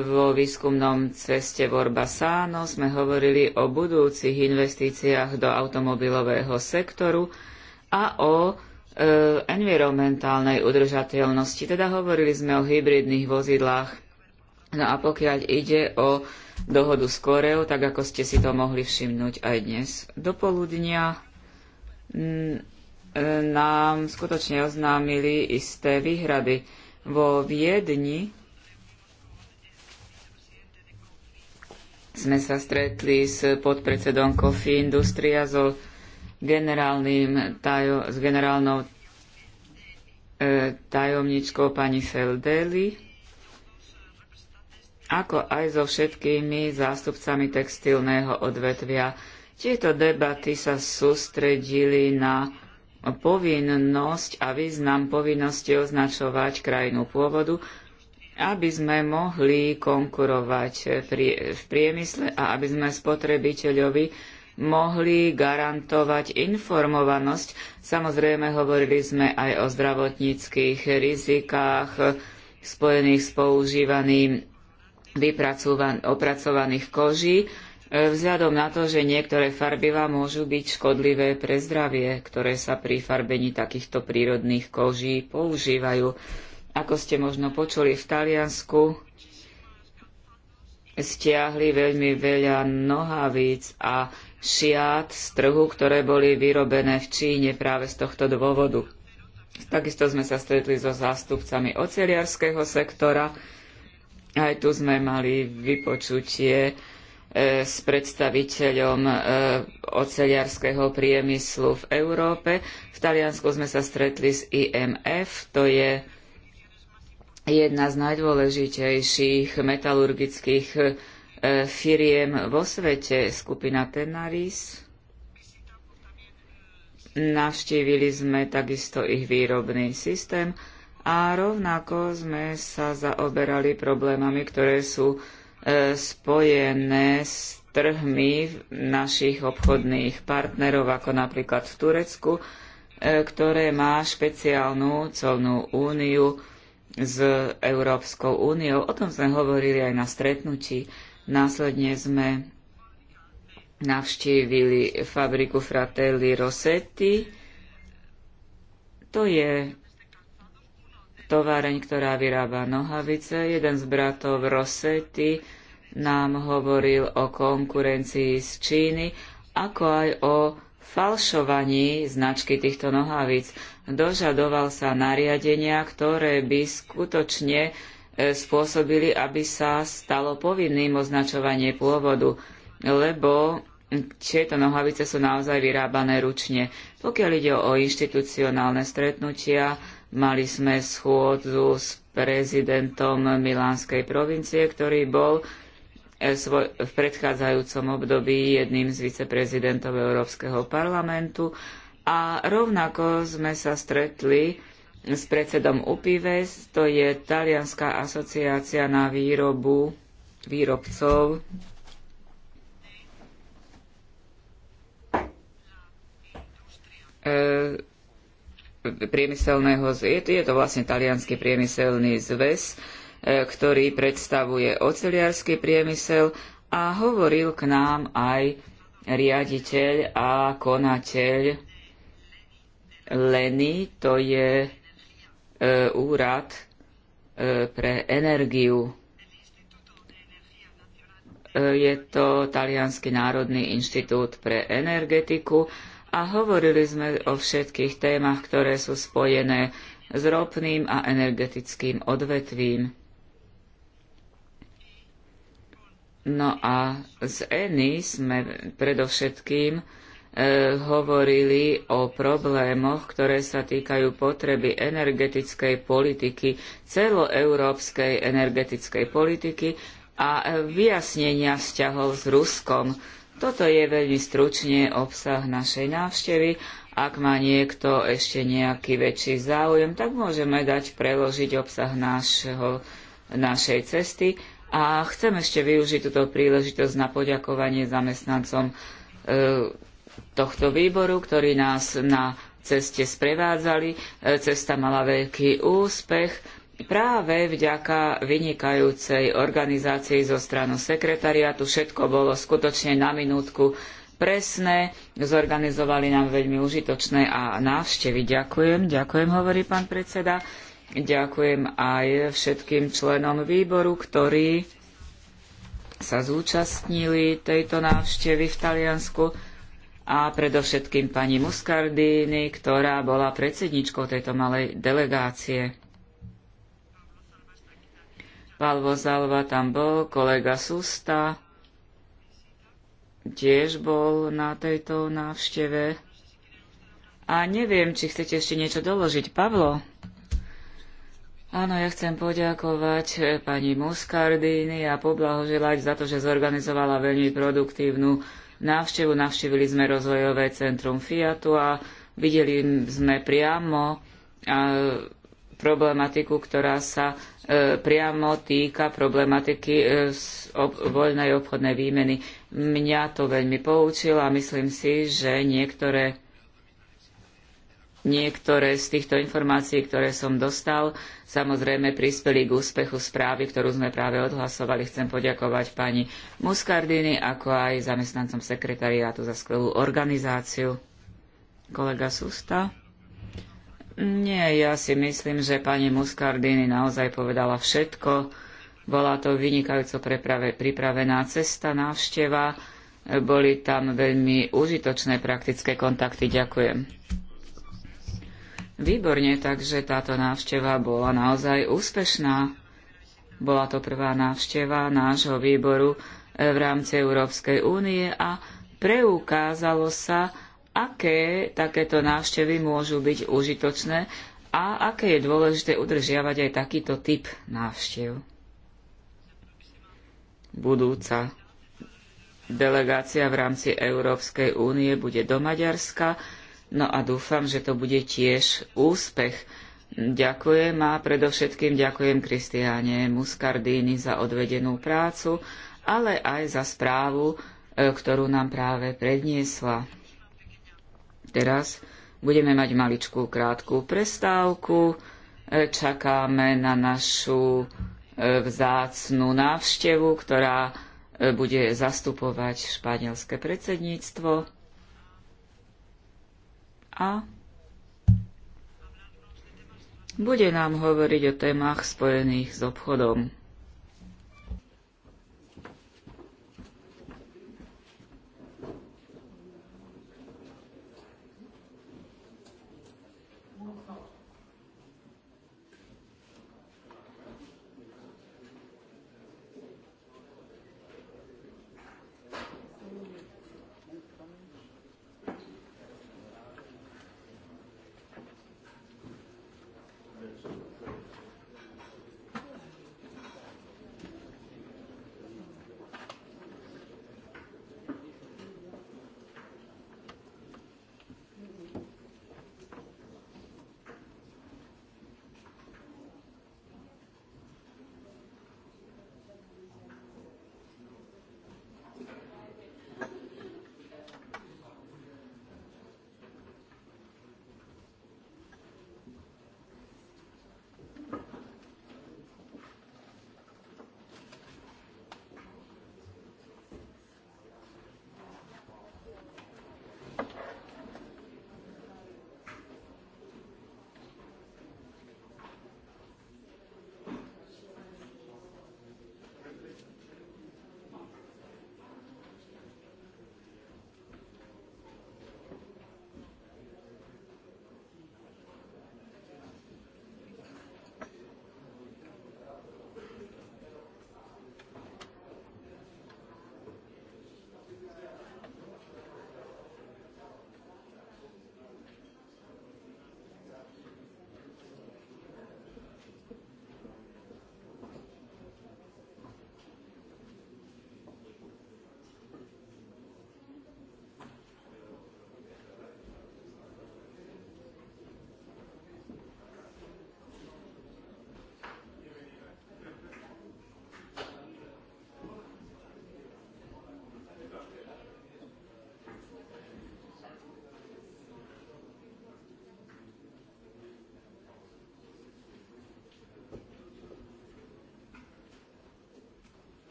vo výskumnom ceste Vorbasáno sme hovorili o budúcich investíciách do automobilového sektoru, a o e, environmentálnej udržateľnosti. Teda hovorili sme o hybridných vozidlách. No a pokiaľ ide o dohodu s Koreou, tak ako ste si to mohli všimnúť aj dnes do poludnia, e, nám skutočne oznámili isté výhrady. Vo Viedni sme sa stretli s podpredsedom Kofi Industria so generálnym tajo, s generálnou e, tajomničkou pani Seldeli, ako aj so všetkými zástupcami textilného odvetvia. Tieto debaty sa sústredili na povinnosť a význam povinnosti označovať krajinu pôvodu, aby sme mohli konkurovať v priemysle a aby sme spotrebiteľovi mohli garantovať informovanosť. Samozrejme, hovorili sme aj o zdravotníckých rizikách spojených s používaním opracovaných koží, e, vzhľadom na to, že niektoré farbivá môžu byť škodlivé pre zdravie, ktoré sa pri farbení takýchto prírodných koží používajú. Ako ste možno počuli, v Taliansku stiahli veľmi veľa nohavíc a šiat z trhu, ktoré boli vyrobené v Číne práve z tohto dôvodu. Takisto sme sa stretli so zástupcami oceliarského sektora. Aj tu sme mali vypočutie e, s predstaviteľom e, oceliarského priemyslu v Európe. V Taliansku sme sa stretli s IMF, to je jedna z najdôležitejších metalurgických firiem vo svete. Skupina Tenaris. Navštívili sme takisto ich výrobný systém a rovnako sme sa zaoberali problémami, ktoré sú e, spojené s trhmi našich obchodných partnerov, ako napríklad v Turecku, e, ktoré má špeciálnu colnú úniu s Európskou úniou. O tom sme hovorili aj na stretnutí Následne sme navštívili fabriku Fratelli Rossetti. To je továreň, ktorá vyrába nohavice. Jeden z bratov Rossetti nám hovoril o konkurencii z Číny, ako aj o falšovaní značky týchto nohavic. Dožadoval sa nariadenia, ktoré by skutočne E, spôsobili, aby sa stalo povinným označovanie pôvodu, lebo tieto nohavice sú naozaj vyrábané ručne. Pokiaľ ide o inštitucionálne stretnutia, mali sme schôdzu s prezidentom Milánskej provincie, ktorý bol e, v predchádzajúcom období jedným z viceprezidentov Európskeho parlamentu a rovnako sme sa stretli s predsedom UPIVES, to je Talianská asociácia na výrobu výrobcov e, priemyselného je to, je to vlastne taliansky priemyselný zväz, e, ktorý predstavuje oceliarský priemysel a hovoril k nám aj riaditeľ a konateľ Leny, to je E, úrad e, pre energiu. E, je to Talianský národný inštitút pre energetiku a hovorili sme o všetkých témach, ktoré sú spojené s ropným a energetickým odvetvím. No a z ENI sme predovšetkým E, hovorili o problémoch, ktoré sa týkajú potreby energetickej politiky, celoeurópskej energetickej politiky a vyjasnenia vzťahov s Ruskom. Toto je veľmi stručne obsah našej návštevy. Ak má niekto ešte nejaký väčší záujem, tak môžeme dať preložiť obsah našho, našej cesty. A chcem ešte využiť túto príležitosť na poďakovanie zamestnancom e, tohto výboru, ktorí nás na ceste sprevádzali. E, cesta mala veľký úspech práve vďaka vynikajúcej organizácii zo stranu sekretariatu. Všetko bolo skutočne na minútku presné. Zorganizovali nám veľmi užitočné a návštevy. Ďakujem, ďakujem, hovorí pán predseda. Ďakujem aj všetkým členom výboru, ktorí sa zúčastnili tejto návštevy v Taliansku a predovšetkým pani Muscardini, ktorá bola predsedničkou tejto malej delegácie. Palvo Zalva tam bol, kolega Susta tiež bol na tejto návšteve. A neviem, či chcete ešte niečo doložiť. Pavlo? Áno, ja chcem poďakovať eh, pani Muscardini a poblahoželať za to, že zorganizovala veľmi produktívnu návštevu. Navštívili sme rozvojové centrum Fiatu a videli sme priamo problematiku, ktorá sa e, priamo týka problematiky e, voľnej obchodnej výmeny. Mňa to veľmi poučilo a myslím si, že niektoré Niektoré z týchto informácií, ktoré som dostal, samozrejme prispeli k úspechu správy, ktorú sme práve odhlasovali. Chcem poďakovať pani Muscardini, ako aj zamestnancom sekretariátu za skvelú organizáciu. Kolega Susta? Nie, ja si myslím, že pani Muscardini naozaj povedala všetko. Bola to vynikajúco preprave, pripravená cesta, návšteva. Boli tam veľmi užitočné praktické kontakty. Ďakujem. Výborne, takže táto návšteva bola naozaj úspešná. Bola to prvá návšteva nášho výboru eh, v rámci Európskej únie a preukázalo sa, aké takéto návštevy môžu byť užitočné a aké je dôležité udržiavať aj takýto typ návštev. Budúca delegácia v rámci Európskej únie bude do Maďarska No a dúfam, že to bude tiež úspech. Ďakujem a predovšetkým ďakujem Kristiáne Muscardini za odvedenú prácu, ale aj za správu, e, ktorú nám práve predniesla. Teraz budeme mať maličkú krátku prestávku. E, čakáme na našu e, vzácnú návštevu, ktorá bude zastupovať španielske predsedníctvo a bude nám hovoriť o témach spojených s obchodom.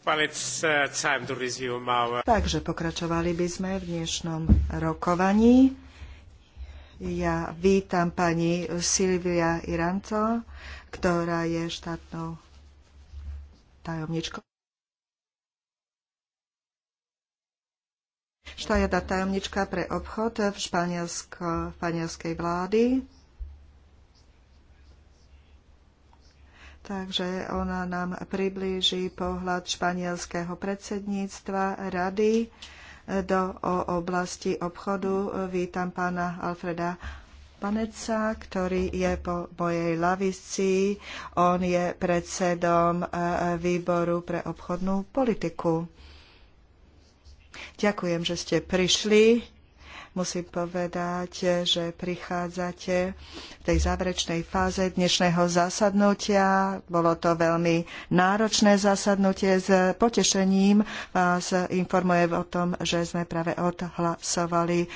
Uh, Takže pokračovali by sme v dnešnom rokovaní. Ja vítam pani Silvia Iranto, ktorá je štátnou tajomničkou. Štajada tajomnička pre obchod v španielskej vlády. takže ona nám priblíži pohľad španielského predsedníctva rady do oblasti obchodu. Vítam pána Alfreda Paneca, ktorý je po mojej lavici. On je predsedom e, výboru pre obchodnú politiku. Ďakujem, že ste prišli Musím povedať, že prichádzate v tej záverečnej fáze dnešného zasadnutia. Bolo to veľmi náročné zasadnutie. S potešením vás informujem o tom, že sme práve odhlasovali eh,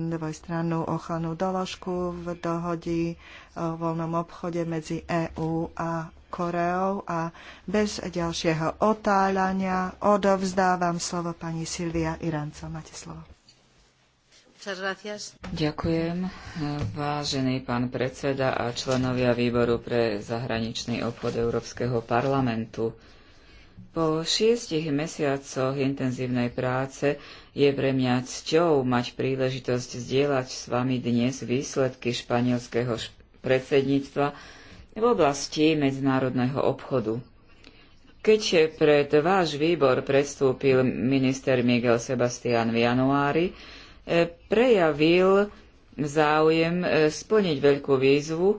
dvojstrannú ochranu doložku v dohodi o voľnom obchode medzi EÚ a Koreou a bez ďalšieho otáľania odovzdávam slovo pani Silvia Iranco. Máte slovo. Ďakujem, vážený pán predseda a členovia výboru pre zahraničný obchod Európskeho parlamentu. Po šiestich mesiacoch intenzívnej práce je pre mňa cťou mať príležitosť zdieľať s vami dnes výsledky španielského predsedníctva v oblasti medzinárodného obchodu. Keď pred váš výbor predstúpil minister Miguel Sebastián v januári, E, prejavil záujem e, splniť veľkú výzvu, e,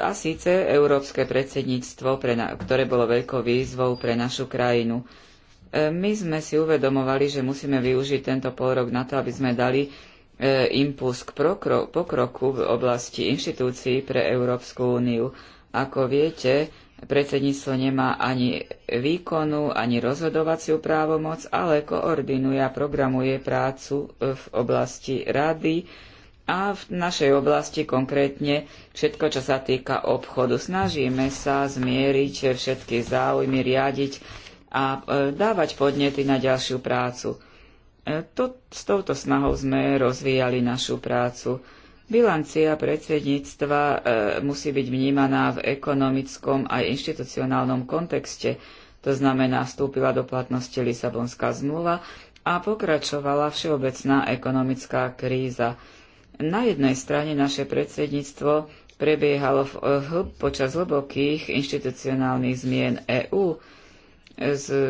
a síce európske predsedníctvo, ktoré bolo veľkou výzvou pre našu krajinu. My sme si uvedomovali, že musíme využiť tento polrok na to, aby sme dali impuls k pokroku v oblasti inštitúcií pre Európsku úniu. Ako viete, Predsedníctvo nemá ani výkonu, ani rozhodovaciu právomoc, ale koordinuje a programuje prácu v oblasti rady a v našej oblasti konkrétne všetko, čo sa týka obchodu. Snažíme sa zmieriť všetky záujmy, riadiť a e, dávať podnety na ďalšiu prácu. E, to, s touto snahou sme rozvíjali našu prácu. Bilancia predsedníctva e, musí byť vnímaná v ekonomickom aj inštitucionálnom kontexte, to znamená vstúpila do platnosti Lisabonská zmluva a pokračovala všeobecná ekonomická kríza. Na jednej strane naše predsedníctvo prebiehalo v, v, počas hlbokých inštitucionálnych zmien EÚ.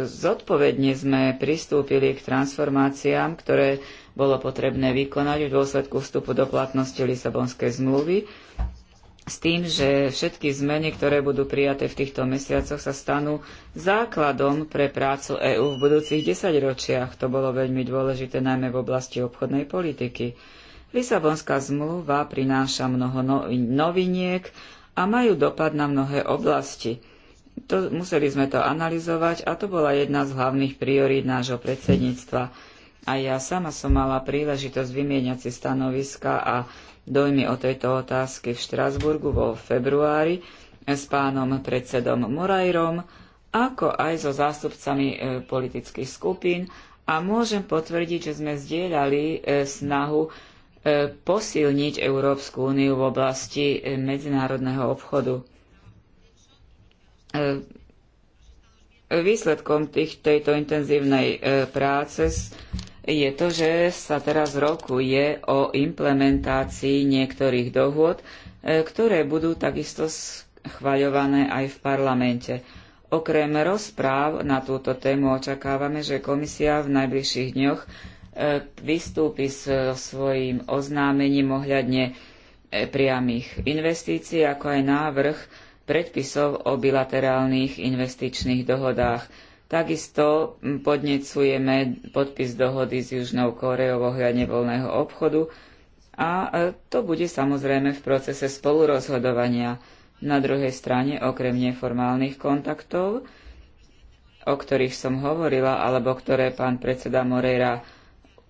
Zodpovedne sme pristúpili k transformáciám, ktoré bolo potrebné vykonať v dôsledku vstupu do platnosti Lisabonskej zmluvy s tým, že všetky zmeny, ktoré budú prijaté v týchto mesiacoch, sa stanú základom pre prácu EÚ v budúcich desaťročiach. To bolo veľmi dôležité najmä v oblasti obchodnej politiky. Lisabonská zmluva prináša mnoho no-, noviniek a majú dopad na mnohé oblasti. To, museli sme to analyzovať a to bola jedna z hlavných priorít nášho predsedníctva. A ja sama som mala príležitosť vymieňať si stanoviska a dojmy o tejto otázky v Štrasburgu vo februári s pánom predsedom Morajrom, ako aj so zástupcami e, politických skupín a môžem potvrdiť, že sme zdieľali e, snahu e, posilniť Európsku úniu v oblasti medzinárodného obchodu. Výsledkom tých, tejto intenzívnej práce je to, že sa teraz rokuje o implementácii niektorých dohôd, e, ktoré budú takisto schvaľované aj v parlamente. Okrem rozpráv na túto tému očakávame, že komisia v najbližších dňoch e, vystúpi so svojím oznámením ohľadne e, priamých investícií, ako aj návrh predpisov o bilaterálnych investičných dohodách – Takisto podnecujeme podpis dohody s Južnou Kóreou ohľadne voľného obchodu a e, to bude samozrejme v procese spolurozhodovania. Na druhej strane, okrem neformálnych kontaktov, o ktorých som hovorila, alebo ktoré pán predseda Moreira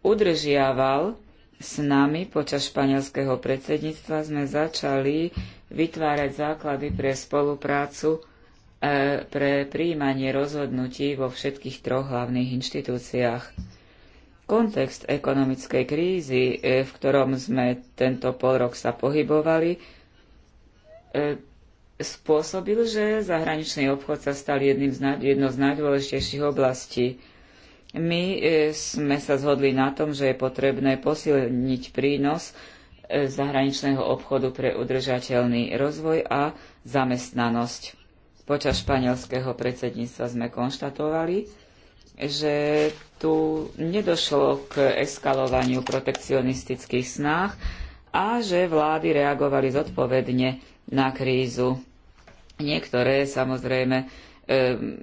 udržiaval, s nami počas španielského predsedníctva sme začali vytvárať základy pre spoluprácu E, pre príjmanie rozhodnutí vo všetkých troch hlavných inštitúciách. Kontext ekonomickej krízy, e, v ktorom sme tento pol rok sa pohybovali, e, spôsobil, že zahraničný obchod sa stal jedným z naj, jednou z najdôležitejších oblastí. My sme sa zhodli na tom, že je potrebné posilniť prínos zahraničného obchodu pre udržateľný rozvoj a zamestnanosť počas španielského predsedníctva sme konštatovali, že tu nedošlo k eskalovaniu protekcionistických snách a že vlády reagovali zodpovedne na krízu. Niektoré samozrejme e,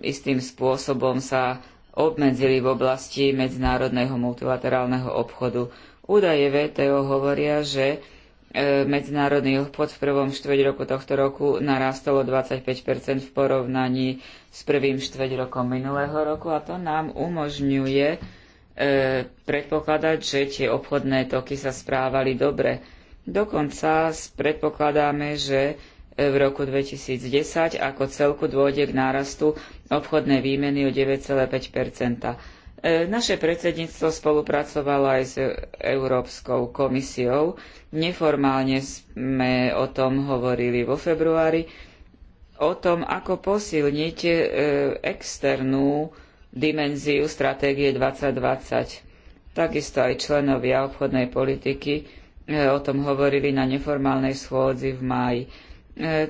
istým spôsobom sa obmedzili v oblasti medzinárodného multilaterálneho obchodu. Údaje VTO hovoria, že E, medzinárodný obchod v prvom štveť roku tohto roku narastol o 25 v porovnaní s prvým štveť rokom minulého roku a to nám umožňuje e, predpokladať, že tie obchodné toky sa správali dobre. Dokonca predpokladáme, že e, v roku 2010 ako celku dôjde k nárastu obchodnej výmeny o 9,5 E, naše predsedníctvo spolupracovalo aj s Európskou komisiou. Neformálne sme o tom hovorili vo februári, o tom, ako posilniť e, externú dimenziu stratégie 2020. Takisto aj členovia obchodnej politiky e, o tom hovorili na neformálnej schôdzi v máji.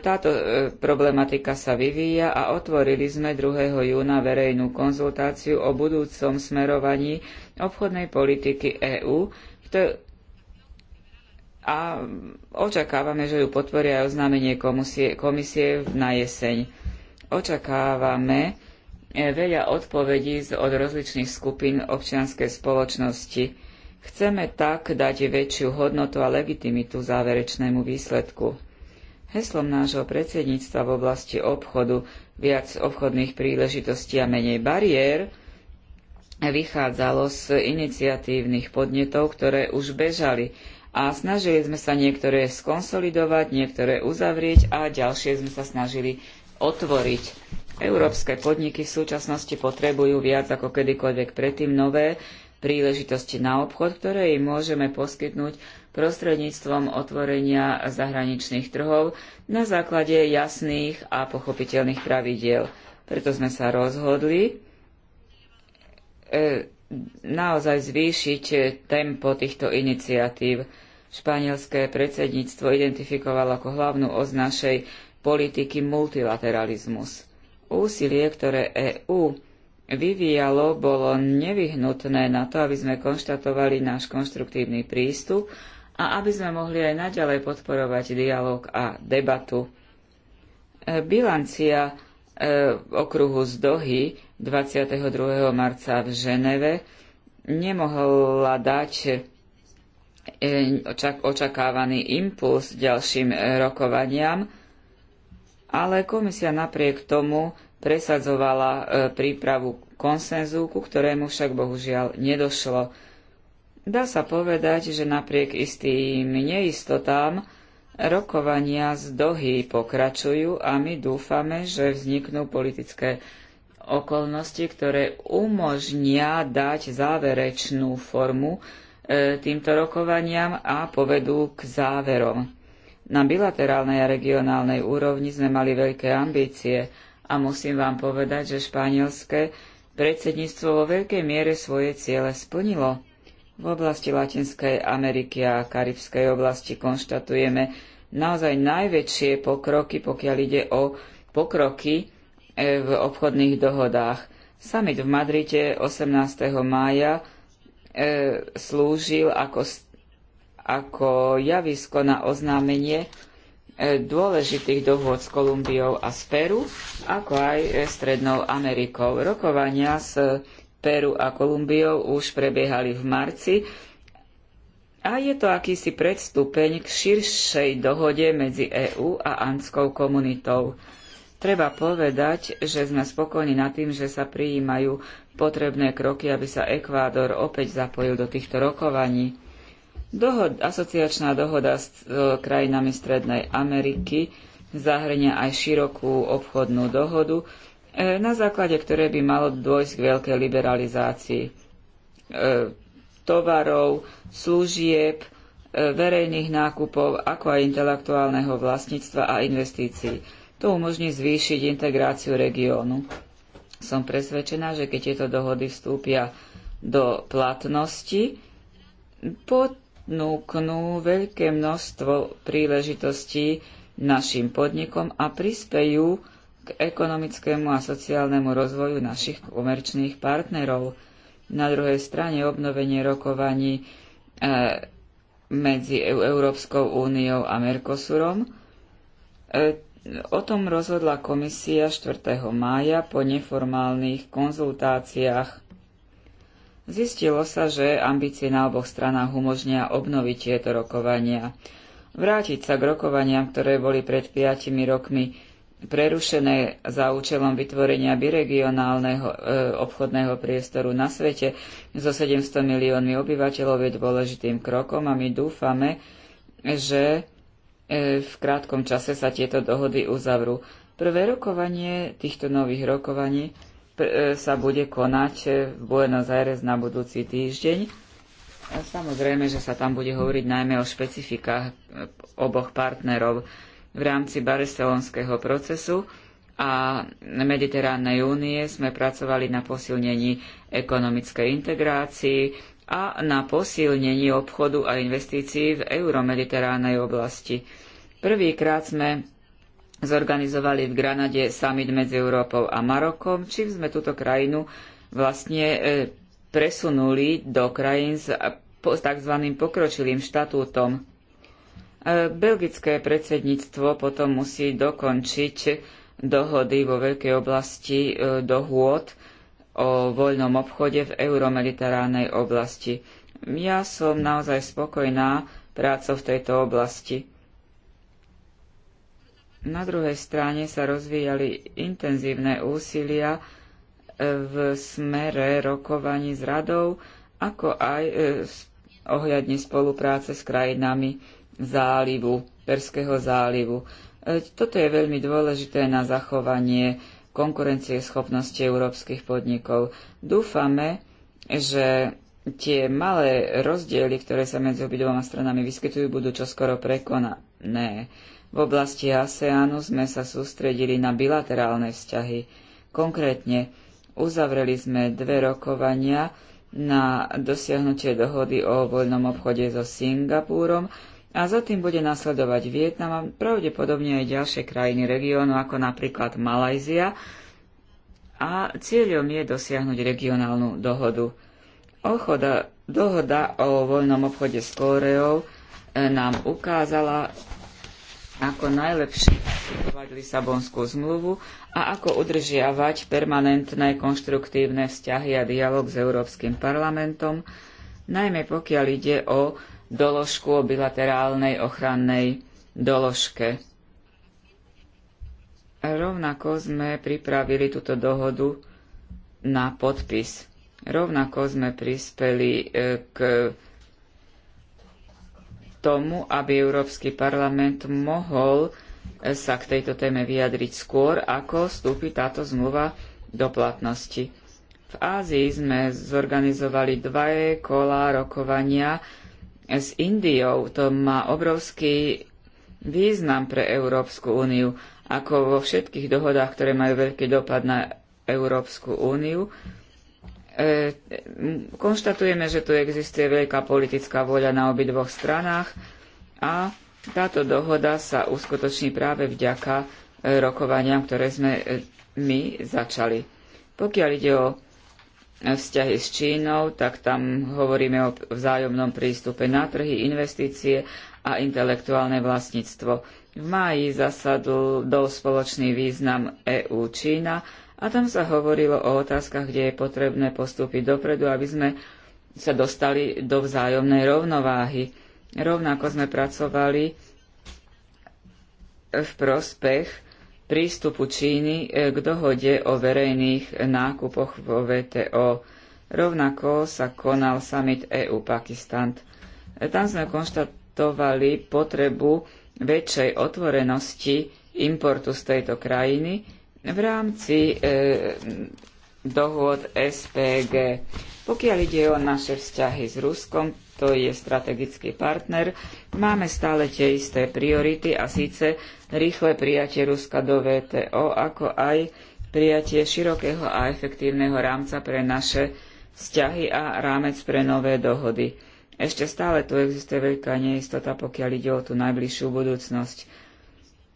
Táto e, problematika sa vyvíja a otvorili sme 2. júna verejnú konzultáciu o budúcom smerovaní obchodnej politiky EÚ a očakávame, že ju potvoria aj oznámenie komisie, komisie na jeseň. Očakávame e, veľa odpovedí od rozličných skupín občianskej spoločnosti. Chceme tak dať väčšiu hodnotu a legitimitu záverečnému výsledku. Heslom nášho predsedníctva v oblasti obchodu viac obchodných príležitostí a menej bariér vychádzalo z iniciatívnych podnetov, ktoré už bežali a snažili sme sa niektoré skonsolidovať, niektoré uzavrieť a ďalšie sme sa snažili otvoriť. Európske podniky v súčasnosti potrebujú viac ako kedykoľvek predtým nové príležitosti na obchod, ktoré im môžeme poskytnúť prostredníctvom otvorenia zahraničných trhov na základe jasných a pochopiteľných pravidiel. Preto sme sa rozhodli e, naozaj zvýšiť tempo týchto iniciatív. Španielské predsedníctvo identifikovalo ako hlavnú os našej politiky multilateralizmus. Úsilie, ktoré EÚ vyvíjalo, bolo nevyhnutné na to, aby sme konštatovali náš konštruktívny prístup a aby sme mohli aj naďalej podporovať dialog a debatu. E, bilancia e, okruhu z Dohy 22. marca v Ženeve nemohla dať e, očakávaný impuls ďalším rokovaniam, ale komisia napriek tomu presadzovala prípravu konsenzu, ku ktorému však bohužiaľ nedošlo. Dá sa povedať, že napriek istým neistotám rokovania z Dohy pokračujú a my dúfame, že vzniknú politické okolnosti, ktoré umožnia dať záverečnú formu e, týmto rokovaniam a povedú k záverom. Na bilaterálnej a regionálnej úrovni sme mali veľké ambície a musím vám povedať, že španielské predsedníctvo vo veľkej miere svoje ciele splnilo. V oblasti Latinskej Ameriky a Karibskej oblasti konštatujeme naozaj najväčšie pokroky, pokiaľ ide o pokroky e, v obchodných dohodách. Summit v Madride 18. mája e, slúžil ako, ako javisko na oznámenie e, dôležitých dohôd s Kolumbiou a s Peru, ako aj Strednou Amerikou. Rokovania s Peru a Kolumbiou už prebiehali v marci a je to akýsi predstupeň k širšej dohode medzi EÚ a andskou komunitou. Treba povedať, že sme spokojní nad tým, že sa prijímajú potrebné kroky, aby sa Ekvádor opäť zapojil do týchto rokovaní. Dohod, asociačná dohoda s e, krajinami Strednej Ameriky zahŕňa aj širokú obchodnú dohodu, E, na základe ktoré by malo dôjsť k veľkej liberalizácii e, tovarov, služieb, e, verejných nákupov, ako aj intelektuálneho vlastníctva a investícií. To umožní zvýšiť integráciu regiónu. Som presvedčená, že keď tieto dohody vstúpia do platnosti, ponúknú veľké množstvo príležitostí našim podnikom a prispejú k ekonomickému a sociálnemu rozvoju našich komerčných partnerov. Na druhej strane obnovenie rokovaní e, medzi e Európskou úniou a Mercosurom. E, o tom rozhodla komisia 4. mája po neformálnych konzultáciách. Zistilo sa, že ambície na oboch stranách umožnia obnoviť tieto rokovania. Vrátiť sa k rokovaniam, ktoré boli pred piatimi rokmi prerušené za účelom vytvorenia biregionálneho e, obchodného priestoru na svete so 700 miliónmi obyvateľov je dôležitým krokom a my dúfame, že e, v krátkom čase sa tieto dohody uzavrú. Prvé rokovanie týchto nových rokovaní pr- e, sa bude konať e, v Buenos Aires na budúci týždeň. Samozrejme, že sa tam bude hovoriť najmä o špecifikách e, oboch partnerov v rámci barcelonského procesu a Mediteránnej únie sme pracovali na posilnení ekonomickej integrácii a na posilnení obchodu a investícií v euromediteránnej oblasti. Prvýkrát sme zorganizovali v Granade summit medzi Európou a Marokom, čím sme túto krajinu vlastne e, presunuli do krajín s tzv. pokročilým štatútom E, belgické predsedníctvo potom musí dokončiť dohody vo veľkej oblasti e, dohôd o voľnom obchode v euromediteránnej oblasti. Ja som naozaj spokojná prácou v tejto oblasti. Na druhej strane sa rozvíjali intenzívne úsilia e, v smere rokovaní s radou, ako aj ohľadne spolupráce s krajinami zálivu, Perského zálivu. E, toto je veľmi dôležité na zachovanie konkurencieschopnosti európskych podnikov. Dúfame, že tie malé rozdiely, ktoré sa medzi obidvoma stranami vyskytujú, budú čoskoro prekonané. V oblasti ASEANu sme sa sústredili na bilaterálne vzťahy. Konkrétne uzavreli sme dve rokovania na dosiahnutie dohody o voľnom obchode so Singapúrom a za tým bude nasledovať Vietnam a pravdepodobne aj ďalšie krajiny regiónu, ako napríklad Malajzia. A cieľom je dosiahnuť regionálnu dohodu. Ochoda, dohoda o voľnom obchode s Kóreou eh, nám ukázala, ako najlepšie aplikovať Lisabonskú zmluvu a ako udržiavať permanentné konštruktívne vzťahy a dialog s Európskym parlamentom, najmä pokiaľ ide o doložku o bilaterálnej ochrannej doložke. Rovnako sme pripravili túto dohodu na podpis. Rovnako sme prispeli e, k tomu, aby Európsky parlament mohol e, sa k tejto téme vyjadriť skôr, ako vstúpi táto zmluva do platnosti. V Ázii sme zorganizovali dva kolá rokovania s Indiou. To má obrovský význam pre Európsku úniu. Ako vo všetkých dohodách, ktoré majú veľký dopad na Európsku úniu, e, konštatujeme, že tu existuje veľká politická voľa na obidvoch stranách a táto dohoda sa uskutoční práve vďaka rokovaniam, ktoré sme e, my začali. Pokiaľ ide o E, vzťahy s Čínou, tak tam hovoríme o vzájomnom prístupe na trhy, investície a intelektuálne vlastníctvo. V máji zasadl do spoločný význam EU-Čína a tam sa hovorilo o otázkach, kde je potrebné postúpiť dopredu, aby sme sa dostali do vzájomnej rovnováhy. Rovnako sme pracovali v prospech prístupu Číny e, k dohode o verejných nákupoch vo VTO. Rovnako sa konal summit EU-Pakistan. E, tam sme konštatovali potrebu väčšej otvorenosti importu z tejto krajiny v rámci e, dohôd SPG. Pokiaľ ide o naše vzťahy s Ruskom, kto je strategický partner, máme stále tie isté priority a síce rýchle prijatie Ruska do VTO, ako aj prijatie širokého a efektívneho rámca pre naše vzťahy a rámec pre nové dohody. Ešte stále tu existuje veľká neistota, pokiaľ ide o tú najbližšiu budúcnosť.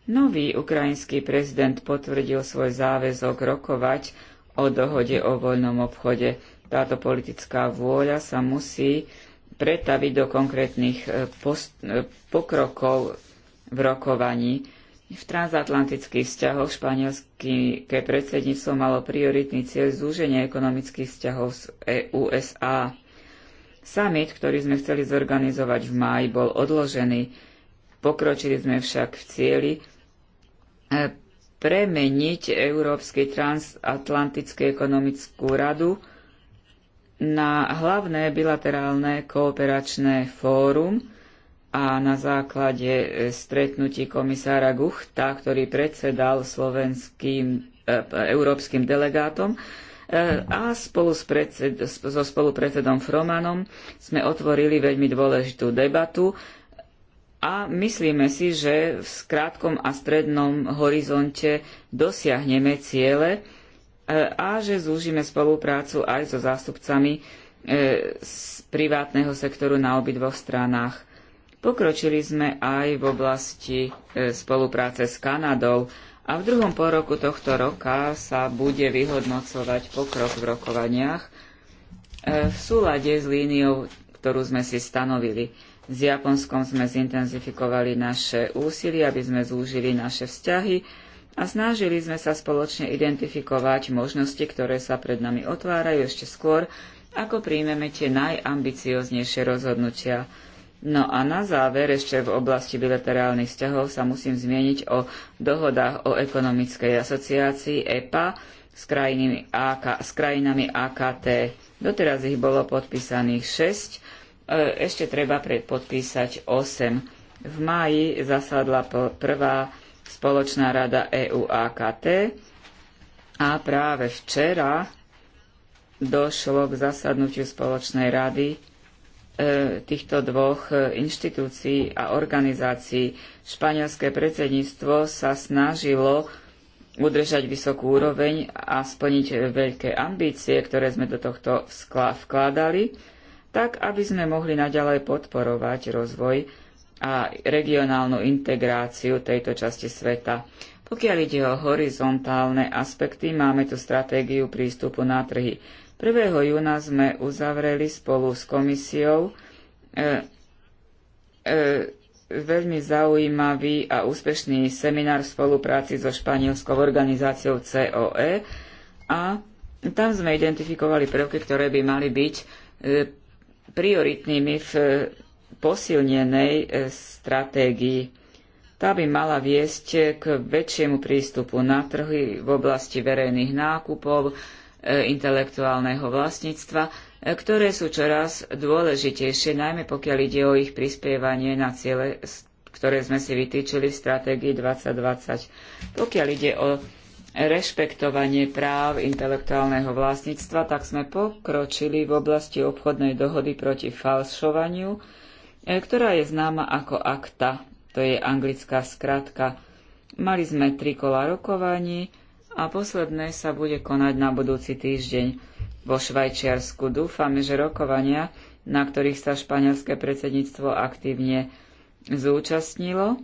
Nový ukrajinský prezident potvrdil svoj záväzok rokovať o dohode o voľnom obchode. Táto politická vôľa sa musí pretaviť do konkrétnych e, e, pokrokov v rokovaní. V transatlantických vzťahoch španielské predsedníctvo malo prioritný cieľ zúženia ekonomických vzťahov z e- USA. Summit, ktorý sme chceli zorganizovať v máji, bol odložený. Pokročili sme však v cieli premeniť Európsky transatlantický ekonomickú radu na hlavné bilaterálne kooperačné fórum a na základe e, stretnutí komisára Guchta, ktorý predsedal slovenským e, európskym delegátom, e, a spolu s predsed, so spolupredsedom Fromanom sme otvorili veľmi dôležitú debatu a myslíme si, že v krátkom a strednom horizonte dosiahneme ciele, E, a že zúžime spoluprácu aj so zástupcami e, z privátneho sektoru na obidvoch stranách. Pokročili sme aj v oblasti e, spolupráce s Kanadou a v druhom poroku tohto roka sa bude vyhodnocovať pokrok v rokovaniach v súlade s líniou, ktorú sme si stanovili. S Japonskom sme zintenzifikovali naše úsilie, aby sme zúžili naše vzťahy a snažili sme sa spoločne identifikovať možnosti, ktoré sa pred nami otvárajú ešte skôr, ako príjmeme tie najambicioznejšie rozhodnutia. No a na záver ešte v oblasti bilaterálnych vzťahov sa musím zmieniť o dohodách o ekonomickej asociácii EPA s krajinami, AK, s krajinami AKT. Doteraz ich bolo podpísaných 6, e, ešte treba predpodpísať 8. V máji zasadla prvá Spoločná rada EU-AKT a práve včera došlo k zasadnutiu Spoločnej rady e, týchto dvoch e, inštitúcií a organizácií. Španielské predsedníctvo sa snažilo udržať vysokú úroveň a splniť veľké ambície, ktoré sme do tohto vkladali, tak aby sme mohli naďalej podporovať rozvoj a regionálnu integráciu tejto časti sveta. Pokiaľ ide o horizontálne aspekty, máme tu stratégiu prístupu na trhy. 1. júna sme uzavreli spolu s komisiou e, e, veľmi zaujímavý a úspešný seminár v spolupráci so španielskou organizáciou COE a tam sme identifikovali prvky, ktoré by mali byť e, prioritnými v posilnenej e, stratégii. Tá by mala viesť k väčšiemu prístupu na trhy v oblasti verejných nákupov, e, intelektuálneho vlastníctva, e, ktoré sú čoraz dôležitejšie, najmä pokiaľ ide o ich prispievanie na ciele, ktoré sme si vytýčili v stratégii 2020. Pokiaľ ide o rešpektovanie práv intelektuálneho vlastníctva, tak sme pokročili v oblasti obchodnej dohody proti falšovaniu, E, ktorá je známa ako ACTA, to je anglická skratka. Mali sme tri kola rokovaní a posledné sa bude konať na budúci týždeň vo Švajčiarsku. Dúfame, že rokovania, na ktorých sa španielské predsedníctvo aktívne zúčastnilo,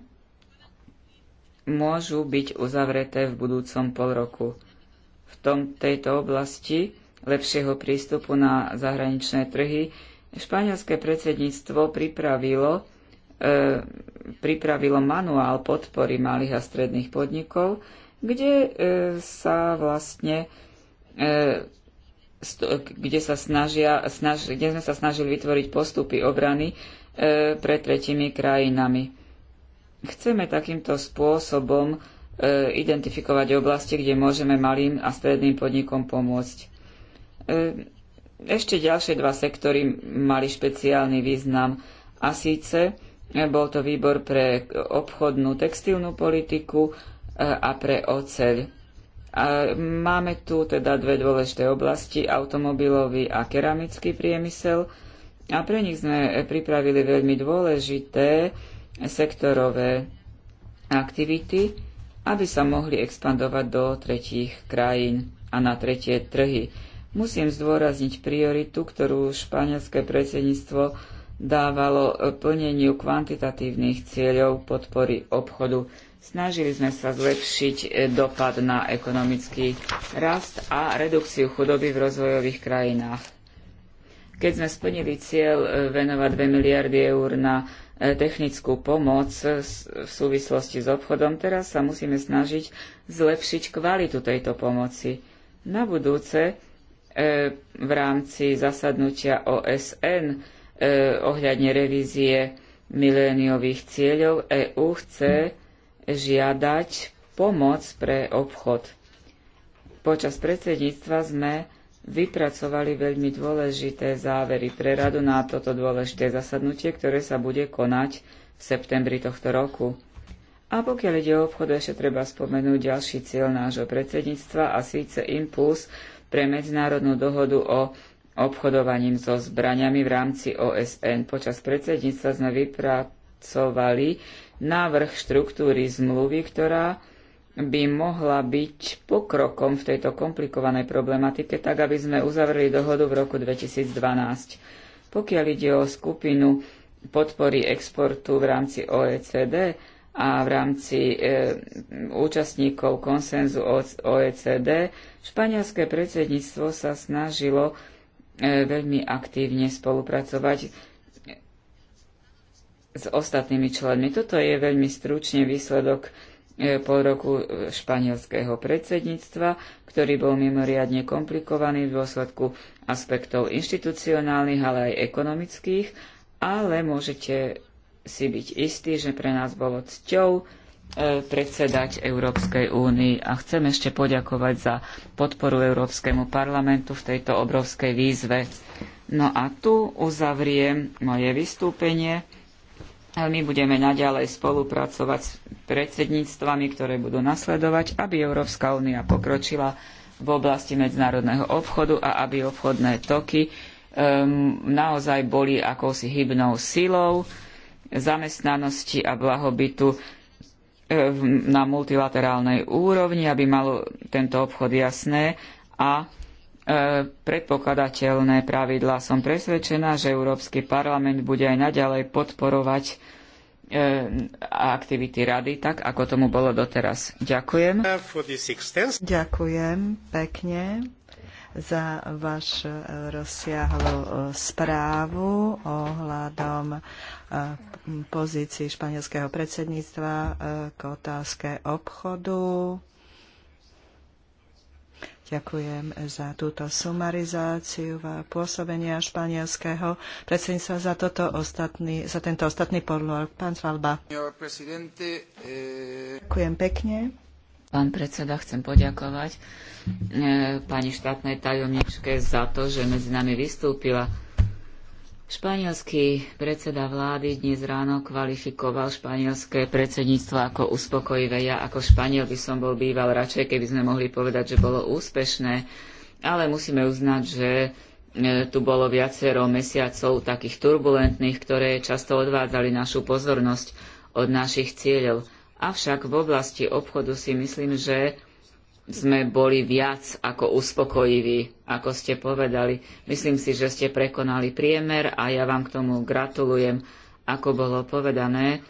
môžu byť uzavreté v budúcom pol roku. V tom, tejto oblasti lepšieho prístupu na zahraničné trhy Španielské predsedníctvo pripravilo, e, pripravilo manuál podpory malých a stredných podnikov, kde e, sa vlastne e, sto, kde, sa snažia, snaž, kde sme sa snažili vytvoriť postupy obrany e, pre tretimi krajinami. Chceme takýmto spôsobom e, identifikovať oblasti, kde môžeme malým a stredným podnikom pomôcť. E, ešte ďalšie dva sektory mali špeciálny význam a síce eh, bol to výbor pre obchodnú textilnú politiku eh, a pre oceľ. A máme tu teda dve dôležité oblasti, automobilový a keramický priemysel. A pre nich sme pripravili veľmi dôležité sektorové aktivity, aby sa mohli expandovať do tretích krajín a na tretie trhy. Musím zdôrazniť prioritu, ktorú španielské predsedníctvo dávalo plneniu kvantitatívnych cieľov podpory obchodu. Snažili sme sa zlepšiť dopad na ekonomický rast a redukciu chudoby v rozvojových krajinách. Keď sme splnili cieľ e, venovať 2 miliardy eur na e, technickú pomoc v súvislosti s obchodom, teraz sa musíme snažiť zlepšiť kvalitu tejto pomoci. Na budúce E, v rámci zasadnutia OSN e, ohľadne revízie miléniových cieľov EÚ chce žiadať pomoc pre obchod. Počas predsedníctva sme vypracovali veľmi dôležité závery pre radu na toto dôležité zasadnutie, ktoré sa bude konať v septembri tohto roku. A pokiaľ ide o obchod, ešte treba spomenúť ďalší cieľ nášho predsedníctva a síce impuls pre medzinárodnú dohodu o obchodovaním so zbraniami v rámci OSN. Počas predsedníctva sme vypracovali návrh štruktúry zmluvy, ktorá by mohla byť pokrokom v tejto komplikovanej problematike, tak aby sme uzavreli dohodu v roku 2012. Pokiaľ ide o skupinu podpory exportu v rámci OECD, a v rámci e, účastníkov konsenzu OECD španielské predsedníctvo sa snažilo e, veľmi aktívne spolupracovať s ostatnými členmi. Toto je veľmi stručne výsledok e, pol roku španielského predsedníctva, ktorý bol mimoriadne komplikovaný v dôsledku aspektov inštitucionálnych, ale aj ekonomických, ale môžete si byť istý, že pre nás bolo cťou e, predsedať Európskej únii a chcem ešte poďakovať za podporu Európskemu parlamentu v tejto obrovskej výzve. No a tu uzavriem moje vystúpenie. My budeme naďalej spolupracovať s predsedníctvami, ktoré budú nasledovať, aby Európska únia pokročila v oblasti medzinárodného obchodu a aby obchodné toky um, naozaj boli akousi hybnou silou zamestnanosti a blahobytu e, na multilaterálnej úrovni, aby mal tento obchod jasné a e, predpokladateľné pravidlá. Som presvedčená, že Európsky parlament bude aj naďalej podporovať e, aktivity rady, tak ako tomu bolo doteraz. Ďakujem. Ďakujem pekne za vašu rozsiahlu správu ohľadom pozícii španielského predsedníctva e, k otázke obchodu. Ďakujem za túto sumarizáciu pôsobenia španielského predsedníctva za, toto ostatný, za tento ostatný podľor. Pán Svalba. Eh, Ďakujem pekne. Pán predseda, chcem poďakovať e, pani štátnej tajomničke za to, že medzi nami vystúpila Španielský predseda vlády dnes ráno kvalifikoval španielské predsedníctvo ako uspokojivé. Ja ako Španiel by som bol býval radšej, keby sme mohli povedať, že bolo úspešné, ale musíme uznať, že e, tu bolo viacero mesiacov takých turbulentných, ktoré často odvádzali našu pozornosť od našich cieľov. Avšak v oblasti obchodu si myslím, že sme boli viac ako uspokojiví, ako ste povedali. Myslím si, že ste prekonali priemer a ja vám k tomu gratulujem. Ako bolo povedané,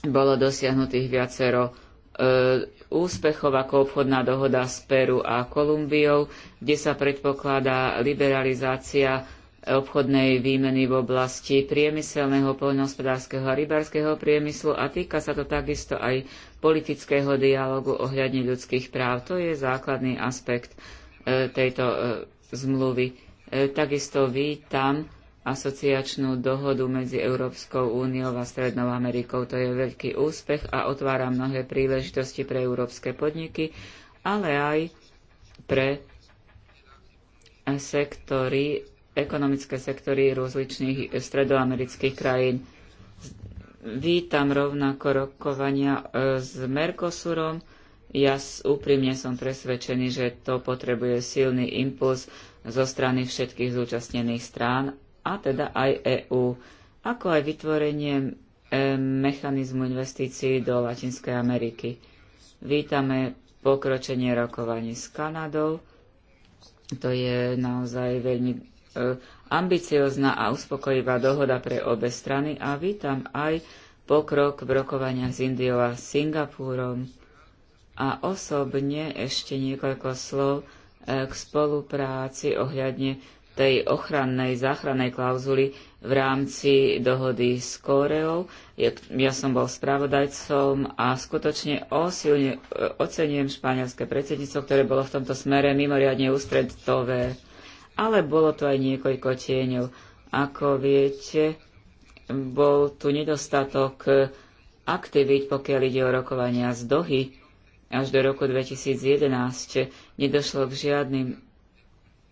bolo dosiahnutých viacero e, úspechov ako obchodná dohoda s Peru a Kolumbiou, kde sa predpokladá liberalizácia obchodnej výmeny v oblasti priemyselného, poľnohospodárskeho a rybárskeho priemyslu a týka sa to takisto aj politického dialogu ohľadne ľudských práv. To je základný aspekt e, tejto e, zmluvy. E, takisto vítam asociačnú dohodu medzi Európskou úniou a Strednou Amerikou. To je veľký úspech a otvára mnohé príležitosti pre európske podniky, ale aj pre sektory, ekonomické sektory rozličných stredoamerických krajín. Vítam rovnako rokovania e, s Mercosurom. Ja úprimne som presvedčený, že to potrebuje silný impuls zo strany všetkých zúčastnených strán, a teda aj EÚ, ako aj vytvorenie e, mechanizmu investícií do Latinskej Ameriky. Vítame pokročenie rokovaní s Kanadou. To je naozaj veľmi e, ambiciozná a uspokojivá dohoda pre obe strany a vítam aj pokrok v rokovaniach s Indiou a Singapúrom. A osobne ešte niekoľko slov eh, k spolupráci ohľadne tej ochrannej, záchrannej klauzuly v rámci dohody s Kóreou. Ja som bol spravodajcom a skutočne osilne eh, ocenujem španielské predsedníctvo, ktoré bolo v tomto smere mimoriadne ústredové ale bolo to aj niekoľko tieňov. Ako viete, bol tu nedostatok aktivít, pokiaľ ide o rokovania z Dohy. Až do roku 2011 nedošlo k žiadnym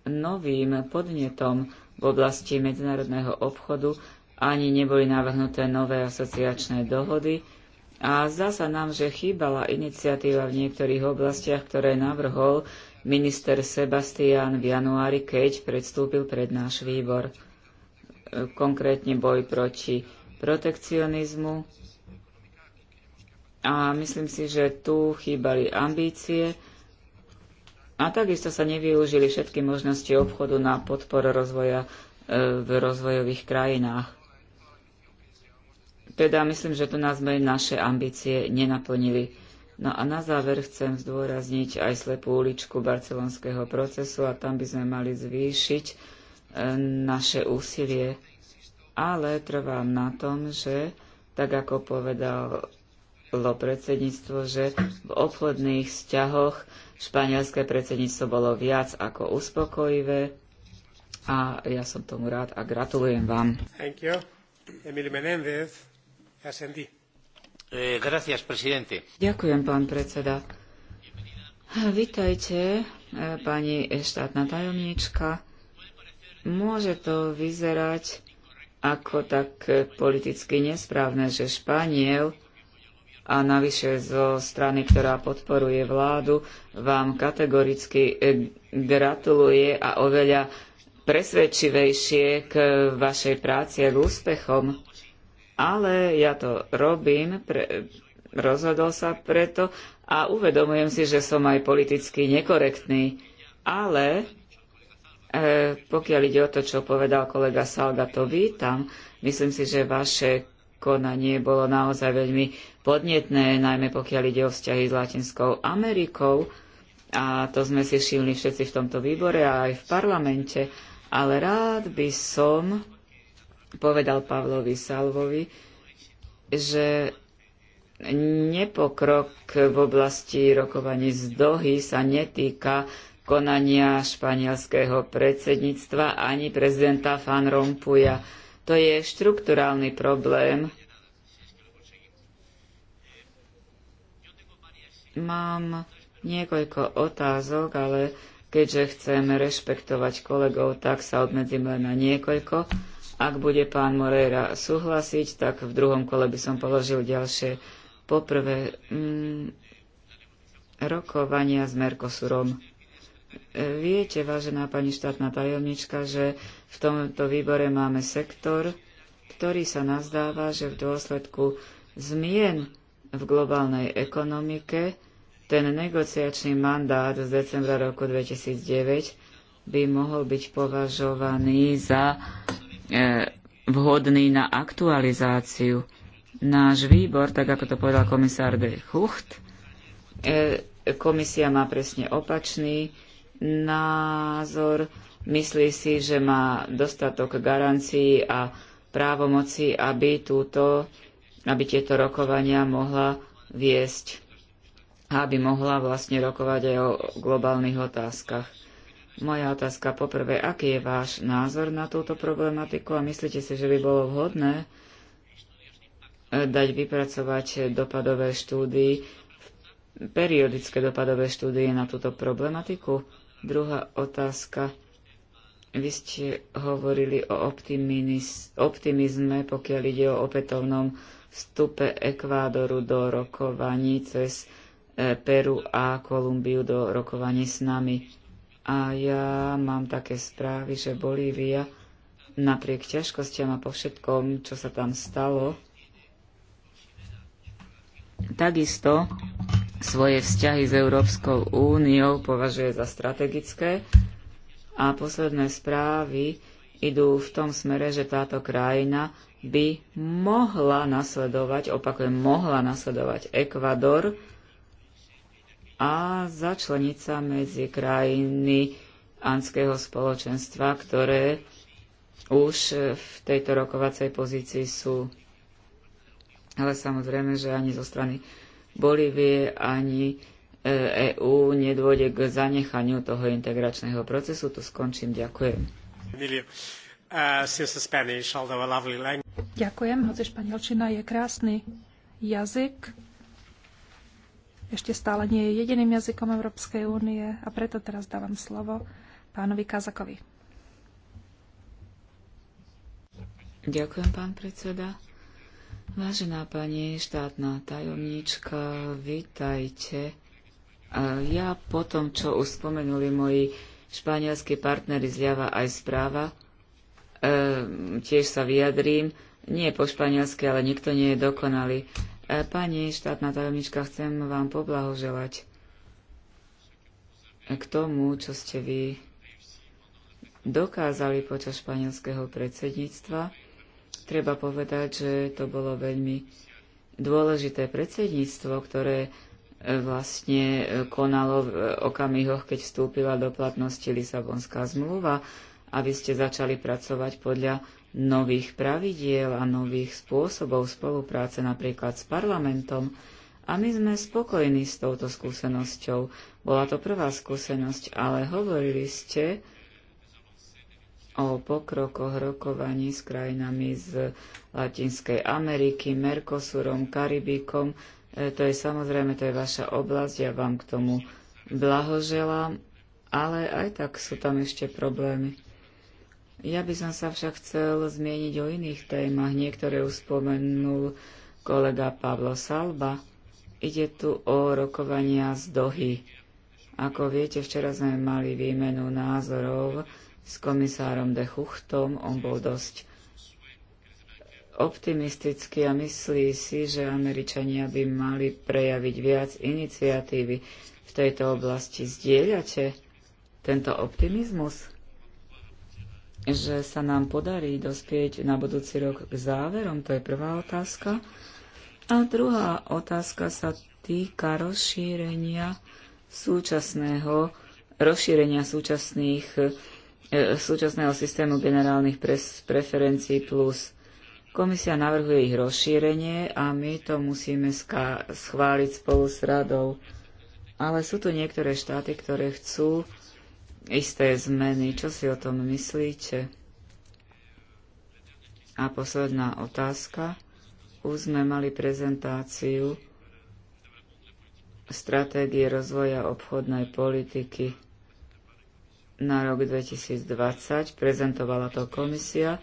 novým podnetom v oblasti medzinárodného obchodu, ani neboli navrhnuté nové asociačné dohody a zdá sa nám, že chýbala iniciatíva v niektorých oblastiach, ktoré navrhol minister Sebastián v januári, keď predstúpil pred náš výbor. E, konkrétne boj proti protekcionizmu. A myslím si, že tu chýbali ambície a takisto sa nevyužili všetky možnosti obchodu na podporu rozvoja e, v rozvojových krajinách. Teda myslím, že tu nás sme naše ambície nenaplnili. No a na záver chcem zdôrazniť aj slepú uličku barcelonského procesu a tam by sme mali zvýšiť e, naše úsilie. Ale trvám na tom, že tak ako povedal predsedníctvo, že v obchodných vzťahoch španielské predsedníctvo bolo viac ako uspokojivé a ja som tomu rád a gratulujem vám. Thank you. Emil SND. Eh, Ďakujem, pán predseda. Vítajte, eh, pani štátna tajomníčka. Môže to vyzerať ako tak politicky nesprávne, že Španiel a navyše zo strany, ktorá podporuje vládu, vám kategoricky eh, gratuluje a oveľa presvedčivejšie k vašej práci a k úspechom ale ja to robím, pre, rozhodol sa preto a uvedomujem si, že som aj politicky nekorektný. Ale e, pokiaľ ide o to, čo povedal kolega Salga, to vítam. Myslím si, že vaše konanie bolo naozaj veľmi podnetné, najmä pokiaľ ide o vzťahy s Latinskou Amerikou. A to sme si všimli všetci v tomto výbore a aj v parlamente. Ale rád by som povedal Pavlovi Salvovi, že nepokrok v oblasti rokovaní z Dohy sa netýka konania španielského predsedníctva ani prezidenta Van Rompuya. To je štrukturálny problém. Mám niekoľko otázok, ale keďže chcem rešpektovať kolegov, tak sa obmedzím len na niekoľko. Ak bude pán Moreira súhlasiť, tak v druhom kole by som položil ďalšie. Poprvé, mm, rokovania s Mercosurom. Viete, vážená pani štátna tajomnička, že v tomto výbore máme sektor, ktorý sa nazdáva, že v dôsledku zmien v globálnej ekonomike ten negociačný mandát z decembra roku 2009 by mohol byť považovaný za E, vhodný na aktualizáciu. Náš výbor, tak ako to povedal komisár de Hucht, e, komisia má presne opačný názor. Myslí si, že má dostatok garancií a právomoci, aby, túto, aby tieto rokovania mohla viesť a aby mohla vlastne rokovať aj o globálnych otázkach. Moja otázka poprvé, aký je váš názor na túto problematiku a myslíte si, že by bolo vhodné e, dať vypracovať dopadové štúdii, periodické dopadové štúdie na túto problematiku? Druhá otázka. Vy ste hovorili o optimizme, pokiaľ ide o opätovnom vstupe Ekvádoru do rokovaní cez e, Peru a Kolumbiu do rokovaní s nami. A ja mám také správy, že Bolívia napriek ťažkostiam a po všetkom, čo sa tam stalo, takisto svoje vzťahy s Európskou úniou považuje za strategické a posledné správy idú v tom smere, že táto krajina by mohla nasledovať, opakujem, mohla nasledovať Ekvador, a začleniť sa medzi krajiny anského spoločenstva, ktoré už v tejto rokovacej pozícii sú. Ale samozrejme, že ani zo strany Bolívie, ani EÚ e nedôjde k zanechaniu toho integračného procesu. Tu skončím. Ďakujem. E, Ďakujem, hoci španielčina je krásny jazyk ešte stále nie je jediným jazykom Európskej únie a preto teraz dávam slovo pánovi Kazakovi. Ďakujem, pán predseda. Vážená pani štátna tajomníčka, vítajte. Ja po tom, čo už spomenuli moji španielskí partnery zľava aj správa, ehm, tiež sa vyjadrím. Nie po španielsky, ale nikto nie je dokonalý. E, pani štátna tajomnička, chcem vám poblahoželať k tomu, čo ste vy dokázali počas španielského predsedníctva. Treba povedať, že to bolo veľmi dôležité predsedníctvo, ktoré e, vlastne e, konalo v okamihoch, keď vstúpila do platnosti Lisabonská zmluva a vy ste začali pracovať podľa nových pravidiel a nových spôsobov spolupráce napríklad s parlamentom a my sme spokojní s touto skúsenosťou. Bola to prvá skúsenosť, ale hovorili ste o pokrokoch rokovaní s krajinami z Latinskej Ameriky, Mercosurom, Karibikom. E, to je samozrejme, to je vaša oblasť, ja vám k tomu blahoželám, ale aj tak sú tam ešte problémy. Ja by som sa však chcel zmieniť o iných témach. Niektoré už spomenul kolega Pavlo Salba. Ide tu o rokovania z Dohy. Ako viete, včera sme mali výmenu názorov s komisárom de Chuchtom. On bol dosť optimistický a myslí si, že Američania by mali prejaviť viac iniciatívy v tejto oblasti. Zdieľate tento optimizmus? že sa nám podarí dospieť na budúci rok k záverom? To je prvá otázka. A druhá otázka sa týka rozšírenia súčasného rozšírenia súčasných, e, súčasného systému generálnych preferencií plus. Komisia navrhuje ich rozšírenie a my to musíme schváliť spolu s radou. Ale sú tu niektoré štáty, ktoré chcú isté zmeny. Čo si o tom myslíte? A posledná otázka. Už sme mali prezentáciu stratégie rozvoja obchodnej politiky na rok 2020. Prezentovala to komisia.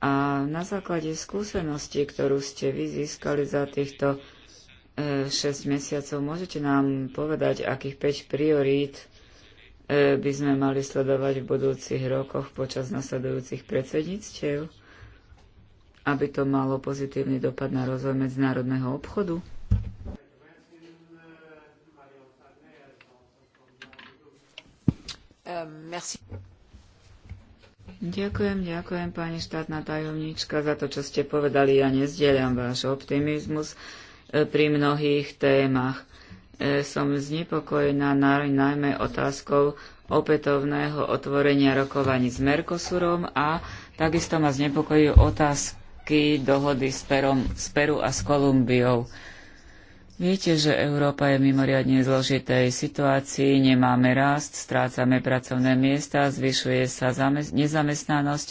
A na základe skúsenosti, ktorú ste vy získali za týchto 6 e, mesiacov, môžete nám povedať, akých 5 priorít E, by sme mali sledovať v budúcich rokoch počas nasledujúcich predsedníctiev, aby to malo pozitívny dopad na rozvoj medzinárodného obchodu? E, ďakujem, ďakujem pani štátna tajomníčka za to, čo ste povedali. Ja nezdieľam váš optimizmus e, pri mnohých témach. E, som znepokojená najmä otázkou opätovného otvorenia rokovaní s Mercosurom a takisto ma znepokojujú otázky dohody s, Perom, s Peru a s Kolumbiou. Viete, že Európa je v mimoriadne zložitej situácii, nemáme rast, strácame pracovné miesta, zvyšuje sa nezamestnanosť,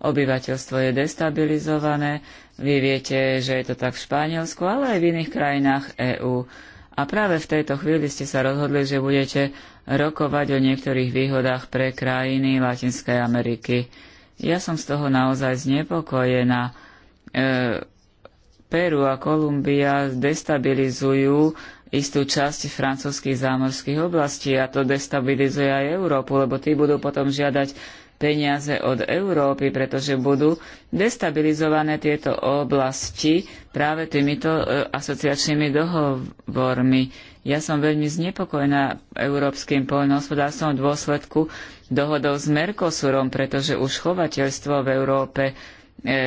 obyvateľstvo je destabilizované. Vy viete, že je to tak v Španielsku, ale aj v iných krajinách EÚ. A práve v tejto chvíli ste sa rozhodli, že budete rokovať o niektorých výhodách pre krajiny Latinskej Ameriky. Ja som z toho naozaj znepokojená. E, Peru a Kolumbia destabilizujú istú časť francúzských zámorských oblastí a to destabilizuje aj Európu, lebo tí budú potom žiadať peniaze od Európy, pretože budú destabilizované tieto oblasti práve týmito e, asociačnými dohovormi. Ja som veľmi znepokojená európskym poľnohospodárstvom v dôsledku dohodov s Mercosurom, pretože už chovateľstvo v Európe e,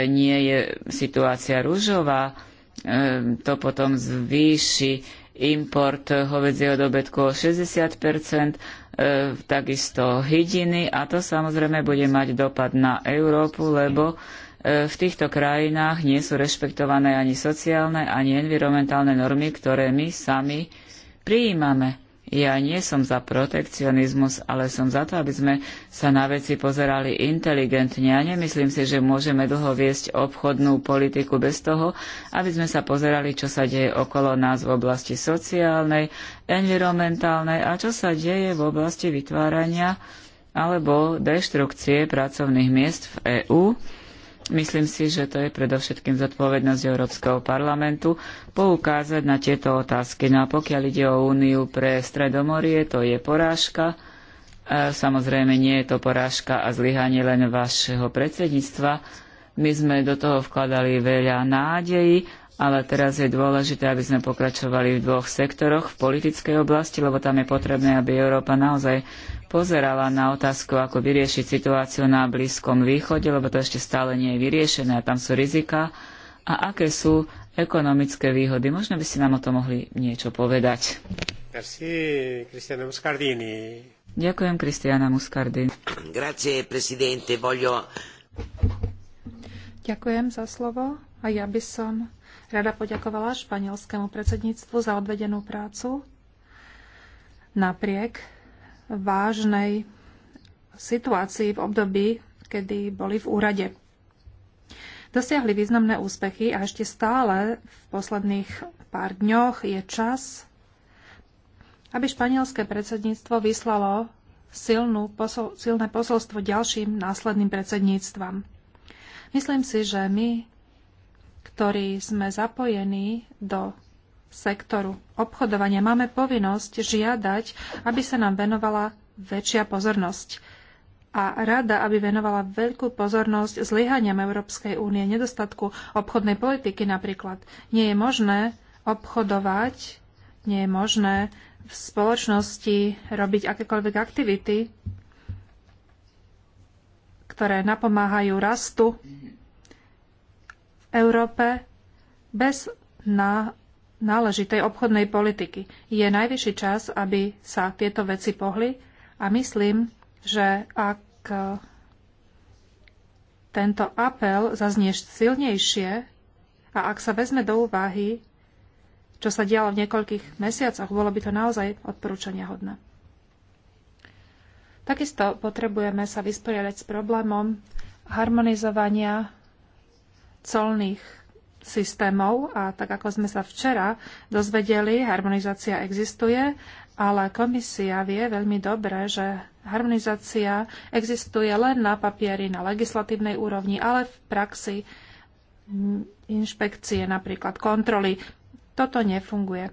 nie je situácia rúžová, e, to potom zvýši import hovedzieho dobytku o 60 e, takisto hydiny a to samozrejme bude mať dopad na Európu, lebo e, v týchto krajinách nie sú rešpektované ani sociálne, ani environmentálne normy, ktoré my sami prijímame. Ja nie som za protekcionizmus, ale som za to, aby sme sa na veci pozerali inteligentne a nemyslím si, že môžeme dlho viesť obchodnú politiku bez toho, aby sme sa pozerali, čo sa deje okolo nás v oblasti sociálnej, environmentálnej a čo sa deje v oblasti vytvárania alebo deštrukcie pracovných miest v EÚ Myslím si, že to je predovšetkým zodpovednosť Európskeho parlamentu poukázať na tieto otázky. No a pokiaľ ide o úniu pre Stredomorie, to je porážka. Samozrejme, nie je to porážka a zlyhanie len vašeho predsedníctva. My sme do toho vkladali veľa nádejí ale teraz je dôležité, aby sme pokračovali v dvoch sektoroch, v politickej oblasti, lebo tam je potrebné, aby Európa naozaj pozerala na otázku, ako vyriešiť situáciu na Blízkom východe, lebo to ešte stále nie je vyriešené a tam sú rizika. A aké sú ekonomické výhody? Možno by ste nám o tom mohli niečo povedať. Merci, Cristiano Muscardini. Ďakujem, Kristiana Muscardini. Grazie, presidente, voglio... Ďakujem za slovo a ja by som Rada poďakovala španielskému predsedníctvu za odvedenú prácu napriek vážnej situácii v období, kedy boli v úrade. Dosiahli významné úspechy a ešte stále v posledných pár dňoch je čas, aby španielské predsedníctvo vyslalo silnú, posol, silné posolstvo ďalším následným predsedníctvam. Myslím si, že my ktorí sme zapojení do sektoru obchodovania, máme povinnosť žiadať, aby sa nám venovala väčšia pozornosť. A rada, aby venovala veľkú pozornosť zlyhaniam Európskej únie, nedostatku obchodnej politiky napríklad. Nie je možné obchodovať, nie je možné v spoločnosti robiť akékoľvek aktivity, ktoré napomáhajú rastu Európe bez na náležitej obchodnej politiky. Je najvyšší čas, aby sa tieto veci pohli a myslím, že ak tento apel zaznie silnejšie a ak sa vezme do úvahy, čo sa dialo v niekoľkých mesiacoch, bolo by to naozaj odporúčania hodné. Takisto potrebujeme sa vysporiadať s problémom harmonizovania colných systémov a tak ako sme sa včera dozvedeli, harmonizácia existuje, ale komisia vie veľmi dobre, že harmonizácia existuje len na papieri, na legislatívnej úrovni, ale v praxi inšpekcie, napríklad kontroly, toto nefunguje.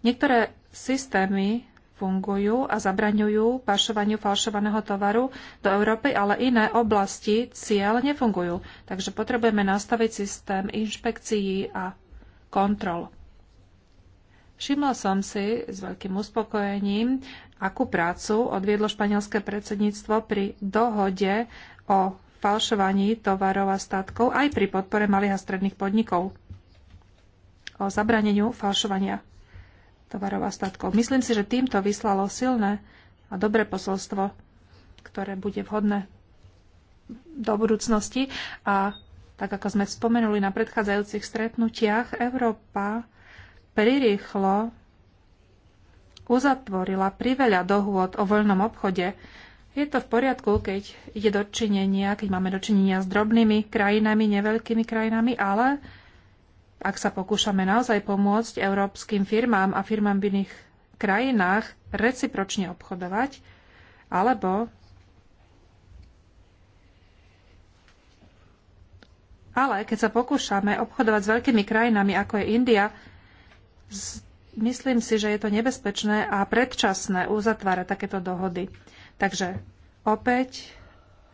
Niektoré systémy fungujú a zabraňujú pašovaniu falšovaného tovaru do Európy, ale iné oblasti cieľ nefungujú. Takže potrebujeme nastaviť systém inšpekcií a kontrol. Všimla som si s veľkým uspokojením, akú prácu odviedlo španielské predsedníctvo pri dohode o falšovaní tovarov a statkov aj pri podpore malých a stredných podnikov o zabraneniu falšovania tovarov a statkov. Myslím si, že týmto vyslalo silné a dobré posolstvo, ktoré bude vhodné do budúcnosti. A tak ako sme spomenuli na predchádzajúcich stretnutiach, Európa prirýchlo uzatvorila priveľa dohôd o voľnom obchode. Je to v poriadku, keď ide dočinenia, keď máme dočinenia s drobnými krajinami, neveľkými krajinami, ale ak sa pokúšame naozaj pomôcť európskym firmám a firmám v iných krajinách recipročne obchodovať, alebo Ale keď sa pokúšame obchodovať s veľkými krajinami, ako je India, myslím si, že je to nebezpečné a predčasné uzatvárať takéto dohody. Takže opäť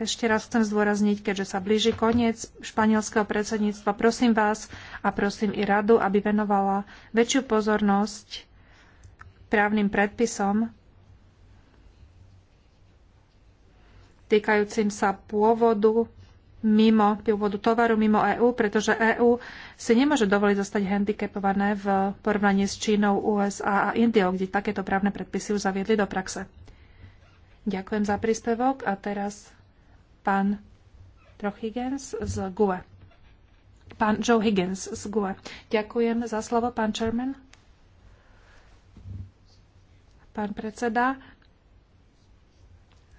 ešte raz chcem zdôrazniť, keďže sa blíži koniec španielského predsedníctva, prosím vás a prosím i radu, aby venovala väčšiu pozornosť právnym predpisom týkajúcim sa pôvodu mimo pôvodu tovaru mimo EÚ, pretože EÚ si nemôže dovoliť zostať handicapované v porovnaní s Čínou, USA a Indiou, kde takéto právne predpisy už zaviedli do praxe. Ďakujem za príspevok a teraz pán Troch Higgins z GUE. Pán Joe Higgins z GUE. Ďakujem za slovo, pán Chairman. Pán predseda,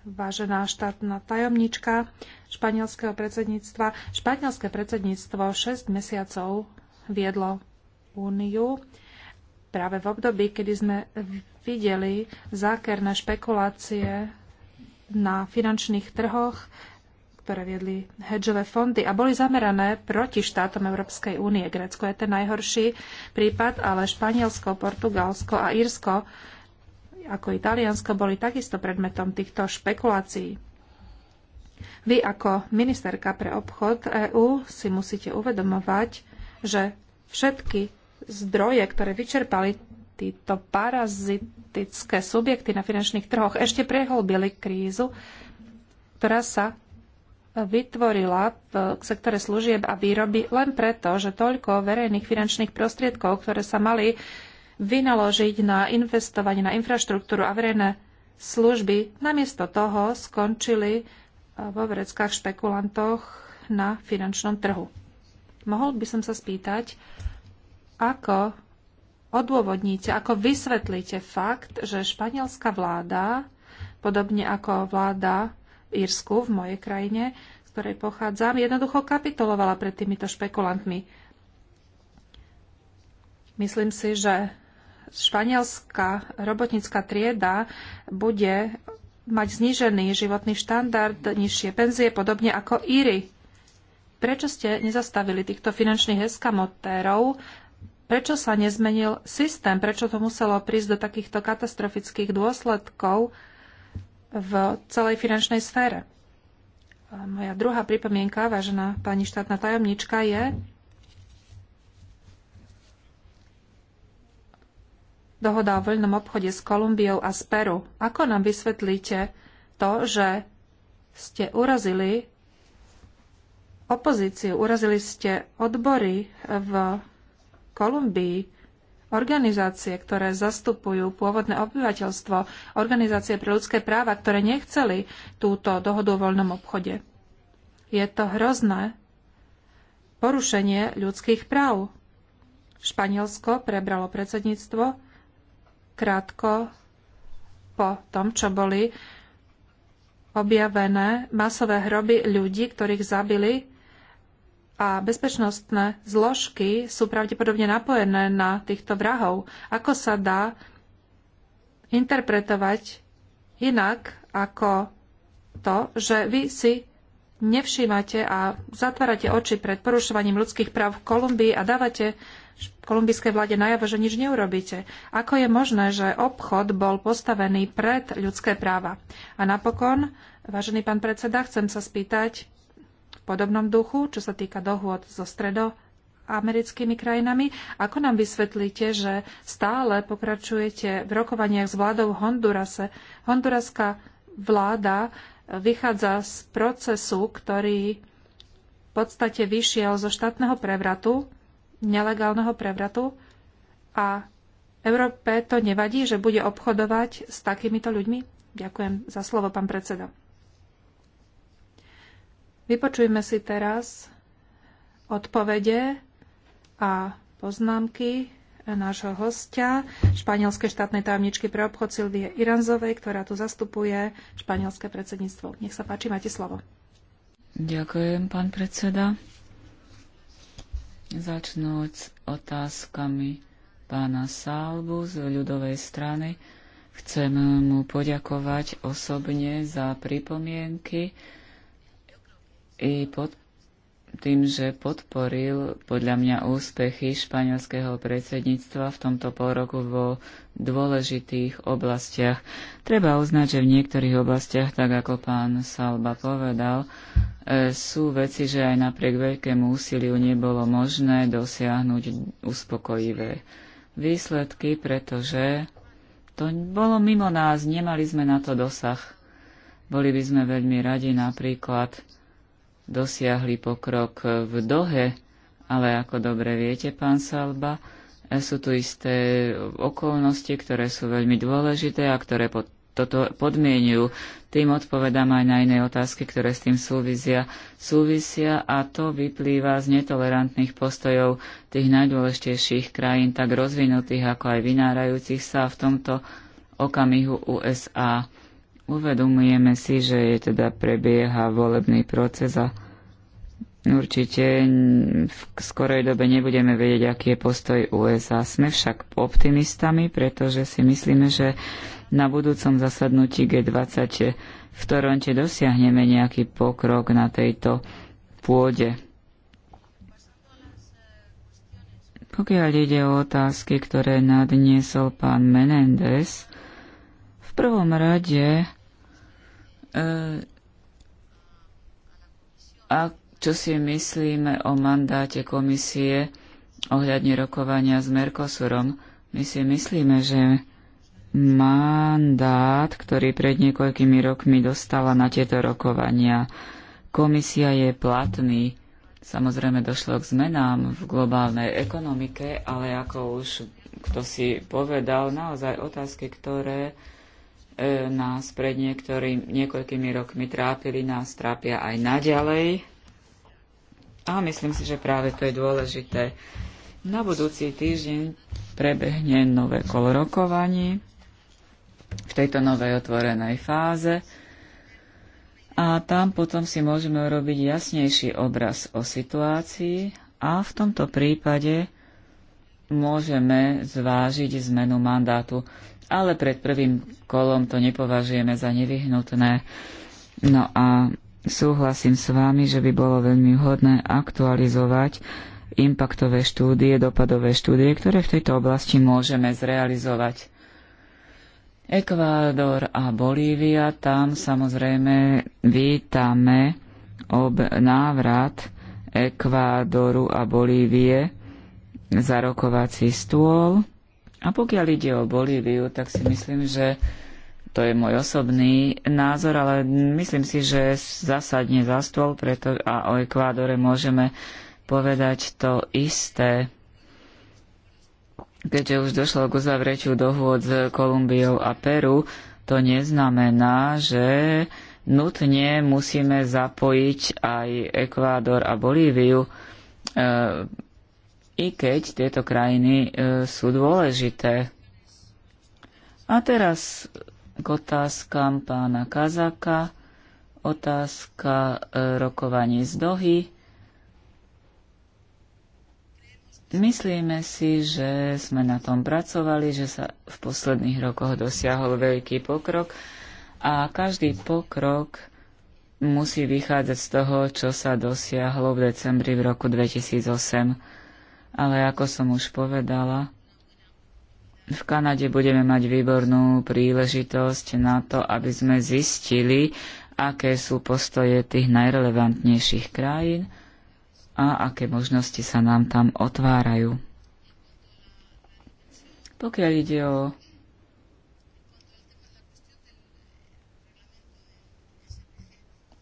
vážená štátna tajomnička španielského predsedníctva. Španielské predsedníctvo 6 mesiacov viedlo úniu práve v období, kedy sme videli zákerné špekulácie na finančných trhoch, ktoré viedli hedžové fondy a boli zamerané proti štátom Európskej únie. Grécko je ten najhorší prípad, ale Španielsko, Portugalsko a Írsko, ako Italiansko, boli takisto predmetom týchto špekulácií. Vy ako ministerka pre obchod EÚ si musíte uvedomovať, že všetky zdroje, ktoré vyčerpali títo parazitické subjekty na finančných trhoch, ešte prehlbili krízu, ktorá sa vytvorila v sektore služieb a výroby len preto, že toľko verejných finančných prostriedkov, ktoré sa mali vynaložiť na investovanie na infraštruktúru a verejné služby, namiesto toho skončili eh, vo vreckách špekulantoch na finančnom trhu. Mohol by som sa spýtať, ako odôvodníte, ako vysvetlíte fakt, že španielská vláda, podobne ako vláda Írsku, v mojej krajine, z ktorej pochádzam, jednoducho kapitulovala pred týmito špekulantmi. Myslím si, že španielská robotnícka trieda bude mať znížený životný štandard, nižšie penzie, podobne ako Íry. Prečo ste nezastavili týchto finančných eskamotérov prečo sa nezmenil systém, prečo to muselo prísť do takýchto katastrofických dôsledkov, v celej finančnej sfére. Moja druhá pripomienka, vážená pani štátna tajomnička, je dohoda o voľnom obchode s Kolumbiou a s Peru. Ako nám vysvetlíte to, že ste urazili opozíciu, urazili ste odbory v Kolumbii, organizácie, ktoré zastupujú pôvodné obyvateľstvo, organizácie pre ľudské práva, ktoré nechceli túto dohodu o voľnom obchode. Je to hrozné porušenie ľudských práv. Španielsko prebralo predsedníctvo krátko po tom, čo boli objavené masové hroby ľudí, ktorých zabili a bezpečnostné zložky sú pravdepodobne napojené na týchto vrahov. Ako sa dá interpretovať inak ako to, že vy si nevšímate a zatvárate oči pred porušovaním ľudských práv v Kolumbii a dávate kolumbijskej vláde najavo, že nič neurobíte. Ako je možné, že obchod bol postavený pred ľudské práva? A napokon, vážený pán predseda, chcem sa spýtať, podobnom duchu, čo sa týka dohôd so stredoamerickými krajinami. Ako nám vysvetlíte, že stále pokračujete v rokovaniach s vládou v Hondurase? Honduraská vláda vychádza z procesu, ktorý v podstate vyšiel zo štátneho prevratu, nelegálneho prevratu a Európe to nevadí, že bude obchodovať s takýmito ľuďmi? Ďakujem za slovo, pán predseda. Vypočujme si teraz odpovede a poznámky nášho hostia, španielskej štátnej tajomničky pre obchod Silvie Iranzovej, ktorá tu zastupuje španielské predsedníctvo. Nech sa páči, máte slovo. Ďakujem, pán predseda. Začnúť s otázkami pána Salbu z ľudovej strany, chcem mu poďakovať osobne za pripomienky, i pod tým, že podporil podľa mňa úspechy španielského predsedníctva v tomto polroku vo dôležitých oblastiach. Treba uznať, že v niektorých oblastiach, tak ako pán Salba povedal, e, sú veci, že aj napriek veľkému úsiliu nebolo možné dosiahnuť uspokojivé výsledky, pretože to bolo mimo nás, nemali sme na to dosah. Boli by sme veľmi radi napríklad dosiahli pokrok v Dohe, ale ako dobre viete, pán Salba, e, sú tu isté okolnosti, ktoré sú veľmi dôležité a ktoré pod, toto podmienujú. Tým odpovedám aj na iné otázky, ktoré s tým súvisia, súvisia a to vyplýva z netolerantných postojov tých najdôležitejších krajín, tak rozvinutých ako aj vynárajúcich sa v tomto okamihu USA. Uvedomujeme si, že je teda prebieha volebný proces a určite v skorej dobe nebudeme vedieť, aký je postoj USA. Sme však optimistami, pretože si myslíme, že na budúcom zasadnutí G20 v Toronte dosiahneme nejaký pokrok na tejto pôde. Pokiaľ ide o otázky, ktoré nadniesol pán Menendez, prvom rade, e, a čo si myslíme o mandáte komisie ohľadne rokovania s Mercosurom? My si myslíme, že mandát, ktorý pred niekoľkými rokmi dostala na tieto rokovania. Komisia je platný. Samozrejme došlo k zmenám v globálnej ekonomike, ale ako už kto si povedal, naozaj otázky, ktoré E, nás pred niektorým, niekoľkými rokmi trápili, nás trápia aj naďalej. A myslím si, že práve to je dôležité. Na budúci týždeň prebehne nové kolo rokovaní v tejto novej otvorenej fáze a tam potom si môžeme urobiť jasnejší obraz o situácii a v tomto prípade môžeme zvážiť zmenu mandátu ale pred prvým kolom to nepovažujeme za nevyhnutné. No a súhlasím s vami, že by bolo veľmi vhodné aktualizovať impaktové štúdie, dopadové štúdie, ktoré v tejto oblasti môžeme zrealizovať. Ekvádor a Bolívia, tam samozrejme vítame ob návrat Ekvádoru a Bolívie za rokovací stôl a pokiaľ ide o Bolíviu, tak si myslím, že to je môj osobný názor, ale myslím si, že zasadne za stôl preto a o Ekvádore môžeme povedať to isté, keďže už došlo k uzavretiu dohôd s Kolumbiou a Peru, to neznamená, že nutne musíme zapojiť aj Ekvádor a Bolíviu. E, i keď tieto krajiny e, sú dôležité. A teraz k otázkam pána Kazaka, otázka e, rokovaní z Dohy. Myslíme si, že sme na tom pracovali, že sa v posledných rokoch dosiahol veľký pokrok a každý pokrok musí vychádzať z toho, čo sa dosiahlo v decembri v roku 2008 ale ako som už povedala, v Kanade budeme mať výbornú príležitosť na to, aby sme zistili, aké sú postoje tých najrelevantnejších krajín a aké možnosti sa nám tam otvárajú. Pokiaľ ide o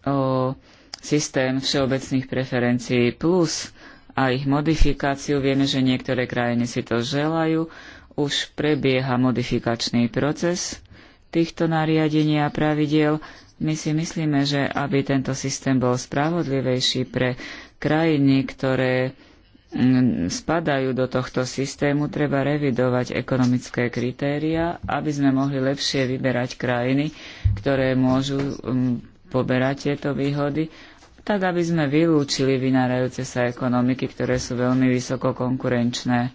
o systém všeobecných preferencií plus a ich modifikáciu. Vieme, že niektoré krajiny si to želajú. Už prebieha modifikačný proces týchto nariadení a pravidiel. My si myslíme, že aby tento systém bol spravodlivejší pre krajiny, ktoré mm, spadajú do tohto systému, treba revidovať ekonomické kritéria, aby sme mohli lepšie vyberať krajiny, ktoré môžu mm, poberať tieto výhody tak aby sme vylúčili vynárajúce sa ekonomiky, ktoré sú veľmi vysoko konkurenčné.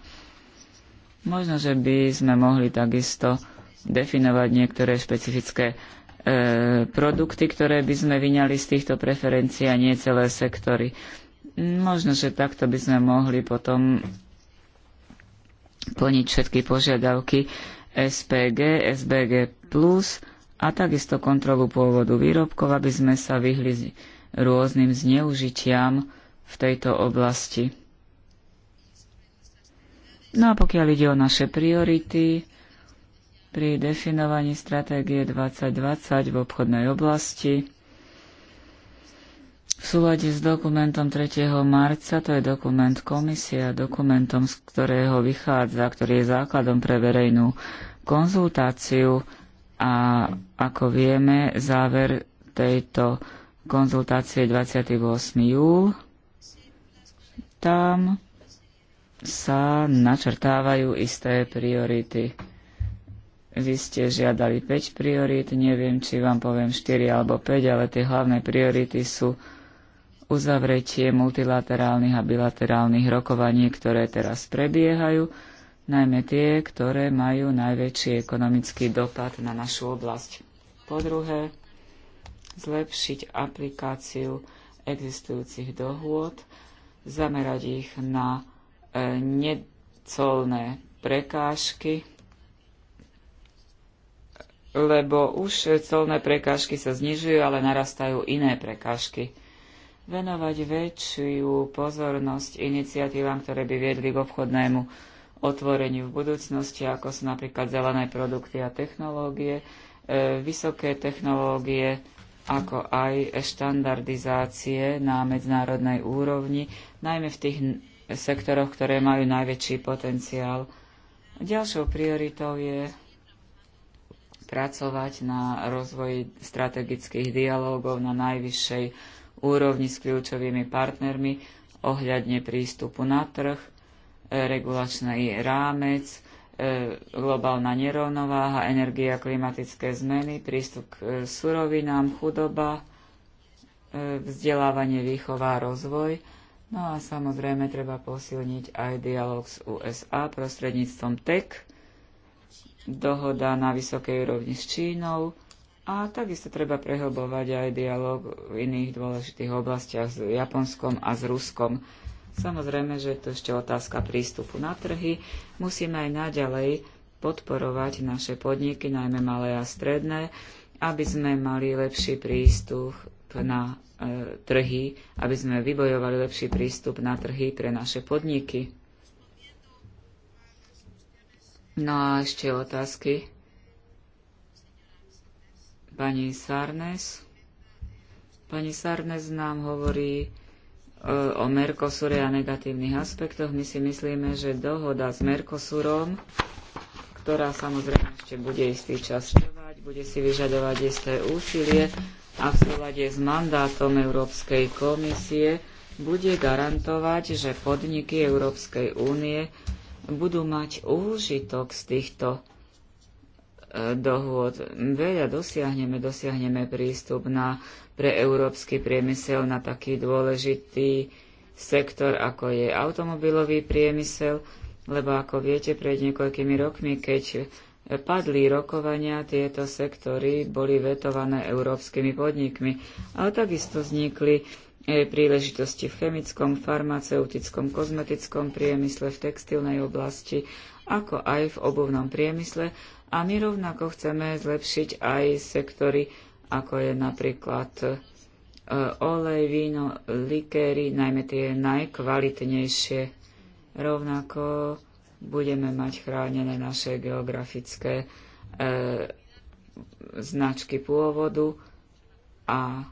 Možno, že by sme mohli takisto definovať niektoré špecifické e, produkty, ktoré by sme vyňali z týchto preferencií a nie celé sektory. Možno, že takto by sme mohli potom plniť všetky požiadavky SPG, SBG+, a takisto kontrolu pôvodu výrobkov, aby sme sa vyhli rôznym zneužitiam v tejto oblasti. No a pokiaľ ide o naše priority, pri definovaní stratégie 2020 v obchodnej oblasti, v súlade s dokumentom 3. marca, to je dokument komisie a dokumentom, z ktorého vychádza, ktorý je základom pre verejnú konzultáciu a ako vieme, záver tejto konzultácie 28. júl. Tam sa načrtávajú isté priority. Vy ste žiadali 5 priorít, neviem, či vám poviem 4 alebo 5, ale tie hlavné priority sú uzavretie multilaterálnych a bilaterálnych rokovaní, ktoré teraz prebiehajú, najmä tie, ktoré majú najväčší ekonomický dopad na našu oblasť. Po druhé, zlepšiť aplikáciu existujúcich dohôd, zamerať ich na e, necolné prekážky, lebo už colné prekážky sa znižujú, ale narastajú iné prekážky. Venovať väčšiu pozornosť iniciatívam, ktoré by viedli k obchodnému otvoreniu v budúcnosti, ako sú napríklad zelené produkty a technológie, e, vysoké technológie, ako aj štandardizácie na medzinárodnej úrovni, najmä v tých sektoroch, ktoré majú najväčší potenciál. Ďalšou prioritou je pracovať na rozvoji strategických dialógov na najvyššej úrovni s kľúčovými partnermi ohľadne prístupu na trh, regulačný rámec, E, globálna nerovnováha, energia, klimatické zmeny, prístup k e, surovinám, chudoba, e, vzdelávanie, výchova, rozvoj. No a samozrejme treba posilniť aj dialog s USA prostredníctvom TEC, dohoda na vysokej úrovni s Čínou a takisto treba prehlbovať aj dialog v iných dôležitých oblastiach s Japonskom a s Ruskom. Samozrejme, že je to ešte otázka prístupu na trhy. Musíme aj naďalej podporovať naše podniky, najmä malé a stredné, aby sme mali lepší prístup na e, trhy, aby sme vybojovali lepší prístup na trhy pre naše podniky. No a ešte otázky. Pani Sarnes. Pani Sarnes nám hovorí, o Mercosure a negatívnych aspektoch. My si myslíme, že dohoda s Mercosurom, ktorá samozrejme ešte bude istý čas trvať, bude si vyžadovať isté úsilie a v súlade s mandátom Európskej komisie bude garantovať, že podniky Európskej únie budú mať úžitok z týchto e, dohôd. Veľa dosiahneme, dosiahneme prístup na pre európsky priemysel na taký dôležitý sektor, ako je automobilový priemysel, lebo ako viete, pred niekoľkými rokmi, keď padli rokovania, tieto sektory boli vetované európskymi podnikmi, ale takisto vznikli e, príležitosti v chemickom, farmaceutickom, kozmetickom priemysle, v textilnej oblasti, ako aj v obuvnom priemysle a my rovnako chceme zlepšiť aj sektory ako je napríklad e, olej, víno, likéry, najmä tie najkvalitnejšie. Rovnako budeme mať chránené naše geografické e, značky pôvodu a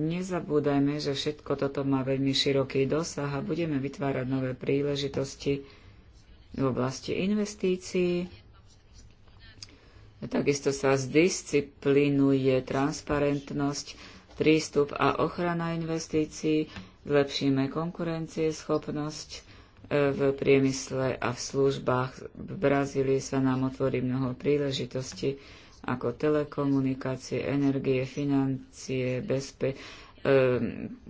nezabúdajme, že všetko toto má veľmi široký dosah a budeme vytvárať nové príležitosti v oblasti investícií, Takisto sa zdisciplinuje transparentnosť, prístup a ochrana investícií, zlepšíme konkurencieschopnosť e, v priemysle a v službách. V Brazílii sa nám otvorí mnoho príležitostí ako telekomunikácie, energie, financie, bezpe, e,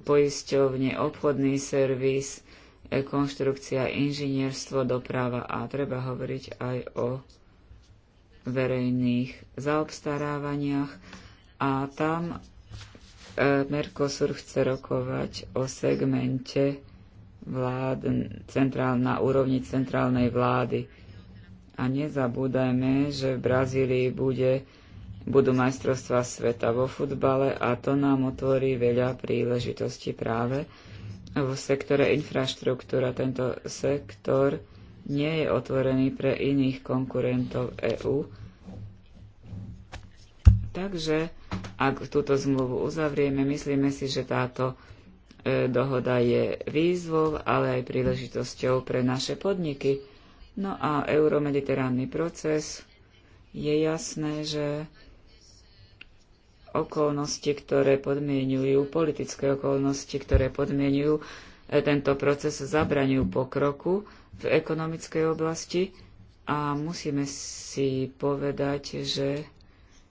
poisťovne, obchodný servis, e, konštrukcia, inžinierstvo, doprava a treba hovoriť aj o verejných zaobstarávaniach a tam e, Mercosur chce rokovať o segmente vlád, centrál, na úrovni centrálnej vlády. A nezabúdajme, že v Brazílii bude, budú majstrovstva sveta vo futbale a to nám otvorí veľa príležitostí práve v sektore infraštruktúra. Tento sektor nie je otvorený pre iných konkurentov EÚ Takže ak túto zmluvu uzavrieme, myslíme si, že táto e, dohoda je výzvou, ale aj príležitosťou pre naše podniky. No a euromediteránny proces je jasné, že okolnosti, ktoré podmienujú, politické okolnosti, ktoré podmienujú e, tento proces, zabraňujú pokroku v ekonomickej oblasti a musíme si povedať, že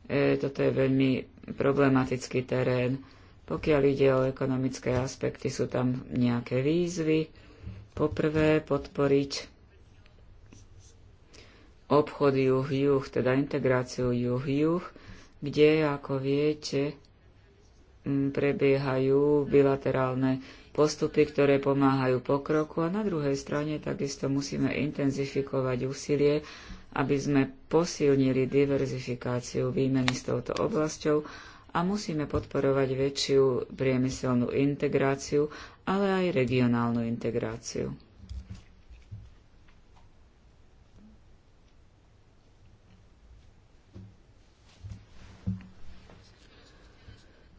E, toto je veľmi problematický terén. Pokiaľ ide o ekonomické aspekty, sú tam nejaké výzvy. Poprvé podporiť obchod juh-juh, teda integráciu juh-juh, kde, ako viete, prebiehajú bilaterálne postupy, ktoré pomáhajú pokroku a na druhej strane takisto musíme intenzifikovať úsilie aby sme posilnili diverzifikáciu výmeny s touto oblasťou a musíme podporovať väčšiu priemyselnú integráciu, ale aj regionálnu integráciu.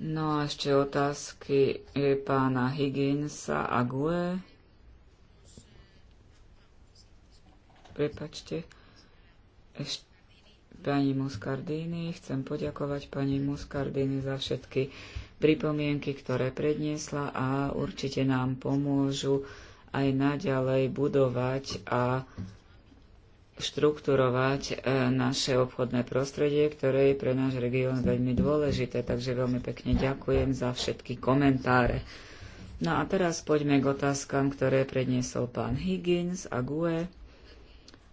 No a ešte otázky je pána Higginsa a Gue. Prepačte. Ešte pani Muscardini. Chcem poďakovať pani Muscardini za všetky pripomienky, ktoré predniesla a určite nám pomôžu aj naďalej budovať a štrukturovať e, naše obchodné prostredie, ktoré je pre náš región veľmi dôležité. Takže veľmi pekne ďakujem za všetky komentáre. No a teraz poďme k otázkam, ktoré predniesol pán Higgins a Gue.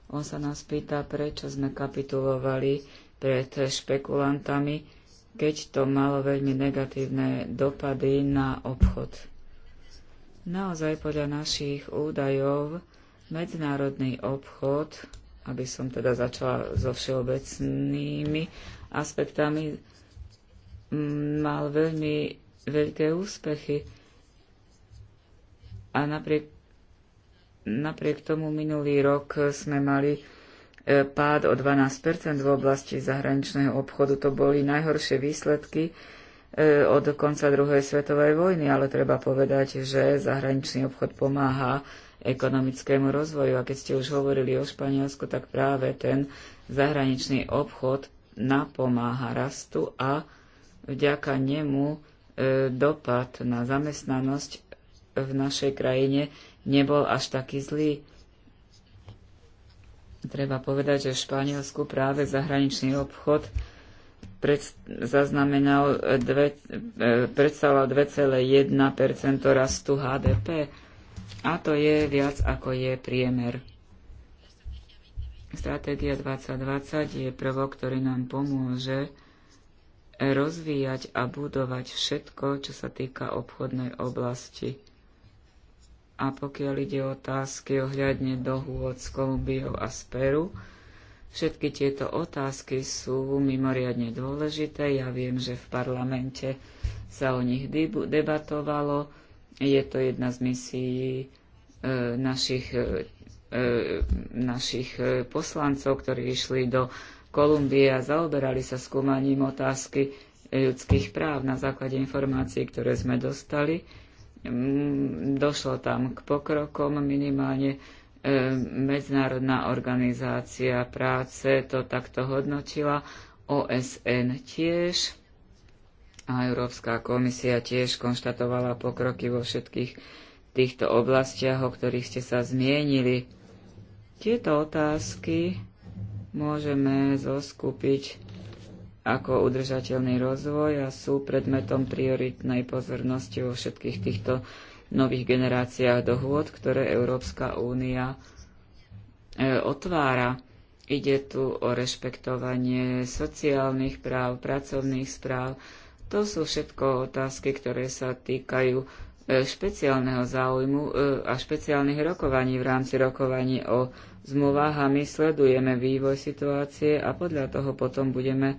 On sa nás pýta, prečo sme kapitulovali pred špekulantami, keď to malo veľmi negatívne dopady na obchod. Naozaj podľa našich údajov medzinárodný obchod, aby som teda začala so všeobecnými aspektami, mal veľmi veľké úspechy. A napriek Napriek tomu minulý rok sme mali e, pád o 12 v oblasti zahraničného obchodu. To boli najhoršie výsledky e, od konca druhej svetovej vojny, ale treba povedať, že zahraničný obchod pomáha ekonomickému rozvoju. A keď ste už hovorili o Španielsku, tak práve ten zahraničný obchod napomáha rastu a vďaka nemu e, dopad na zamestnanosť v našej krajine nebol až taký zlý. Treba povedať, že v Španielsku práve zahraničný obchod pred, zaznamenal dve, 2,1 e, rastu HDP a to je viac ako je priemer. Stratégia 2020 je prvok, ktorý nám pomôže rozvíjať a budovať všetko, čo sa týka obchodnej oblasti. A pokiaľ ide o otázky ohľadne dohôd s Kolumbiou a z Peru. všetky tieto otázky sú mimoriadne dôležité. Ja viem, že v parlamente sa o nich debatovalo. Je to jedna z misií e, našich, e, e našich e, poslancov, ktorí išli do Kolumbie a zaoberali sa skúmaním otázky ľudských práv na základe informácií, ktoré sme dostali Mm, došlo tam k pokrokom minimálne e, Medzinárodná organizácia práce to takto hodnotila, OSN tiež a Európska komisia tiež konštatovala pokroky vo všetkých týchto oblastiach, o ktorých ste sa zmienili. Tieto otázky môžeme zoskupiť ako udržateľný rozvoj a sú predmetom prioritnej pozornosti vo všetkých týchto nových generáciách dohôd, ktoré Európska únia e, otvára. Ide tu o rešpektovanie sociálnych práv, pracovných správ. To sú všetko otázky, ktoré sa týkajú e, špeciálneho záujmu e, a špeciálnych rokovaní v rámci rokovaní o zmluvách a my sledujeme vývoj situácie a podľa toho potom budeme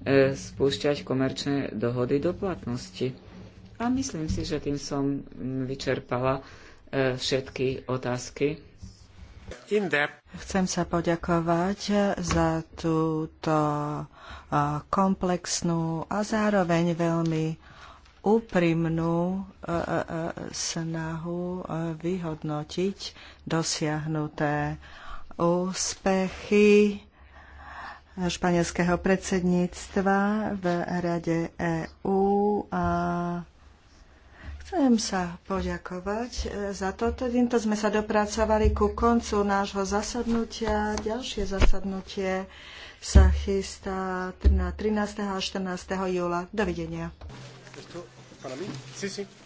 E, spúšťať komerčné dohody do platnosti. A myslím si, že tým som vyčerpala e, všetky otázky. Chcem sa poďakovať za túto e, komplexnú a zároveň veľmi úprimnú snahu vyhodnotiť dosiahnuté úspechy španielského predsedníctva v Rade EÚ a chcem sa poďakovať e, za toto. Týmto sme sa dopracovali ku koncu nášho zasadnutia. Ďalšie zasadnutie sa chystá na 13. a 14. júla. Dovidenia. Para mí? Sí, sí.